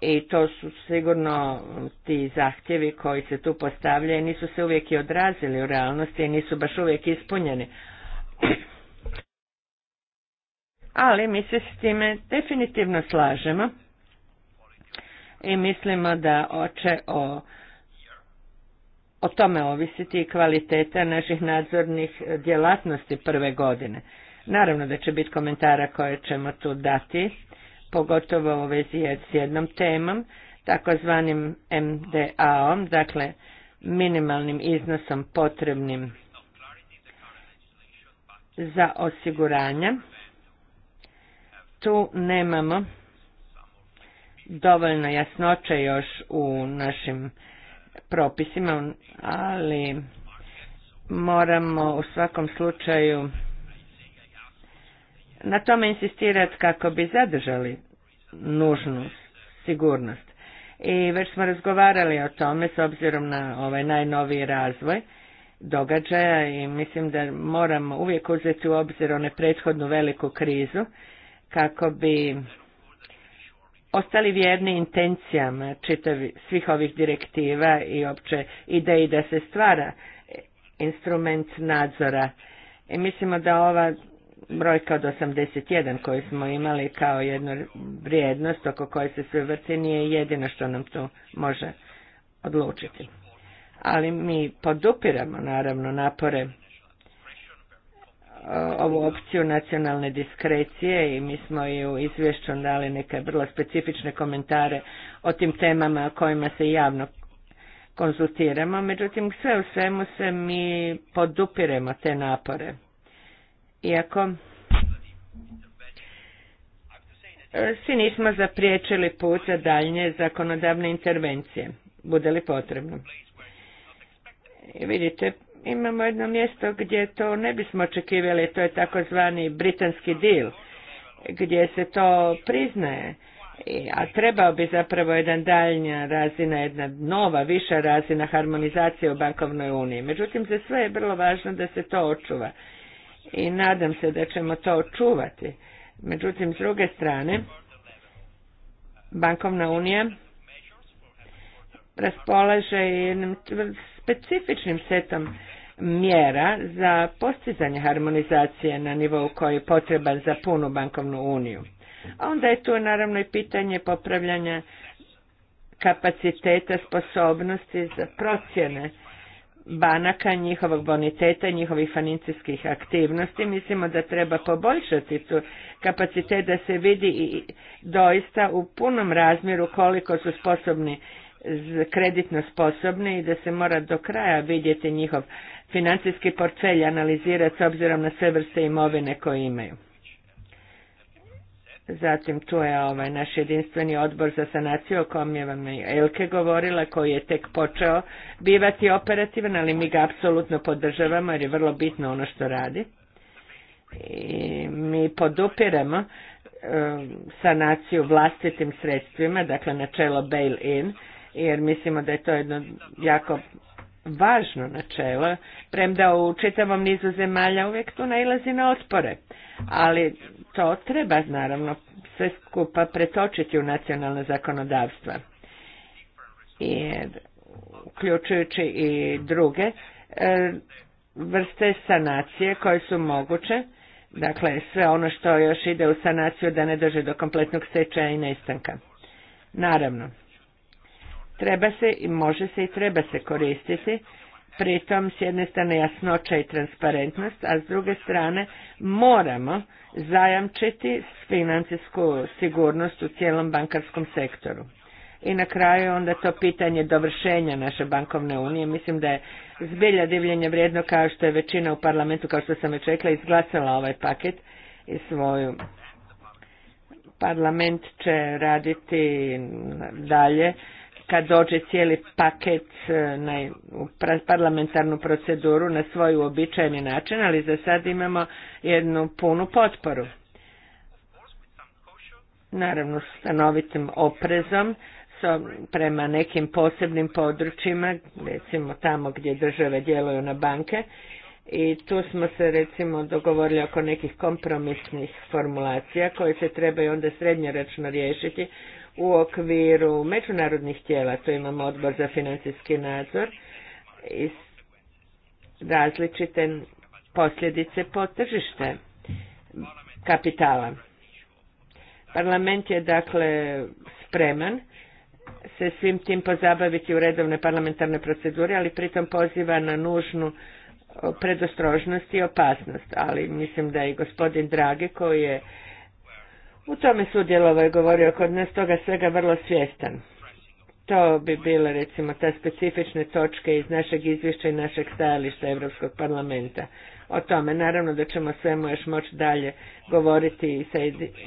i to su sigurno ti zahtjevi koji se tu postavljaju nisu se uvijek i odrazili u realnosti i nisu baš uvijek ispunjeni. Ali mi se s time definitivno slažemo i mislimo da će o, o tome ovisiti i kvaliteta naših nadzornih djelatnosti prve godine. Naravno da će biti komentara koje ćemo tu dati pogotovo u vezi s jednom temom, takozvanim MDA-om, dakle minimalnim iznosom potrebnim za osiguranje. Tu nemamo dovoljno jasnoće još u našim propisima, ali moramo u svakom slučaju na tome insistirati kako bi zadržali nužnu sigurnost. I već smo razgovarali o tome s obzirom na ovaj najnoviji razvoj događaja i mislim da moramo uvijek uzeti u obzir one prethodnu veliku krizu kako bi ostali vjerni intencijama čitavi, svih ovih direktiva i opće ideji da se stvara instrument nadzora. I mislimo da ova brojka od 81 koju smo imali kao jednu vrijednost oko koje se sve vrti nije jedino što nam tu može odlučiti. Ali mi podupiramo naravno napore e, ovu opciju nacionalne diskrecije i mi smo i u izvješću dali neke vrlo specifične komentare o tim temama o kojima se javno konzultiramo. Međutim, sve u svemu se mi podupiremo te napore iako e, si nismo zapriječili put za daljnje zakonodavne intervencije, bude li potrebno. I vidite, imamo jedno mjesto gdje to ne bismo očekivali, to je takozvani britanski deal, gdje se to priznaje, a trebao bi zapravo jedan daljnja razina, jedna nova, viša razina harmonizacije u bankovnoj uniji. Međutim, za sve je vrlo važno da se to očuva i nadam se da ćemo to očuvati. Međutim, s druge strane, bankovna unija raspolaže jednim specifičnim setom mjera za postizanje harmonizacije na nivou koji je potreban za punu bankovnu uniju. A onda je tu naravno i pitanje popravljanja kapaciteta, sposobnosti za procjene banaka, njihovog boniteta, njihovih financijskih aktivnosti. Mislimo da treba poboljšati tu kapacitet da se vidi i doista u punom razmjeru koliko su sposobni kreditno sposobni i da se mora do kraja vidjeti njihov financijski portfelj analizirati s obzirom na sve vrste imovine koje imaju. Zatim tu je ovaj naš jedinstveni odbor za sanaciju o kojem je vam Elke govorila, koji je tek počeo bivati operativan, ali mi ga apsolutno podržavamo jer je vrlo bitno ono što radi. I mi podupiremo um, sanaciju vlastitim sredstvima, dakle načelo bail-in, jer mislimo da je to jedno jako važno načelo, premda u čitavom nizu zemalja uvijek tu nailazi na otpore, ali to treba naravno sve skupa pretočiti u nacionalne zakonodavstva. I uključujući i druge e, vrste sanacije koje su moguće, dakle sve ono što još ide u sanaciju da ne dođe do kompletnog stečaja i nestanka. Naravno treba se i može se i treba se koristiti, pritom s jedne strane jasnoća i transparentnost, a s druge strane moramo zajamčiti financijsku sigurnost u cijelom bankarskom sektoru. I na kraju onda to pitanje dovršenja naše bankovne unije. Mislim da je zbilja divljenje vrijedno kao što je većina u parlamentu, kao što sam već rekla, izglasala ovaj paket i svoju parlament će raditi dalje kad dođe cijeli paket e, na parlamentarnu proceduru na svoj uobičajeni način, ali za sad imamo jednu punu potporu. Naravno, stanovitim oprezom prema nekim posebnim područjima, recimo tamo gdje države djeluju na banke, i tu smo se recimo dogovorili oko nekih kompromisnih formulacija koje se trebaju onda srednjoročno riješiti u okviru međunarodnih tijela, tu imamo odbor za financijski nadzor, iz različite posljedice po tržište kapitala. Parlament je dakle spreman se svim tim pozabaviti u redovne parlamentarne procedure, ali pritom poziva na nužnu predostrožnost i opasnost. Ali mislim da i gospodin Dragi koji je u tome sudjelovo je govorio kod nas toga svega vrlo svjestan. To bi bile recimo te specifične točke iz našeg izvješća i našeg stajališta Europskog parlamenta. O tome naravno da ćemo svemu još moći dalje govoriti i sa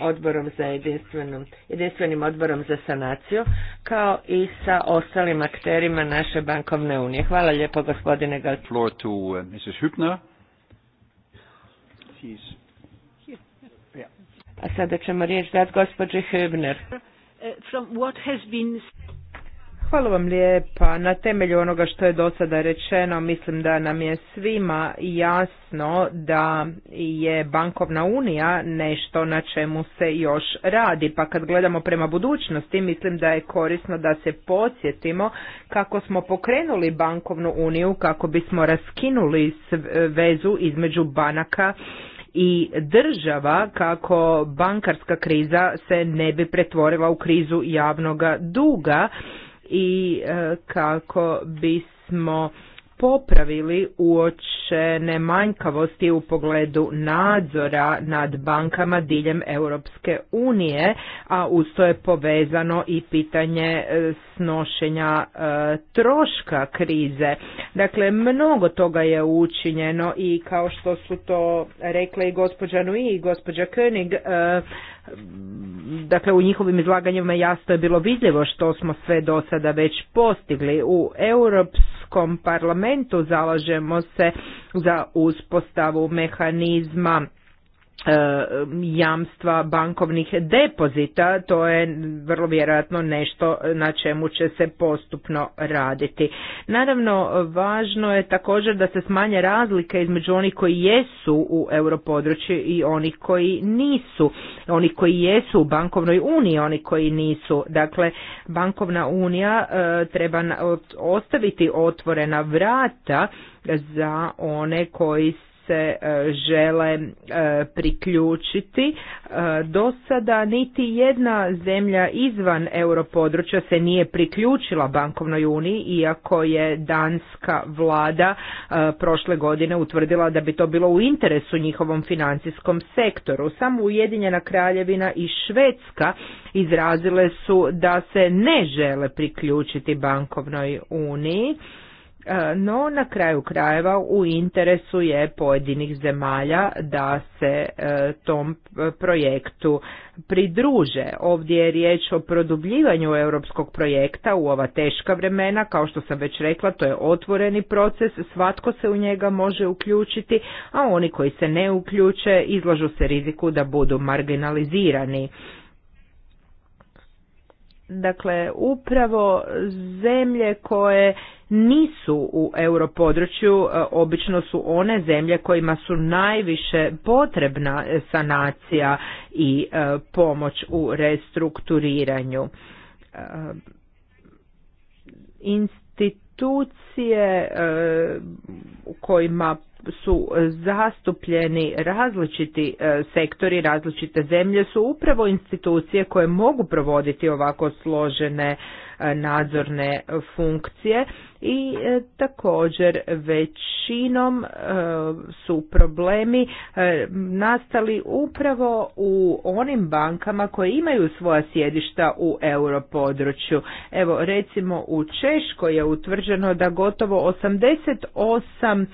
odborom za jedinstvenim odborom za sanaciju kao i sa ostalim akterima naše bankovne unije. Hvala lijepo gospodine Gal. Uh, Mrs. A sada ćemo riječ dati gospođe Hübner. Eh, Hvala vam lijepa. Na temelju onoga što je do sada
rečeno, mislim da nam je svima jasno da je bankovna unija nešto na čemu se još radi. Pa kad gledamo prema budućnosti, mislim da je korisno da se podsjetimo kako smo pokrenuli bankovnu uniju, kako bismo raskinuli vezu između banaka i država kako bankarska kriza se ne bi pretvorila u krizu javnoga duga i e, kako bismo popravili uočene manjkavosti u pogledu nadzora nad bankama diljem Europske unije, a uz to je povezano i pitanje e, snošenja e, troška krize. Dakle, mnogo toga je učinjeno i kao što su to rekle i gospođa Nui i gospođa König, e, dakle u njihovim izlaganjima jasno je bilo vidljivo što smo sve do sada već postigli. U Europskom parlamentu zalažemo se za uspostavu mehanizma E, jamstva bankovnih depozita, to je vrlo vjerojatno nešto na čemu će se postupno raditi. Naravno, važno je također da se smanje razlike između onih koji jesu u europodručju i onih koji nisu. Oni koji jesu u bankovnoj uniji, oni koji nisu. Dakle, bankovna unija e, treba ostaviti otvorena vrata za one koji se e, žele e, priključiti. E, do sada niti jedna zemlja izvan europodručja se nije priključila bankovnoj uniji, iako je danska vlada prošle godine utvrdila da bi to bilo u interesu njihovom financijskom sektoru. Samo Ujedinjena kraljevina i Švedska izrazile su da se ne žele priključiti bankovnoj uniji. E, no, na kraju krajeva u interesu je pojedinih zemalja da se e, tom e, projektu pridruže. Ovdje je riječ o produbljivanju europskog projekta u ova teška vremena, kao što sam već rekla, to je otvoreni proces, svatko se u njega može uključiti, a oni koji se ne uključe izlažu se riziku da budu marginalizirani. Dakle, upravo zemlje koje nisu u europodručju, e, obično su one zemlje kojima su najviše potrebna e, sanacija i e, pomoć u restrukturiranju. Institut institucije e, u kojima su zastupljeni različiti e, sektori, različite zemlje su upravo institucije koje mogu provoditi ovako složene nadzorne funkcije i e, također većinom e, su problemi e, nastali upravo u onim bankama koje imaju svoja sjedišta u europodručju. Evo recimo u Češkoj je utvrđeno da gotovo 88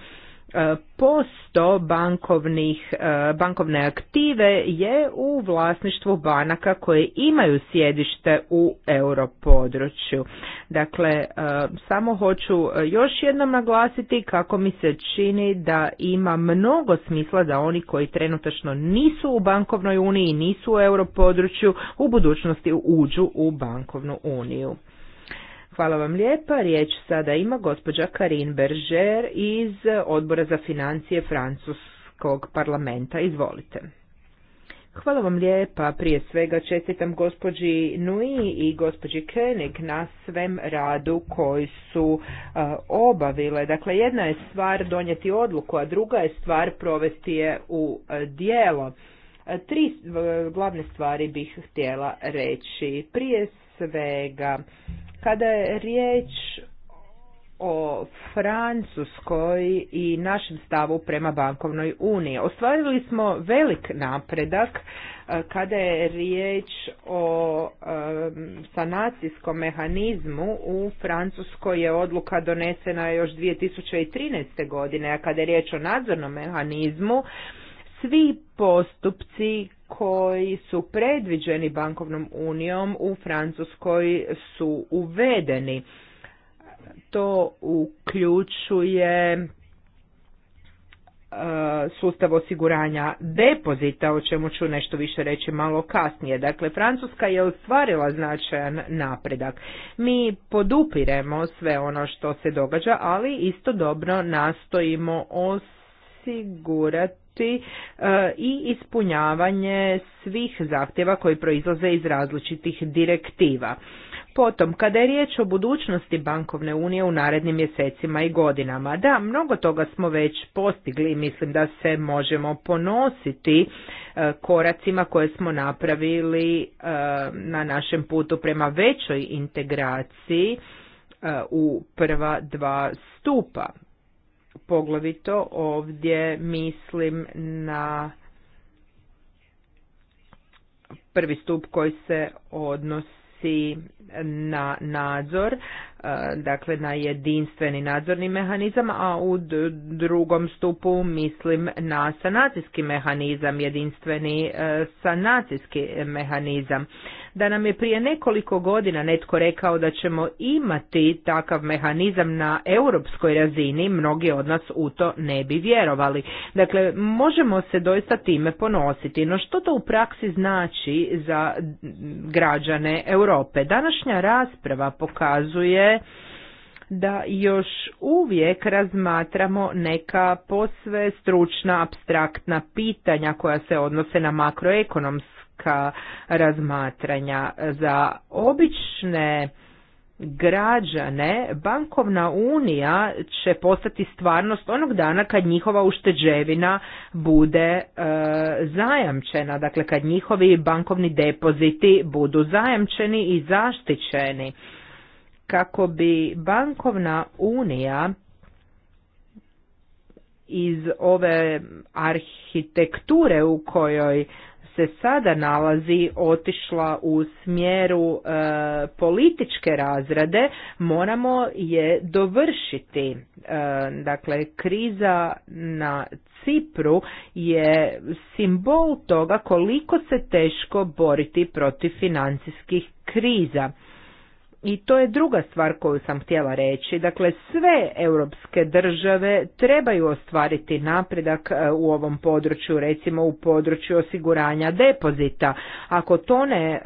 posto bankovnih, e, bankovne aktive je u vlasništvu banaka koje imaju sjedište u europodručju. Dakle, e, samo hoću još jednom naglasiti kako mi se čini da ima mnogo smisla da oni koji trenutačno nisu u bankovnoj uniji, nisu u europodručju, u budućnosti uđu u bankovnu uniju. Hvala vam lijepa. Riječ sada ima gospođa Karin Berger iz Odbora za financije Francuskog parlamenta. Izvolite. Hvala vam lijepa. Prije svega čestitam gospođi Nui i gospođi Koenig na svem radu koji su e, obavile. Dakle, jedna je stvar donijeti odluku, a druga je stvar provesti je u e, dijelo. E, tri glavne stvari bih htjela reći. Prije svega, kada je riječ o Francuskoj i našem stavu prema bankovnoj uniji. Ostvarili smo velik napredak e, kada je riječ o e, sanacijskom mehanizmu u Francuskoj je odluka donesena još 2013. godine, a kada je riječ o nadzornom mehanizmu svi postupci koji su predviđeni bankovnom unijom u Francuskoj su uvedeni. To uključuje e, sustav osiguranja depozita, o čemu ću nešto više reći malo kasnije. Dakle, Francuska je ostvarila značajan napredak. Mi podupiremo sve ono što se događa, ali isto dobro nastojimo osigurati E, i ispunjavanje svih zahtjeva koji proizlaze iz različitih direktiva. Potom, kada je riječ o budućnosti bankovne unije u narednim mjesecima i godinama, da, mnogo toga smo već postigli i mislim da se možemo ponositi e, koracima koje smo napravili e, na našem putu prema većoj integraciji u prva dva stupa poglavito ovdje mislim na prvi stup koji se odnosi na nadzor E, dakle na jedinstveni nadzorni mehanizam, a u drugom stupu mislim na sanacijski mehanizam, jedinstveni e, sanacijski mehanizam. Da nam je prije nekoliko godina netko rekao da ćemo imati takav mehanizam na europskoj razini, mnogi od nas u to ne bi vjerovali. Dakle, možemo se doista time ponositi, no što to u praksi znači za građane Europe? Današnja rasprava pokazuje da još uvijek razmatramo neka posve stručna abstraktna pitanja koja se odnose na makroekonomska razmatranja za obične građane bankovna unija će postati stvarnost onog dana kad njihova ušteđevina bude e, zajamčena dakle kad njihovi bankovni depoziti budu zajamčeni i zaštićeni kako bi bankovna unija iz ove arhitekture u kojoj se sada nalazi otišla u smjeru e, političke razrade moramo je dovršiti. E, dakle kriza na Cipru je simbol toga koliko se teško boriti protiv financijskih kriza. I to je druga stvar koju sam htjela reći. Dakle, sve europske države trebaju ostvariti napredak e, u ovom području, recimo u području osiguranja depozita. Ako to ne e,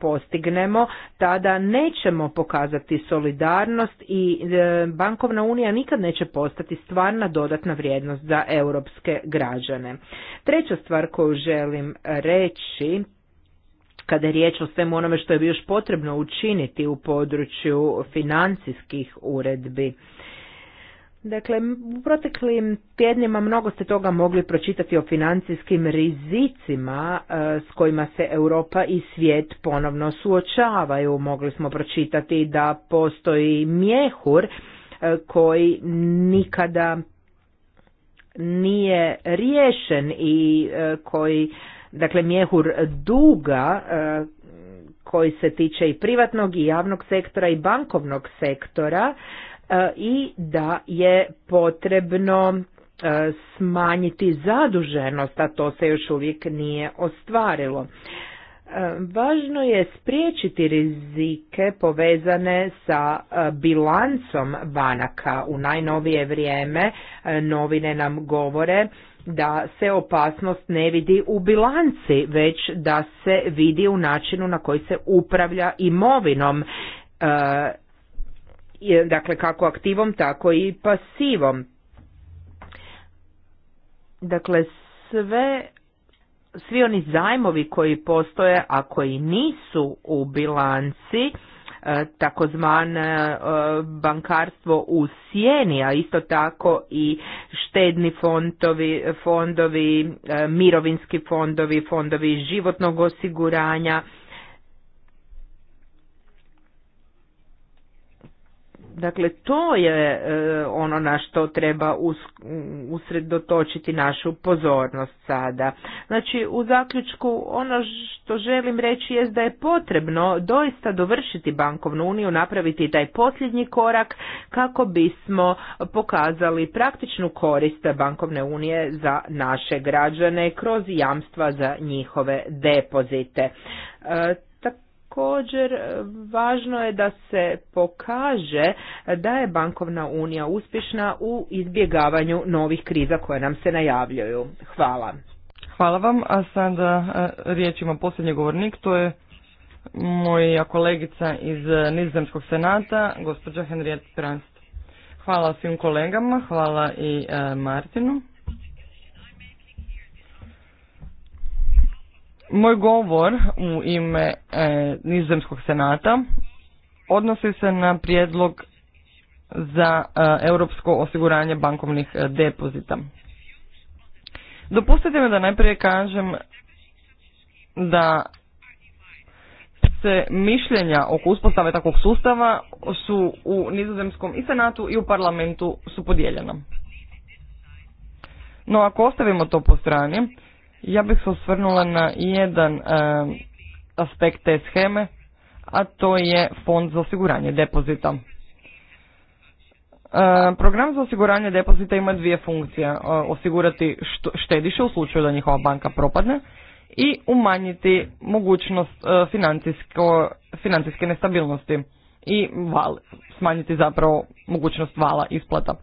postignemo, tada nećemo pokazati solidarnost i e, bankovna unija nikad neće postati stvarna dodatna vrijednost za europske građane. Treća stvar koju želim reći kada je riječ o svemu onome što je još potrebno učiniti u području financijskih uredbi. Dakle, u proteklim tjednima mnogo ste toga mogli pročitati o financijskim rizicima e, s kojima se Europa i svijet ponovno suočavaju. Mogli smo pročitati da postoji mjehur e, koji nikada nije riješen i e, koji dakle mjehur duga e, koji se tiče i privatnog i javnog sektora i bankovnog sektora e, i da je potrebno e, smanjiti zaduženost, a to se još uvijek nije ostvarilo. Važno je spriječiti rizike povezane sa bilancom banaka. U najnovije vrijeme novine nam govore da se opasnost ne vidi u bilanci, već da se vidi u načinu na koji se upravlja imovinom, e, dakle kako aktivom, tako i pasivom. Dakle, sve svi oni zajmovi koji postoje, a koji nisu u bilanci, E, takozvan e, bankarstvo u sjeni, a isto tako i štedni fondovi, fondovi e, mirovinski fondovi, fondovi životnog osiguranja Dakle, to je e, ono na što treba usredotočiti našu pozornost sada. Znači, u zaključku ono što želim reći je da je potrebno doista dovršiti bankovnu uniju, napraviti taj posljednji korak kako bismo pokazali praktičnu korist bankovne unije za naše građane kroz jamstva za njihove depozite. E, Također, e, važno je da se pokaže da je bankovna unija uspješna u izbjegavanju novih kriza koje nam se najavljaju. Hvala.
Hvala vam, a sada e, riječ ima posljednji govornik, to je moja kolegica iz Nizozemskog senata, gospođa Henriette Pranst. Hvala svim kolegama, hvala i e, Martinu. Moj govor u ime e, Nizozemskog senata odnosi se na prijedlog za e, europsko osiguranje bankovnih e, depozita. Dopustite mi da najprije kažem da se mišljenja oko uspostave takvog sustava su u Nizozemskom i senatu i u parlamentu su podijeljena. No ako ostavimo to po strani, ja bih se osvrnula na jedan e, aspekt te scheme, a to je fond za osiguranje depozita. E, program za osiguranje depozita ima dvije funkcije. E, osigurati štediše u slučaju da njihova banka propadne i umanjiti mogućnost financijske nestabilnosti i smanjiti zapravo mogućnost vala isplata.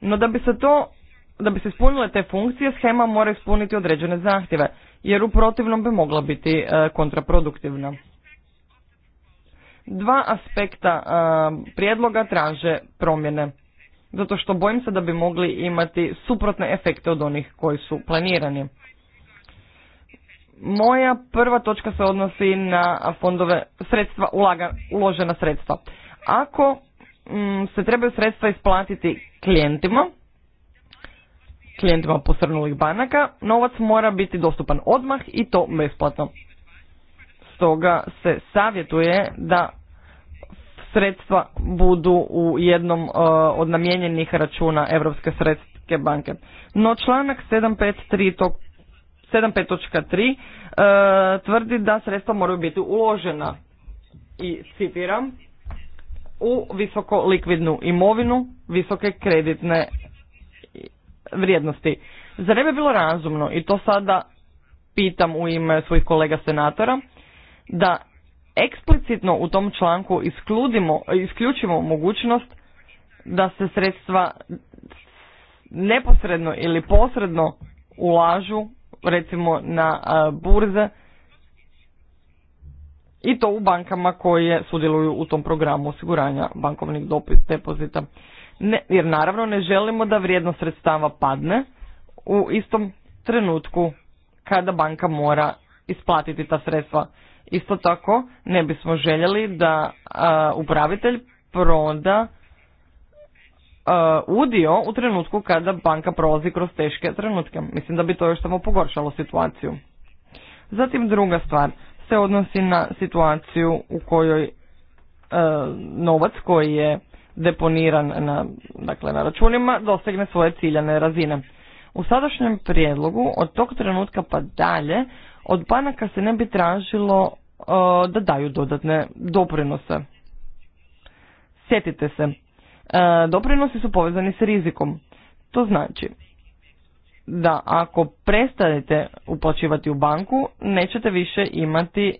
No da bi se to da bi se ispunile te funkcije, schema mora ispuniti određene zahtjeve, jer u protivnom bi mogla biti e, kontraproduktivna. Dva aspekta e, prijedloga traže promjene, zato što bojim se da bi mogli imati suprotne efekte od onih koji su planirani. Moja prva točka se odnosi na fondove sredstva, ulaga, uložena sredstva. Ako mm, se trebaju sredstva isplatiti klijentima, klijentima posrnulih banaka, novac mora biti dostupan odmah i to besplatno. Stoga se savjetuje da sredstva budu u jednom e, od namijenjenih računa Europske sredske banke. No članak 753 7.5.3 e, tvrdi da sredstva moraju biti uložena i citiram u visoko likvidnu imovinu, visoke kreditne vrijednosti. Zar ne bi bilo razumno, i to sada pitam u ime svojih kolega senatora, da eksplicitno u tom članku isključimo mogućnost da se sredstva neposredno ili posredno ulažu recimo na burze i to u bankama koje sudjeluju u tom programu osiguranja bankovnih depozita ne, jer naravno ne želimo da vrijednost sredstava padne u istom trenutku kada banka mora isplatiti ta sredstva. Isto tako ne bismo željeli da upravitelj proda a, udio u trenutku kada banka prolazi kroz teške trenutke. Mislim da bi to još samo pogoršalo situaciju. Zatim druga stvar se odnosi na situaciju u kojoj novac koji je deponiran na, dakle, na računima dosegne svoje ciljane razine. U sadašnjem prijedlogu od tog trenutka pa dalje od banaka se ne bi tražilo e, da daju dodatne doprinose. Sjetite se, e, doprinosi su povezani s rizikom. To znači da ako prestanete uplaćivati u banku, nećete više imati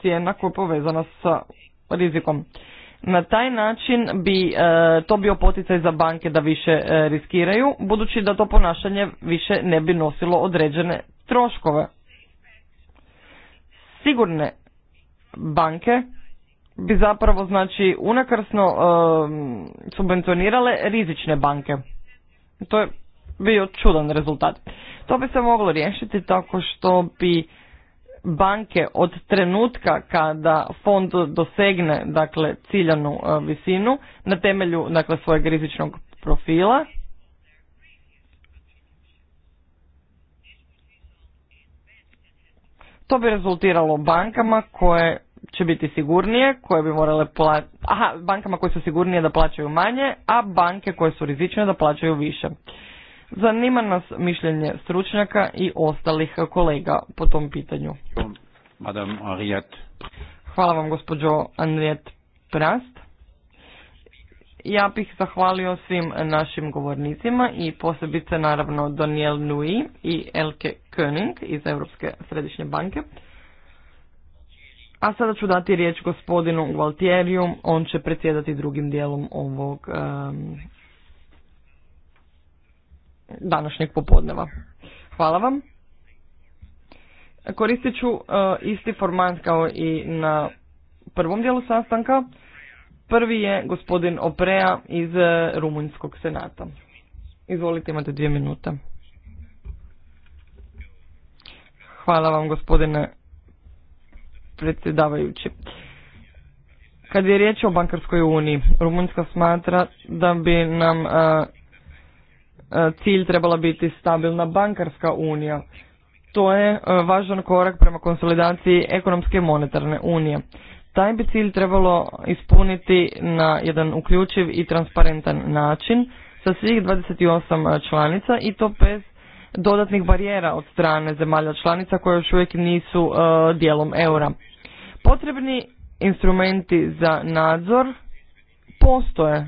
cijena koja je povezana sa rizikom. Na taj način bi e, to bio poticaj za banke da više e, riskiraju, budući da to ponašanje više ne bi nosilo određene troškove. Sigurne banke bi zapravo znači unakrsno e, subvencionirale rizične banke. To je bio čudan rezultat. To bi se moglo riješiti tako što bi banke od trenutka kada fond dosegne dakle ciljanu e, visinu na temelju dakle svojeg rizičnog profila to bi rezultiralo bankama koje će biti sigurnije, koje bi morale plaćati, aha, bankama koje su sigurnije da plaćaju manje, a banke koje su rizične da plaćaju više. Zanima nas mišljenje stručnjaka i ostalih kolega po tom pitanju. Hvala vam gospođo Andrijet Prast. Ja bih zahvalio svim našim govornicima i posebice naravno Daniel Nui i Elke König iz Europske središnje banke. A sada ću dati riječ gospodinu Gualtieriju, on će predsjedati drugim dijelom ovog um, današnjeg popodneva. Hvala vam. Koristit ću e, isti format kao i na prvom dijelu sastanka. Prvi je gospodin Oprea iz e, Rumunjskog senata. Izvolite, imate dvije minute. Hvala vam gospodine predsjedavajući. Kad je riječ o bankarskoj uniji, Rumunjska smatra da bi nam e, E, cilj trebala biti stabilna bankarska unija. To je e, važan korak prema konsolidaciji ekonomske i monetarne unije. Taj bi cilj trebalo ispuniti na jedan uključiv i transparentan način sa svih 28 e, članica i to bez dodatnih barijera od strane zemalja članica koje još uvijek nisu dijelom eura. Potrebni instrumenti za nadzor postoje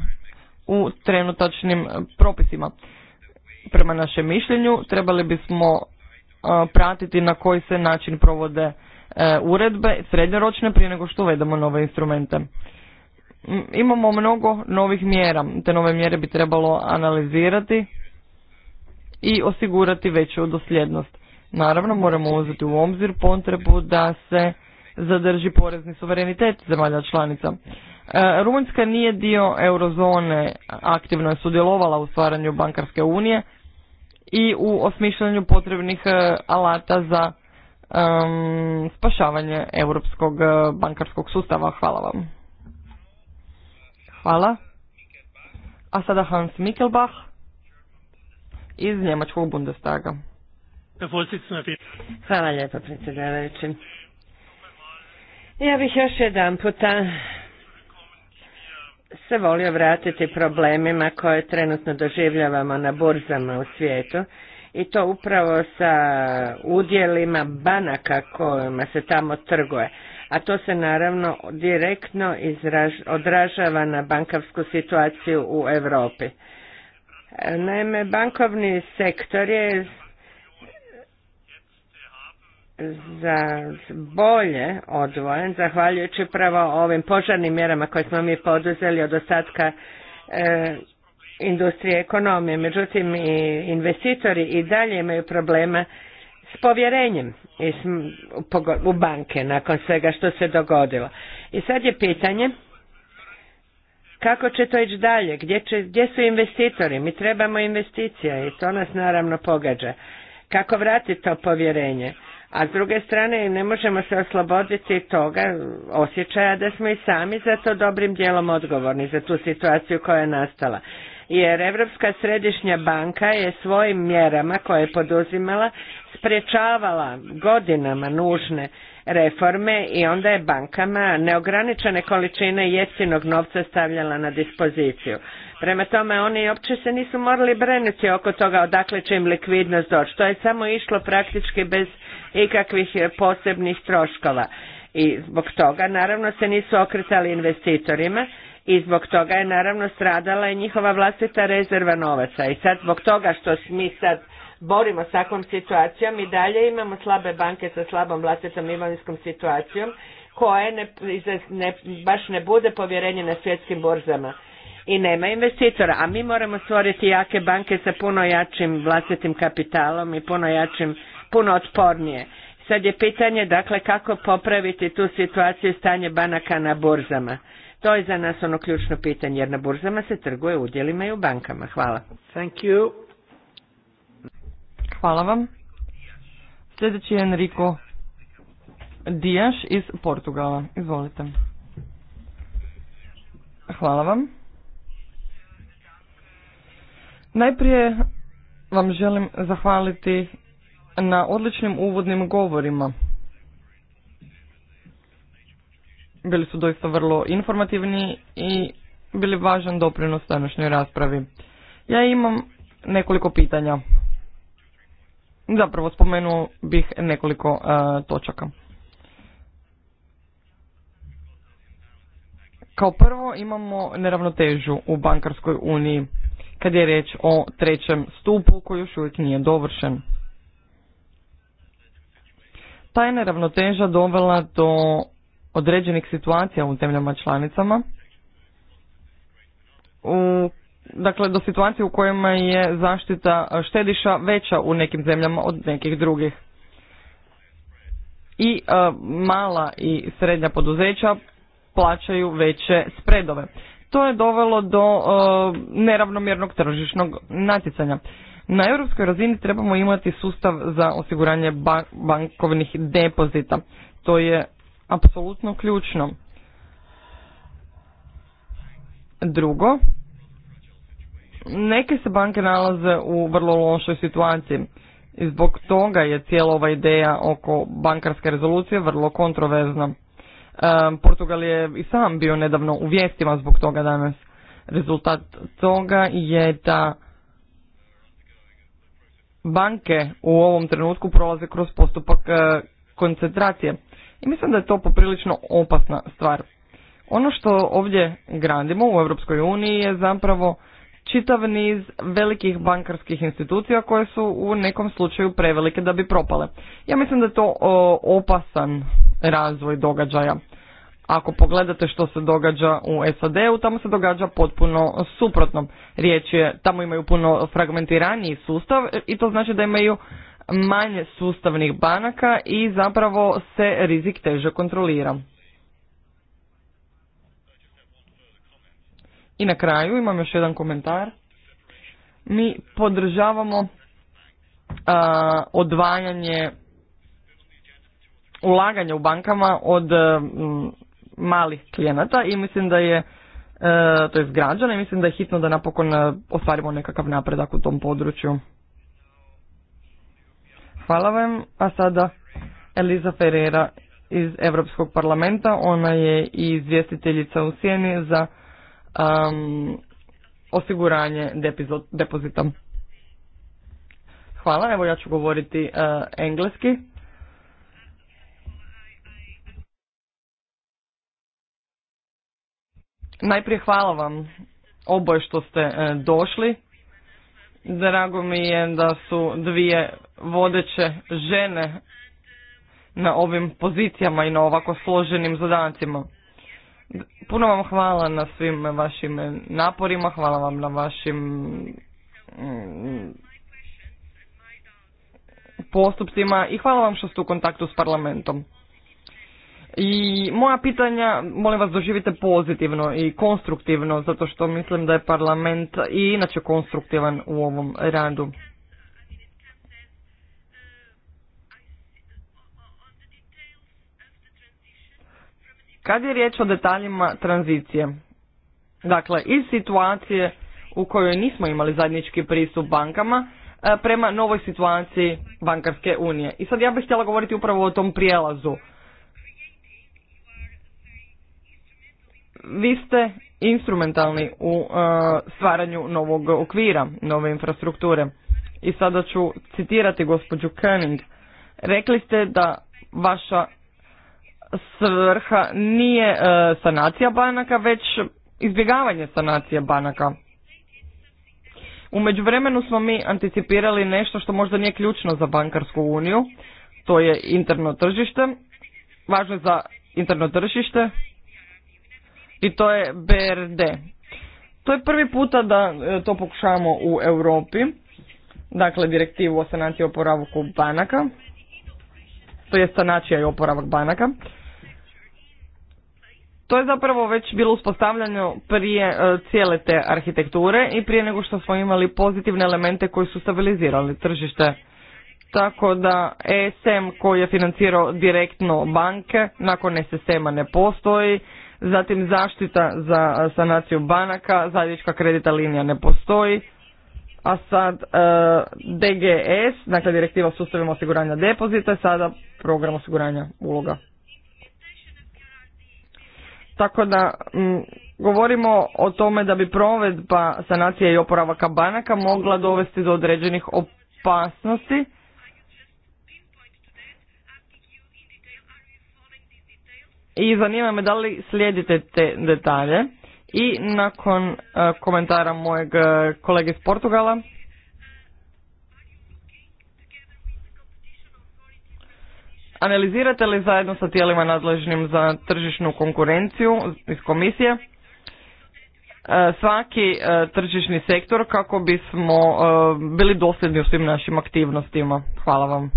u trenutačnim propisima prema našem mišljenju trebali bismo e, pratiti na koji se način provode e, uredbe srednjoročne prije nego što uvedemo nove instrumente. Imamo mnogo novih mjera. Te nove mjere bi trebalo analizirati i osigurati veću dosljednost. Naravno, moramo uzeti u obzir potrebu da se zadrži porezni suverenitet zemalja članica. E, Rumunjska nije dio eurozone, aktivno je sudjelovala u stvaranju bankarske unije, i u osmišljanju potrebnih e, alata za spašavanje europskog e, bankarskog sustava. Hvala vam. Hvala. A sada Hans Mikkelbach iz Njemačkog Bundestaga.
Hvala lijepa predsjedavajući. Ja bih još jedan puta se volio vratiti problemima koje trenutno doživljavamo na burzama u svijetu i to upravo sa udjelima banaka kojima se tamo trguje. A to se naravno direktno izraž, odražava na bankavsku situaciju u Europi. Naime, bankovni sektor je za bolje odvojen, zahvaljujući pravo ovim požarnim mjerama koje smo mi poduzeli od ostatka e, industrije ekonomije. Međutim, investitori i dalje imaju problema s povjerenjem u banke nakon svega što se dogodilo. I sad je pitanje kako će to ići dalje, gdje, će, gdje su investitori, mi trebamo investicija i to nas naravno pogađa. Kako vratiti to povjerenje? a s druge strane ne možemo se osloboditi toga osjećaja da smo i sami za to dobrim dijelom odgovorni za tu situaciju koja je nastala. Jer Europska središnja banka je svojim mjerama koje je poduzimala sprečavala godinama nužne reforme i onda je bankama neograničene količine jeftinog novca stavljala na dispoziciju. Prema tome oni uopće se nisu morali brenuti oko toga odakle će im likvidnost doći. To je samo išlo praktički bez ikakvih posebnih troškova. I zbog toga naravno se nisu okretali investitorima i zbog toga je naravno stradala i njihova vlastita rezerva novaca. I sad zbog toga što mi sad borimo s takvom situacijom i dalje imamo slabe banke sa slabom vlastitom imovinskom situacijom koje ne, ne, baš ne bude povjerenje na svjetskim burzama i nema investitora, a mi moramo stvoriti jake banke sa puno jačim vlastitim kapitalom i puno jačim puno otpornije. Sad je pitanje dakle kako popraviti tu situaciju stanje banaka na burzama. To je za nas ono ključno pitanje jer na burzama se trguje udjelima i u bankama. Hvala. Thank you. Hvala vam.
Sljedeći je Enrico Dijaš iz Portugala. Izvolite. Hvala vam. Najprije vam želim zahvaliti na odličnim uvodnim govorima. Bili su doista vrlo informativni i bili važan doprinos današnjoj raspravi. Ja imam nekoliko pitanja. Zapravo spomenuo bih nekoliko e, točaka. Kao prvo imamo neravnotežu u bankarskoj uniji kad je riječ o trećem stupu koji još uvijek nije dovršen. Ta je neravnoteža dovela do određenih situacija u zemljama članicama, u, dakle do situacije u kojima je zaštita štediša veća u nekim zemljama od nekih drugih. I e, mala i srednja poduzeća plaćaju veće spredove. To je dovelo do e, neravnomjernog tržišnog natjecanja. Na europskoj razini trebamo imati sustav za osiguranje bankovnih depozita. To je apsolutno ključno. Drugo, neke se banke nalaze u vrlo lošoj situaciji. I zbog toga je cijela ova ideja oko bankarske rezolucije vrlo kontroverzna. E, Portugal je i sam bio nedavno u vijestima zbog toga danas. Rezultat toga je da banke u ovom trenutku prolaze kroz postupak e, koncentracije. I mislim da je to poprilično opasna stvar. Ono što ovdje gradimo u Europskoj uniji je zapravo čitav niz velikih bankarskih institucija koje su u nekom slučaju prevelike da bi propale. Ja mislim da je to opasan razvoj događaja. Ako pogledate što se događa u SAD-u, tamo se događa potpuno suprotno. Riječ je, tamo imaju puno fragmentiraniji sustav i to znači da imaju manje sustavnih banaka i zapravo se rizik teže kontrolira. I na kraju imam još jedan komentar. Mi podržavamo a, odvajanje ulaganja u bankama od malih klijenata i mislim da je e, to je građana i mislim da je hitno da napokon e, ostvarimo nekakav napredak u tom području. Hvala vam, a sada Eliza Ferreira iz Europskog parlamenta, ona je i izvjestiteljica u sjeni za um, osiguranje depozita. Hvala, evo ja ću govoriti e, engleski. Najprije hvala vam oboje što ste e, došli. Drago mi je da su dvije vodeće žene na ovim pozicijama i na ovako složenim zadacima. Puno vam hvala na svim vašim naporima, hvala vam na vašim
mm,
postupcima i hvala vam što ste u kontaktu s parlamentom. I moja pitanja, molim vas, doživite pozitivno i konstruktivno, zato što mislim da je parlament i inače konstruktivan u ovom radu. Kad je riječ o detaljima tranzicije, dakle iz situacije u kojoj nismo imali zajednički pristup bankama e, prema novoj situaciji bankarske unije. I sad ja bih htjela govoriti upravo o tom prijelazu vi ste instrumentalni u uh, stvaranju novog okvira, nove infrastrukture. I sada ću citirati gospođu Koenig. Rekli ste da vaša svrha nije uh, sanacija banaka, već izbjegavanje sanacije banaka. U međuvremenu smo mi anticipirali nešto što možda nije ključno za bankarsku uniju, to je interno tržište. Važno je za interno tržište, i to je BRD. To je prvi puta da e, to pokušavamo u Europi, dakle direktivu o sanaciji i oporavku banaka, to je sanacija i oporavak banaka. To je zapravo već bilo uspostavljeno prije e, cijele te arhitekture i prije nego što smo imali pozitivne elemente koji su stabilizirali tržište. Tako da ESM koji je financirao direktno banke, nakon e SSM-a ne postoji, zatim zaštita za sanaciju banaka, zajednička kredita linija ne postoji, a sad e, DGS, dakle direktiva o sustavima osiguranja depozita, sada program osiguranja uloga. Tako da govorimo o tome da bi provedba sanacije i oporavaka banaka mogla dovesti do određenih opasnosti i zanima me da li slijedite te detalje. I nakon e, komentara mojeg e, kolege iz Portugala, Analizirate li zajedno sa tijelima nadležnim za tržišnu konkurenciju iz komisije e, svaki tržišni sektor kako bismo bili dosljedni u svim našim aktivnostima? Hvala vam.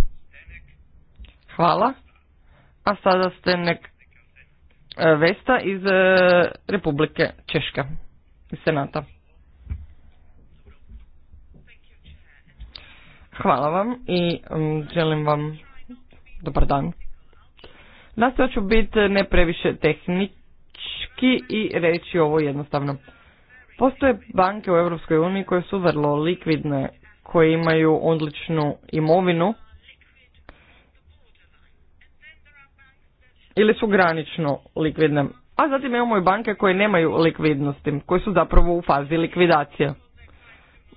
Hvala. A sada ste nek E, Vesta iz e, Republike Češka, iz Senata. Hvala vam i želim vam dobar dan. Nastojat ću biti ne previše tehnički i reći ovo jednostavno. Postoje banke u EU koje su vrlo likvidne, koje imaju odličnu imovinu ili su granično likvidne. A zatim imamo i banke koje nemaju likvidnosti, koje su zapravo u fazi likvidacije.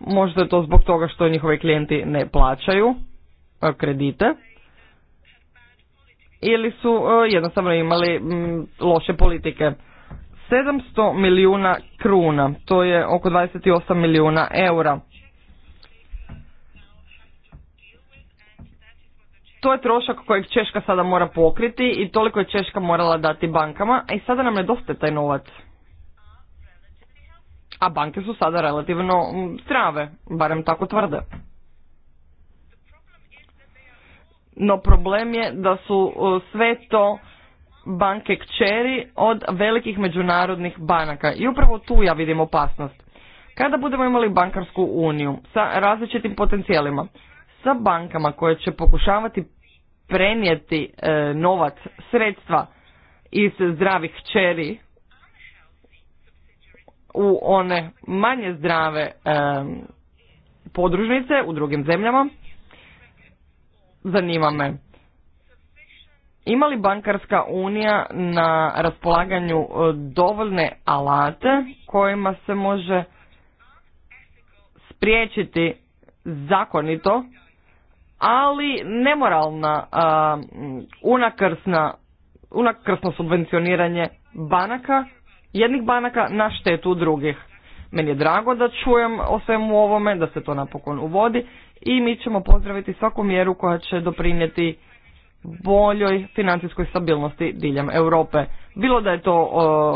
Možda je to zbog toga što njihovi klijenti ne plaćaju e, kredite ili su e, jednostavno imali loše politike. 700 milijuna kruna, to je oko 28 milijuna eura. To je trošak kojeg Češka sada mora pokriti i toliko je Češka morala dati bankama, a i sada nam nedostaje taj novac. A banke su sada relativno strave, barem tako tvrde. No problem je da su e, sve to banke kćeri od velikih međunarodnih banaka i upravo tu ja vidim opasnost. Kada budemo imali bankarsku uniju sa različitim potencijalima, sa bankama koje će pokušavati prenijeti e, novac, sredstva iz zdravih čeri u one manje zdrave e, podružnice u drugim zemljama. Zanima me, ima li bankarska unija na raspolaganju e, dovoljne alate kojima se može spriječiti zakonito ali nemoralna unakrsna, unakrsno subvencioniranje banaka, jednih banaka na štetu drugih. Meni je drago da čujem o svemu ovome, da se to napokon uvodi i mi ćemo pozdraviti svaku mjeru koja će doprinijeti boljoj financijskoj stabilnosti diljem Europe. Bilo da je to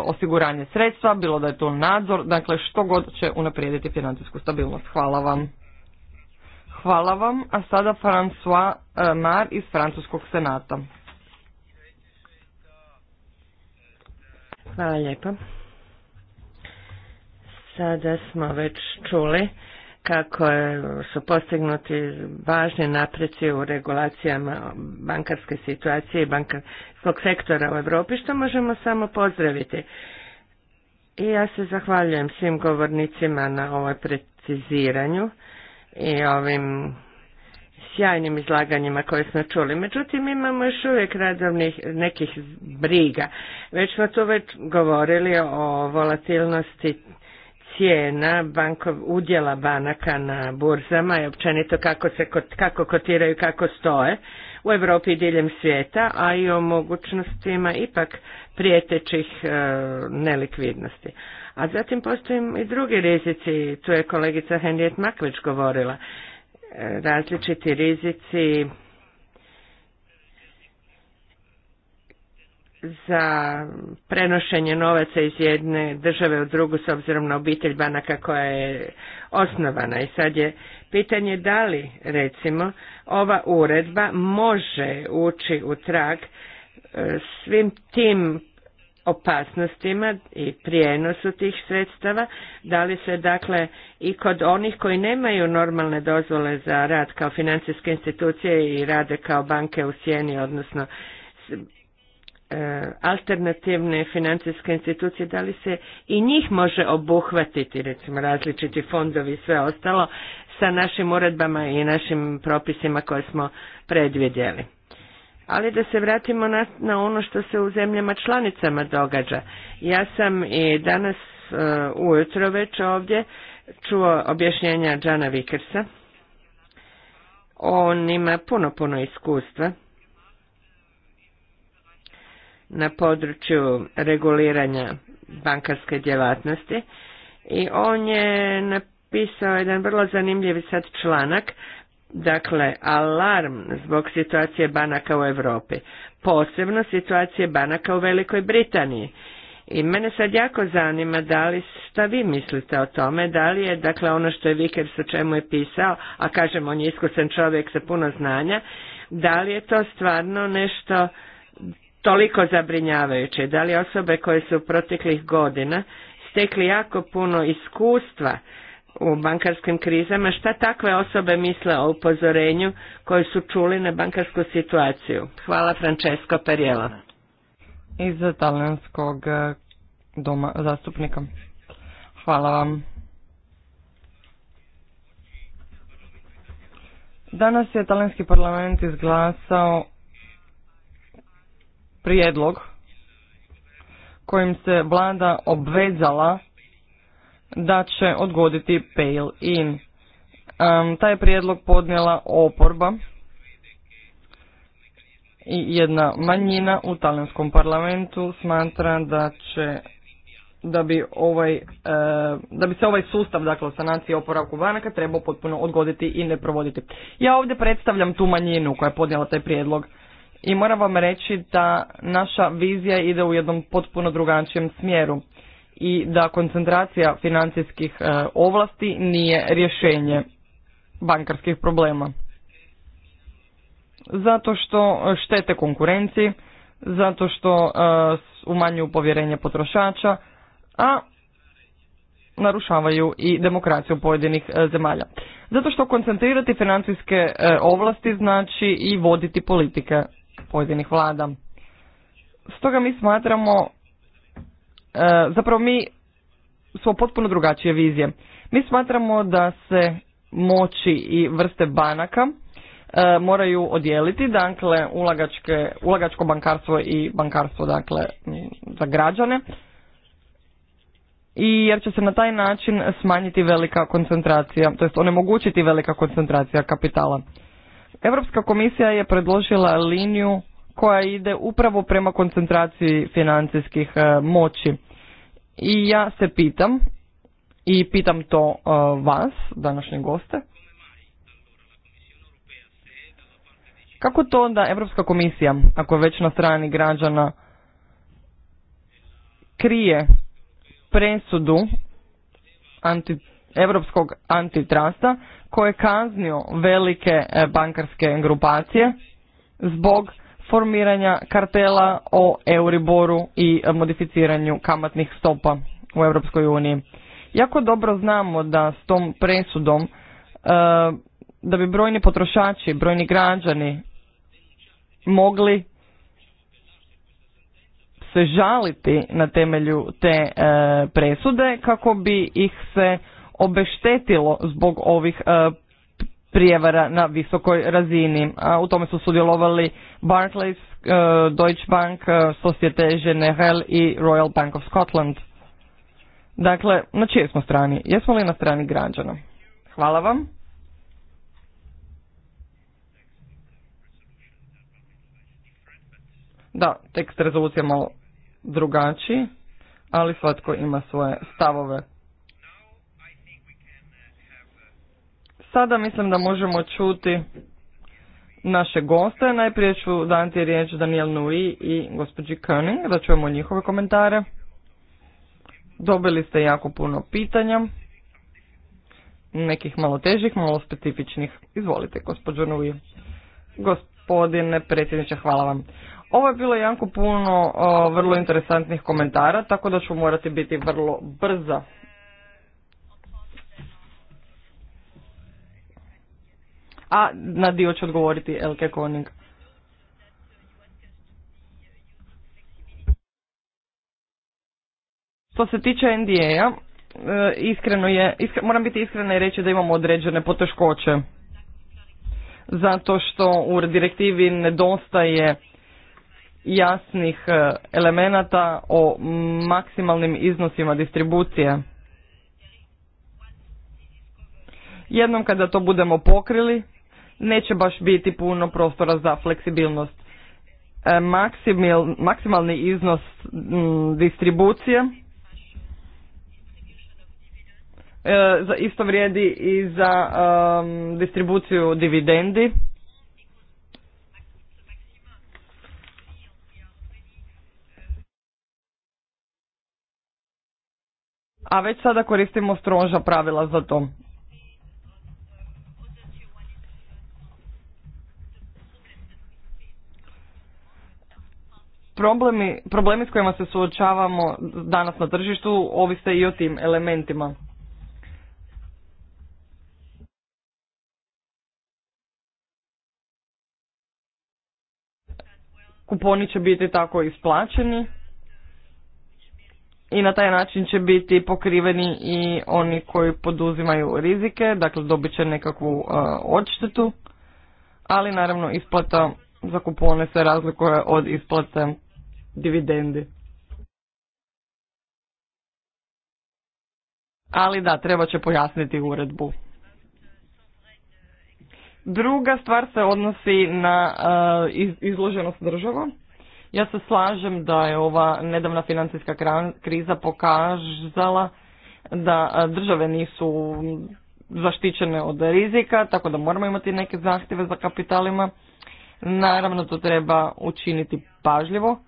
osiguranje sredstva, bilo da je to nadzor, dakle što god će unaprijediti financijsku stabilnost. Hvala vam. Hvala vam, a sada François eh, Mar iz Francuskog senata.
Hvala lijepo. Sada smo već čuli kako su postignuti važni napreci u regulacijama bankarske situacije i bankarskog sektora u Europi, što možemo samo pozdraviti. I ja se zahvaljujem svim govornicima na ovoj preciziranju i ovim sjajnim izlaganjima koje smo čuli. Međutim, imamo još uvijek radovnih nekih briga. Već smo tu već govorili o volatilnosti cijena bankov, udjela banaka na burzama i općenito kako se kako kotiraju, kako stoje u Europi i diljem svijeta, a i o mogućnostima ipak prijetećih e, nelikvidnosti. A zatim postoji i drugi rizici, tu je kolegica Henriette Makvić govorila, različiti rizici za prenošenje novaca iz jedne države u drugu s obzirom na obitelj banaka koja je osnovana. I sad je pitanje da li, recimo, ova uredba može ući u trag e, svim tim opasnostima i prijenosu tih sredstava, da li se dakle i kod onih koji nemaju normalne dozvole za rad kao financijske institucije i rade kao banke u sjeni, odnosno e, alternativne financijske institucije, da li se i njih može obuhvatiti, recimo različiti fondovi i sve ostalo, sa našim uredbama i našim propisima koje smo predvidjeli. Ali da se vratimo na, na ono što se u zemljama članicama događa. Ja sam i danas uh, ujutro već ovdje čuo objašnjenja Džana Vikersa. On ima puno, puno iskustva na području reguliranja bankarske djelatnosti i on je napisao jedan vrlo zanimljiv sad članak dakle alarm zbog situacije banaka u Europi, posebno situacije banaka u Velikoj Britaniji. I mene sad jako zanima da li šta vi mislite o tome, da li je dakle ono što je Vickers o čemu je pisao, a kažem on je iskusan čovjek sa puno znanja, da li je to stvarno nešto toliko zabrinjavajuće, da li osobe koje su u proteklih godina stekli jako puno iskustva u bankarskim krizama, šta takve osobe misle o upozorenju koje su čuli na bankarsku situaciju? Hvala Francesco Perjela. Iz
talijanskog e, doma zastupnika. Hvala vam. Danas je talijanski parlament izglasao prijedlog kojim se vlada obvezala da će odgoditi Pale In. taj je prijedlog podnijela oporba i jedna manjina u talijanskom parlamentu smatra da će da bi ovaj e, da bi se ovaj sustav dakle sanacije oporavku banaka trebao potpuno odgoditi i ne provoditi. Ja ovdje predstavljam tu manjinu koja je podnijela taj prijedlog i moram vam reći da naša vizija ide u jednom potpuno drugačijem smjeru i da koncentracija financijskih e, ovlasti nije rješenje bankarskih problema. Zato što štete konkurenciji, zato što e, umanjuju povjerenje potrošača, a narušavaju i demokraciju pojedinih e, zemalja. Zato što koncentrirati financijske ovlasti znači i voditi politike pojedinih vlada. Stoga mi smatramo E, zapravo mi smo potpuno drugačije vizije. Mi smatramo da se moći i vrste banaka e, moraju odijeliti, dakle ulagačke, ulagačko bankarstvo i bankarstvo dakle za građane. I jer će se na taj način smanjiti velika koncentracija, to jest onemogućiti velika koncentracija kapitala. Europska komisija je predložila liniju koja ide upravo prema koncentraciji financijskih e, moći. I ja se pitam, i pitam to e, vas, današnje goste, kako to onda Europska komisija, ako je već na strani građana, krije presudu anti, Europskog antitrasta koje je kaznio velike e, bankarske grupacije zbog formiranja kartela o Euriboru i modificiranju kamatnih stopa u Europskoj uniji. Jako dobro znamo da s tom presudom e, da bi brojni potrošači, brojni građani mogli se žaliti na temelju te e, presude kako bi ih se obeštetilo zbog ovih e, prijevara na visokoj razini. A u tome su sudjelovali Barclays, e, Deutsche Bank, e, Societe Generale i Royal Bank of Scotland. Dakle, na čijoj smo strani? Jesmo li na strani građana? Hvala vam. Da, tekst rezolucija malo drugačiji, ali svatko ima svoje stavove. Sada mislim da možemo čuti naše goste. Najprije ću dati riječ Daniel Nui i gospođi Koenig, da čujemo njihove komentare. Dobili ste jako puno pitanja, nekih malo težih, malo specifičnih. Izvolite, gospođo Nui. Gospodine predsjedniče, hvala vam. Ovo je bilo jako puno vrlo interesantnih komentara, tako da ću morati biti vrlo brza a na dio ću odgovoriti Elke Koning. Što se tiče NDA-a, e, iskreno je, moram biti iskrena i reći da imamo određene poteškoće. Zato što u direktivi nedostaje jasnih e, elemenata o maksimalnim iznosima distribucije. Jednom kada to budemo pokrili, neće baš biti puno prostora za fleksibilnost. E, maksimalni iznos distribucije e, za isto vrijedi i za distribuciju dividendi. A već sada koristimo stroža pravila za to. Problemi, problemi s kojima se suočavamo danas na tržištu ovise i o tim elementima. Kuponi će biti tako isplaćeni i na taj način će biti pokriveni i oni koji poduzimaju rizike, dakle dobit će nekakvu uh, odštetu, ali naravno isplata za kupone se razlikuje od isplate dividendi. Ali da, treba će pojasniti uredbu. Druga stvar se odnosi na eh, izloženost država. Ja se slažem da je ova nedavna financijska kriza pokazala da eh, države nisu zaštićene od rizika, tako da moramo imati neke zahtjeve za kapitalima. Naravno to treba učiniti pažljivo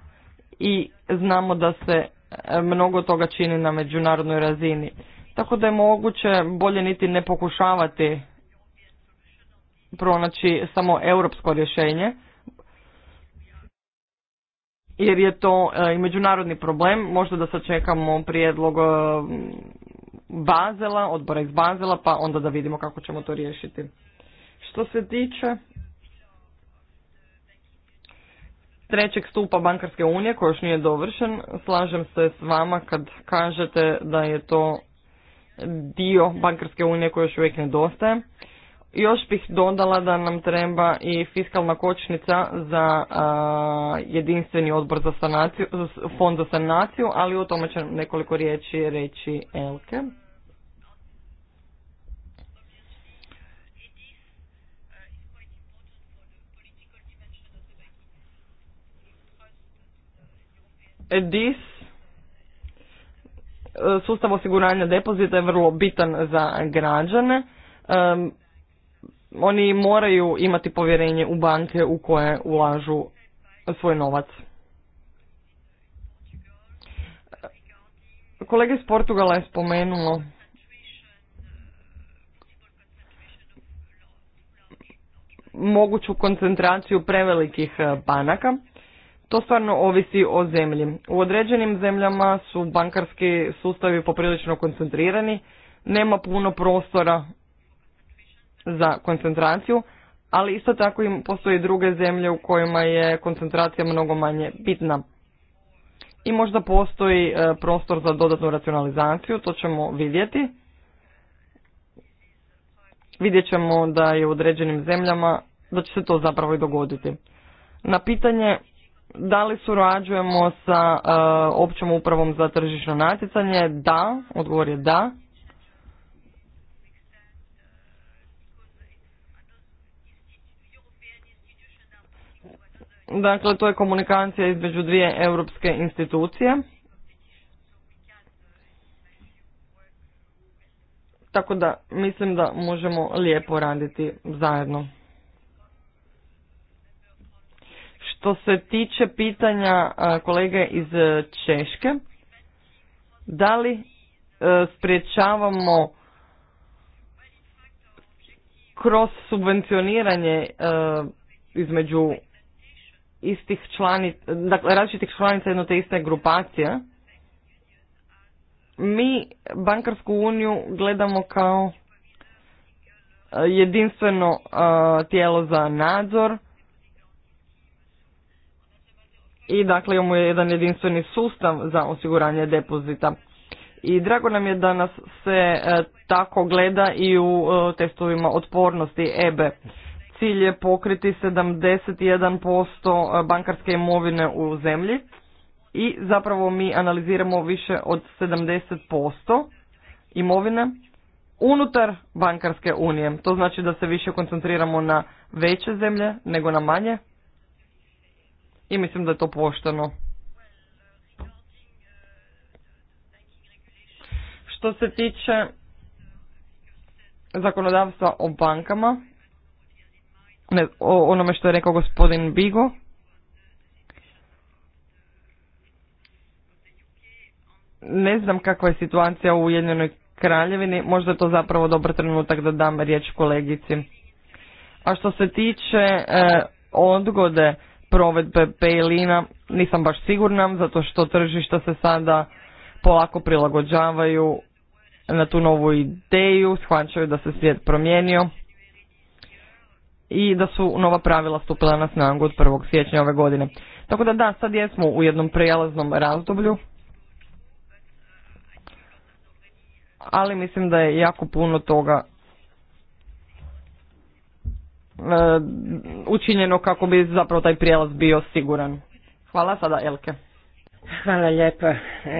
i znamo da se e, mnogo toga čini na međunarodnoj razini. Tako da je moguće bolje niti ne pokušavati pronaći samo europsko rješenje, jer je to e, i međunarodni problem. Možda da sačekamo prijedlog e, Bazela, odbora iz Bazela, pa onda da vidimo kako ćemo to riješiti. Što se tiče trećeg stupa bankarske unije koji još nije dovršen. Slažem se s vama kad kažete da je to dio bankarske unije koji još uvijek nedostaje. Još bih dodala da nam treba i fiskalna kočnica za jedinstveni odbor za sanaciju, fond za sanaciju, ali o tome će nekoliko riječi reći Elke. DIS, e, sustav osiguranja depozita je vrlo bitan za građane. E, oni moraju imati povjerenje u banke u koje ulažu svoj novac. Kolega iz Portugala je spomenulo moguću koncentraciju prevelikih e, banaka. To stvarno ovisi o zemlji. U određenim zemljama su bankarski sustavi poprilično koncentrirani, nema puno prostora za koncentraciju, ali isto tako im postoje druge zemlje u kojima je koncentracija mnogo manje bitna. I možda postoji e, prostor za dodatnu racionalizaciju, to ćemo vidjeti. Vidjet ćemo da je u određenim zemljama, da će se to zapravo i dogoditi. Na pitanje da li surađujemo sa eh, općom upravom za tržišno natjecanje? Da, odgovor je da. Dakle, to je komunikacija između dvije europske institucije. Tako da mislim da možemo lijepo raditi zajedno. Što se tiče pitanja kolege iz Češke, da li e, spriječavamo kroz subvencioniranje e, između istih članica, dakle različitih članica jedno te iste grupacije, mi bankarsku uniju gledamo kao e, jedinstveno tijelo za nadzor i dakle imamo jedan jedinstveni sustav za osiguranje depozita. I drago nam je da nas se e, tako gleda i u e, testovima otpornosti EBE. Cilj je pokriti 71% e, bankarske imovine u zemlji i zapravo mi analiziramo više od 70% imovine unutar bankarske unije. To znači da se više koncentriramo na veće zemlje nego na manje i mislim da je to pošteno. Što se tiče zakonodavstva o bankama, ne, o onome što je rekao gospodin Bigo, ne znam kakva je situacija u Ujedinjenoj Kraljevini, možda je to zapravo dobar trenutak da dam riječ kolegici. A što se tiče e, odgode provedbe pejlina nisam baš sigurna zato što tržišta se sada polako prilagođavaju na tu novu ideju, shvaćaju da se svijet promijenio i da su nova pravila stupila na snagu od 1. siječnja ove godine. Tako da da, sad jesmo u jednom prijelaznom razdoblju, ali mislim da je jako puno toga E, učinjeno kako bi zapravo taj prijelaz
bio siguran. Hvala sada Elke. Hvala lijepa.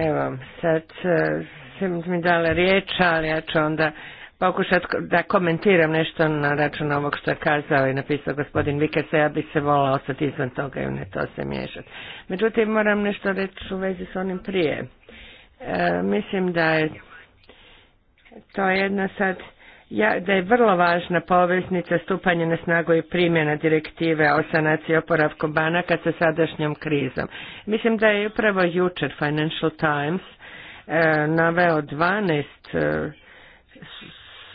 Evo, sad e, sam mi dala riječ, ali ja ću onda pokušati da komentiram nešto na račun ovog što je kazao i napisao gospodin Vikes, ja bi se volao ostati izvan toga i ne to se miješati. Međutim, moram nešto reći u vezi s onim prije. E, mislim da je to jedna sad ja, da je vrlo važna poveznica stupanja na snagu i primjena direktive o sanaciji oporavku banaka sa sadašnjom krizom. Mislim da je upravo jučer Financial Times e, naveo 12 e,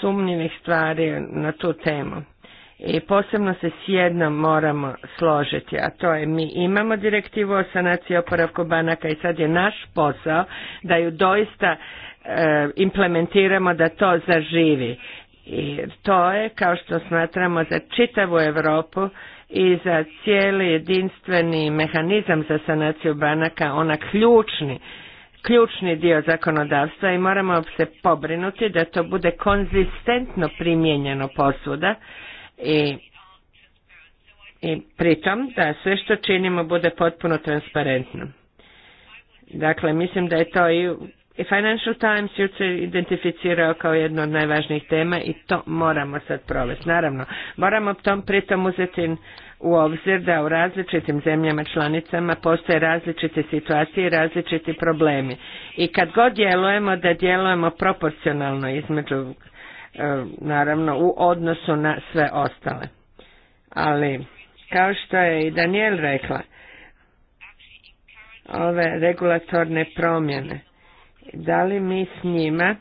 sumnjivih stvari na tu temu. I posebno se s jednom moramo složiti, a to je mi imamo direktivu o sanaciji oporavku banaka i sad je naš posao da ju doista e, implementiramo da to zaživi. I to je, kao što smatramo, za čitavu Europu i za cijeli jedinstveni mehanizam za sanaciju banaka, ona ključni, ključni dio zakonodavstva i moramo se pobrinuti da to bude konzistentno primijenjeno posuda i, i pritom da sve što činimo bude potpuno transparentno. Dakle, mislim da je to i i Financial Times jučer identificirao kao jednu od najvažnijih tema i to moramo sad provesti. Naravno, moramo tom pritom uzeti u obzir da u različitim zemljama članicama postoje različite situacije i različiti problemi. I kad god djelujemo, da djelujemo proporcionalno između, e, naravno, u odnosu na sve ostale. Ali, kao što je i Daniel rekla, ove regulatorne promjene, da li mi s njima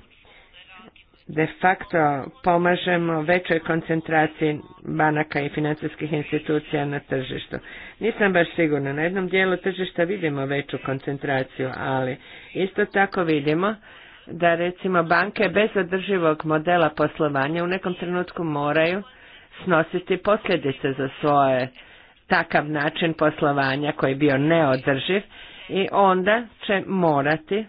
de facto pomažemo većoj koncentraciji banaka i financijskih institucija na tržištu. Nisam baš sigurna. Na jednom dijelu tržišta vidimo veću koncentraciju, ali isto tako vidimo da recimo banke bez održivog modela poslovanja u nekom trenutku moraju snositi posljedice za svoje takav način poslovanja koji je bio neodrživ i onda će morati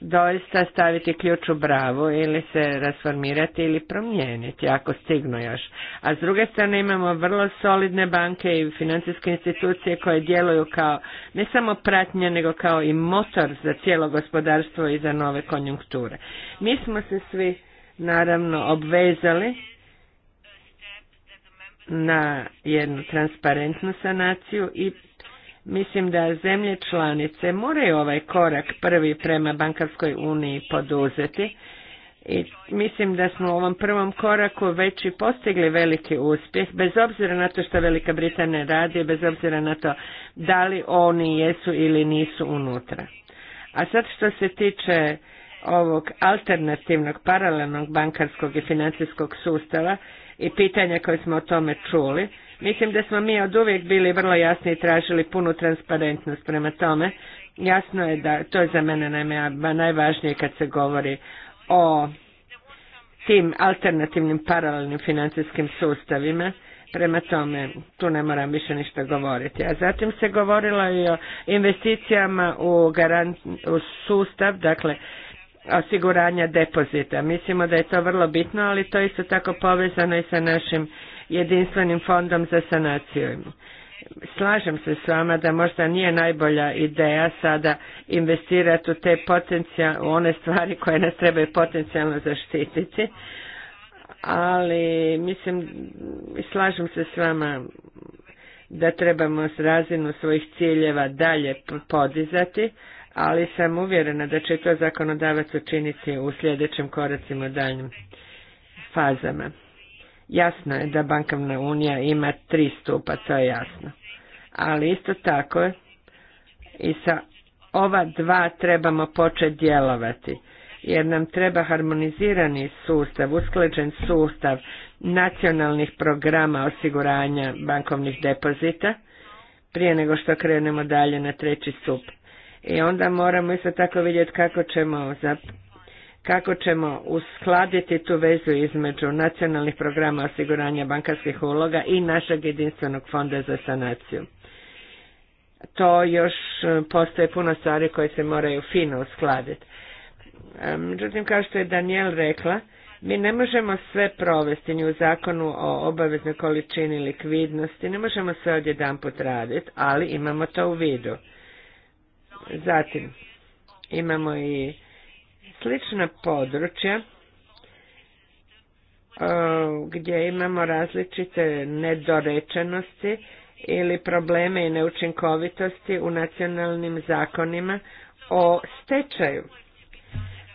doista staviti ključ u bravu ili se rasformirati ili promijeniti ako stignu još. A s druge strane imamo vrlo solidne banke i financijske institucije koje djeluju kao ne samo pratnja nego kao i motor za cijelo gospodarstvo i za nove konjunkture. Mi smo se svi naravno obvezali na jednu transparentnu sanaciju i Mislim da zemlje članice moraju ovaj korak prvi prema bankarskoj uniji poduzeti i mislim da smo u ovom prvom koraku već i postigli veliki uspjeh, bez obzira na to što Velika Britanija radi, bez obzira na to da li oni jesu ili nisu unutra. A sad što se tiče ovog alternativnog paralelnog bankarskog i financijskog sustava i pitanja koje smo o tome čuli, Mislim da smo mi od uvijek bili vrlo jasni i tražili punu transparentnost prema tome. Jasno je da, to je za mene najvažnije kad se govori o tim alternativnim paralelnim financijskim sustavima. Prema tome, tu ne moram više ništa govoriti. A zatim se govorilo i o investicijama u, garant, u sustav, dakle, osiguranja depozita. Mislimo da je to vrlo bitno, ali to isto tako povezano i sa našim jedinstvenim fondom za sanaciju. Slažem se s vama da možda nije najbolja ideja sada investirati u te potencijal, u one stvari koje nas trebaju potencijalno zaštititi, ali mislim, slažem se s vama da trebamo s razinu svojih ciljeva dalje podizati, ali sam uvjerena da će to zakonodavac učiniti u sljedećim koracima u daljnjim fazama. Jasno je da bankovna unija ima tri stupa, to je jasno. Ali isto tako je i sa ova dva trebamo početi djelovati, jer nam treba harmonizirani sustav, usklađen sustav nacionalnih programa osiguranja bankovnih depozita, prije nego što krenemo dalje na treći stup. I onda moramo isto tako vidjeti kako ćemo kako ćemo uskladiti tu vezu između nacionalnih programa osiguranja bankarskih uloga i našeg jedinstvenog fonda za sanaciju. To još e, postoje puno stvari koje se moraju fino uskladiti. E, međutim, kao što je Daniel rekla, mi ne možemo sve provesti ni u zakonu o obaveznoj količini likvidnosti, ne možemo sve odjedan put raditi, ali imamo to u vidu. Zatim, imamo i slična područja e, gdje imamo različite nedorečenosti ili probleme i neučinkovitosti u nacionalnim zakonima o stečaju.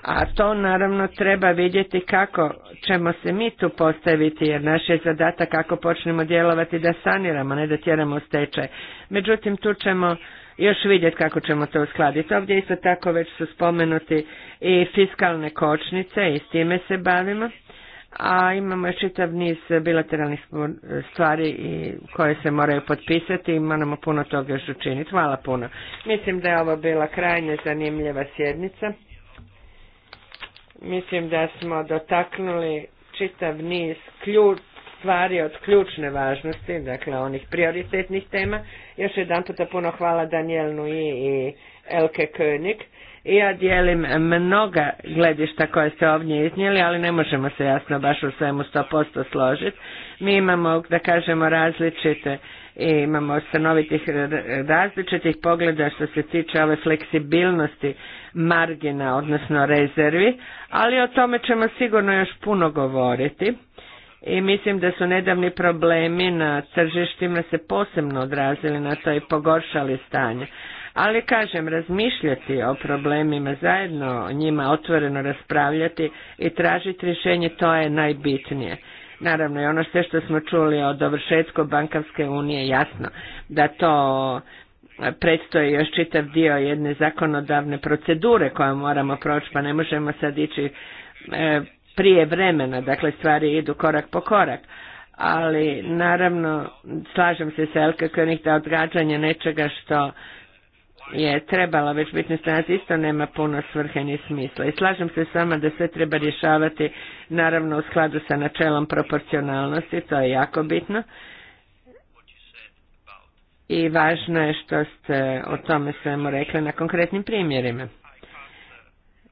A to naravno treba vidjeti kako ćemo se mi tu postaviti, jer naš je zadatak kako počnemo djelovati da saniramo, ne da tjeramo stečaj. Međutim, tu ćemo još vidjeti kako ćemo to uskladiti. Ovdje isto tako već su spomenuti i fiskalne kočnice i s time se bavimo. A imamo još čitav niz bilateralnih stvari koje se moraju potpisati i moramo puno toga još učiniti. Hvala puno. Mislim da je ovo bila krajnje zanimljiva sjednica. Mislim da smo dotaknuli čitav niz ključ, stvari od ključne važnosti, dakle onih prioritetnih tema. Još jedan puta puno hvala Daniel i Elke König. I ja dijelim mnoga gledišta koje ste ovdje iznijeli, ali ne možemo se jasno baš u svemu 100% složiti. Mi imamo, da kažemo, različite i imamo stanovitih različitih pogleda što se tiče ove fleksibilnosti margina, odnosno rezervi, ali o tome ćemo sigurno još puno govoriti i mislim da su nedavni problemi na tržištima se posebno odrazili na to i pogoršali stanje. Ali kažem, razmišljati o problemima zajedno, o njima otvoreno raspravljati i tražiti rješenje, to je najbitnije. Naravno, i ono sve što smo čuli od dovršetku bankarske unije, jasno da to predstoji još čitav dio jedne zakonodavne procedure koju moramo proći, pa ne možemo sad ići e, prije vremena, dakle stvari idu korak po korak. Ali naravno slažem se sa Elke König da odgađanje nečega što je trebala već biti na stranac isto nema puno svrhe ni smisla. I slažem se s vama da sve treba rješavati naravno u skladu sa načelom proporcionalnosti, to je jako bitno. I važno je što ste o tome svemu rekli na konkretnim primjerima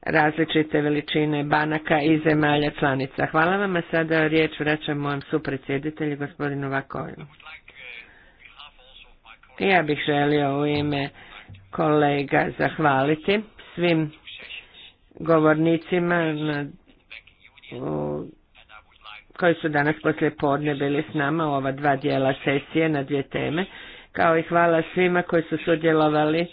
različite veličine banaka i zemalja članica. Hvala vam, a sada riječ vraćam su supredsjeditelju, gospodinu Vakoju. Ja bih želio u ime kolega zahvaliti svim govornicima na, u, koji su danas poslije podne bili s nama u ova dva dijela sesije na dvije teme, kao i hvala svima koji su sudjelovali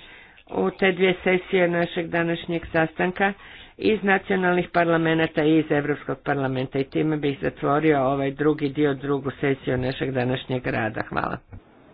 u te dvije sesije našeg današnjeg sastanka iz nacionalnih parlamenta i iz Europskog parlamenta i time bih zatvorio ovaj drugi dio, drugu sesiju našeg današnjeg rada. Hvala.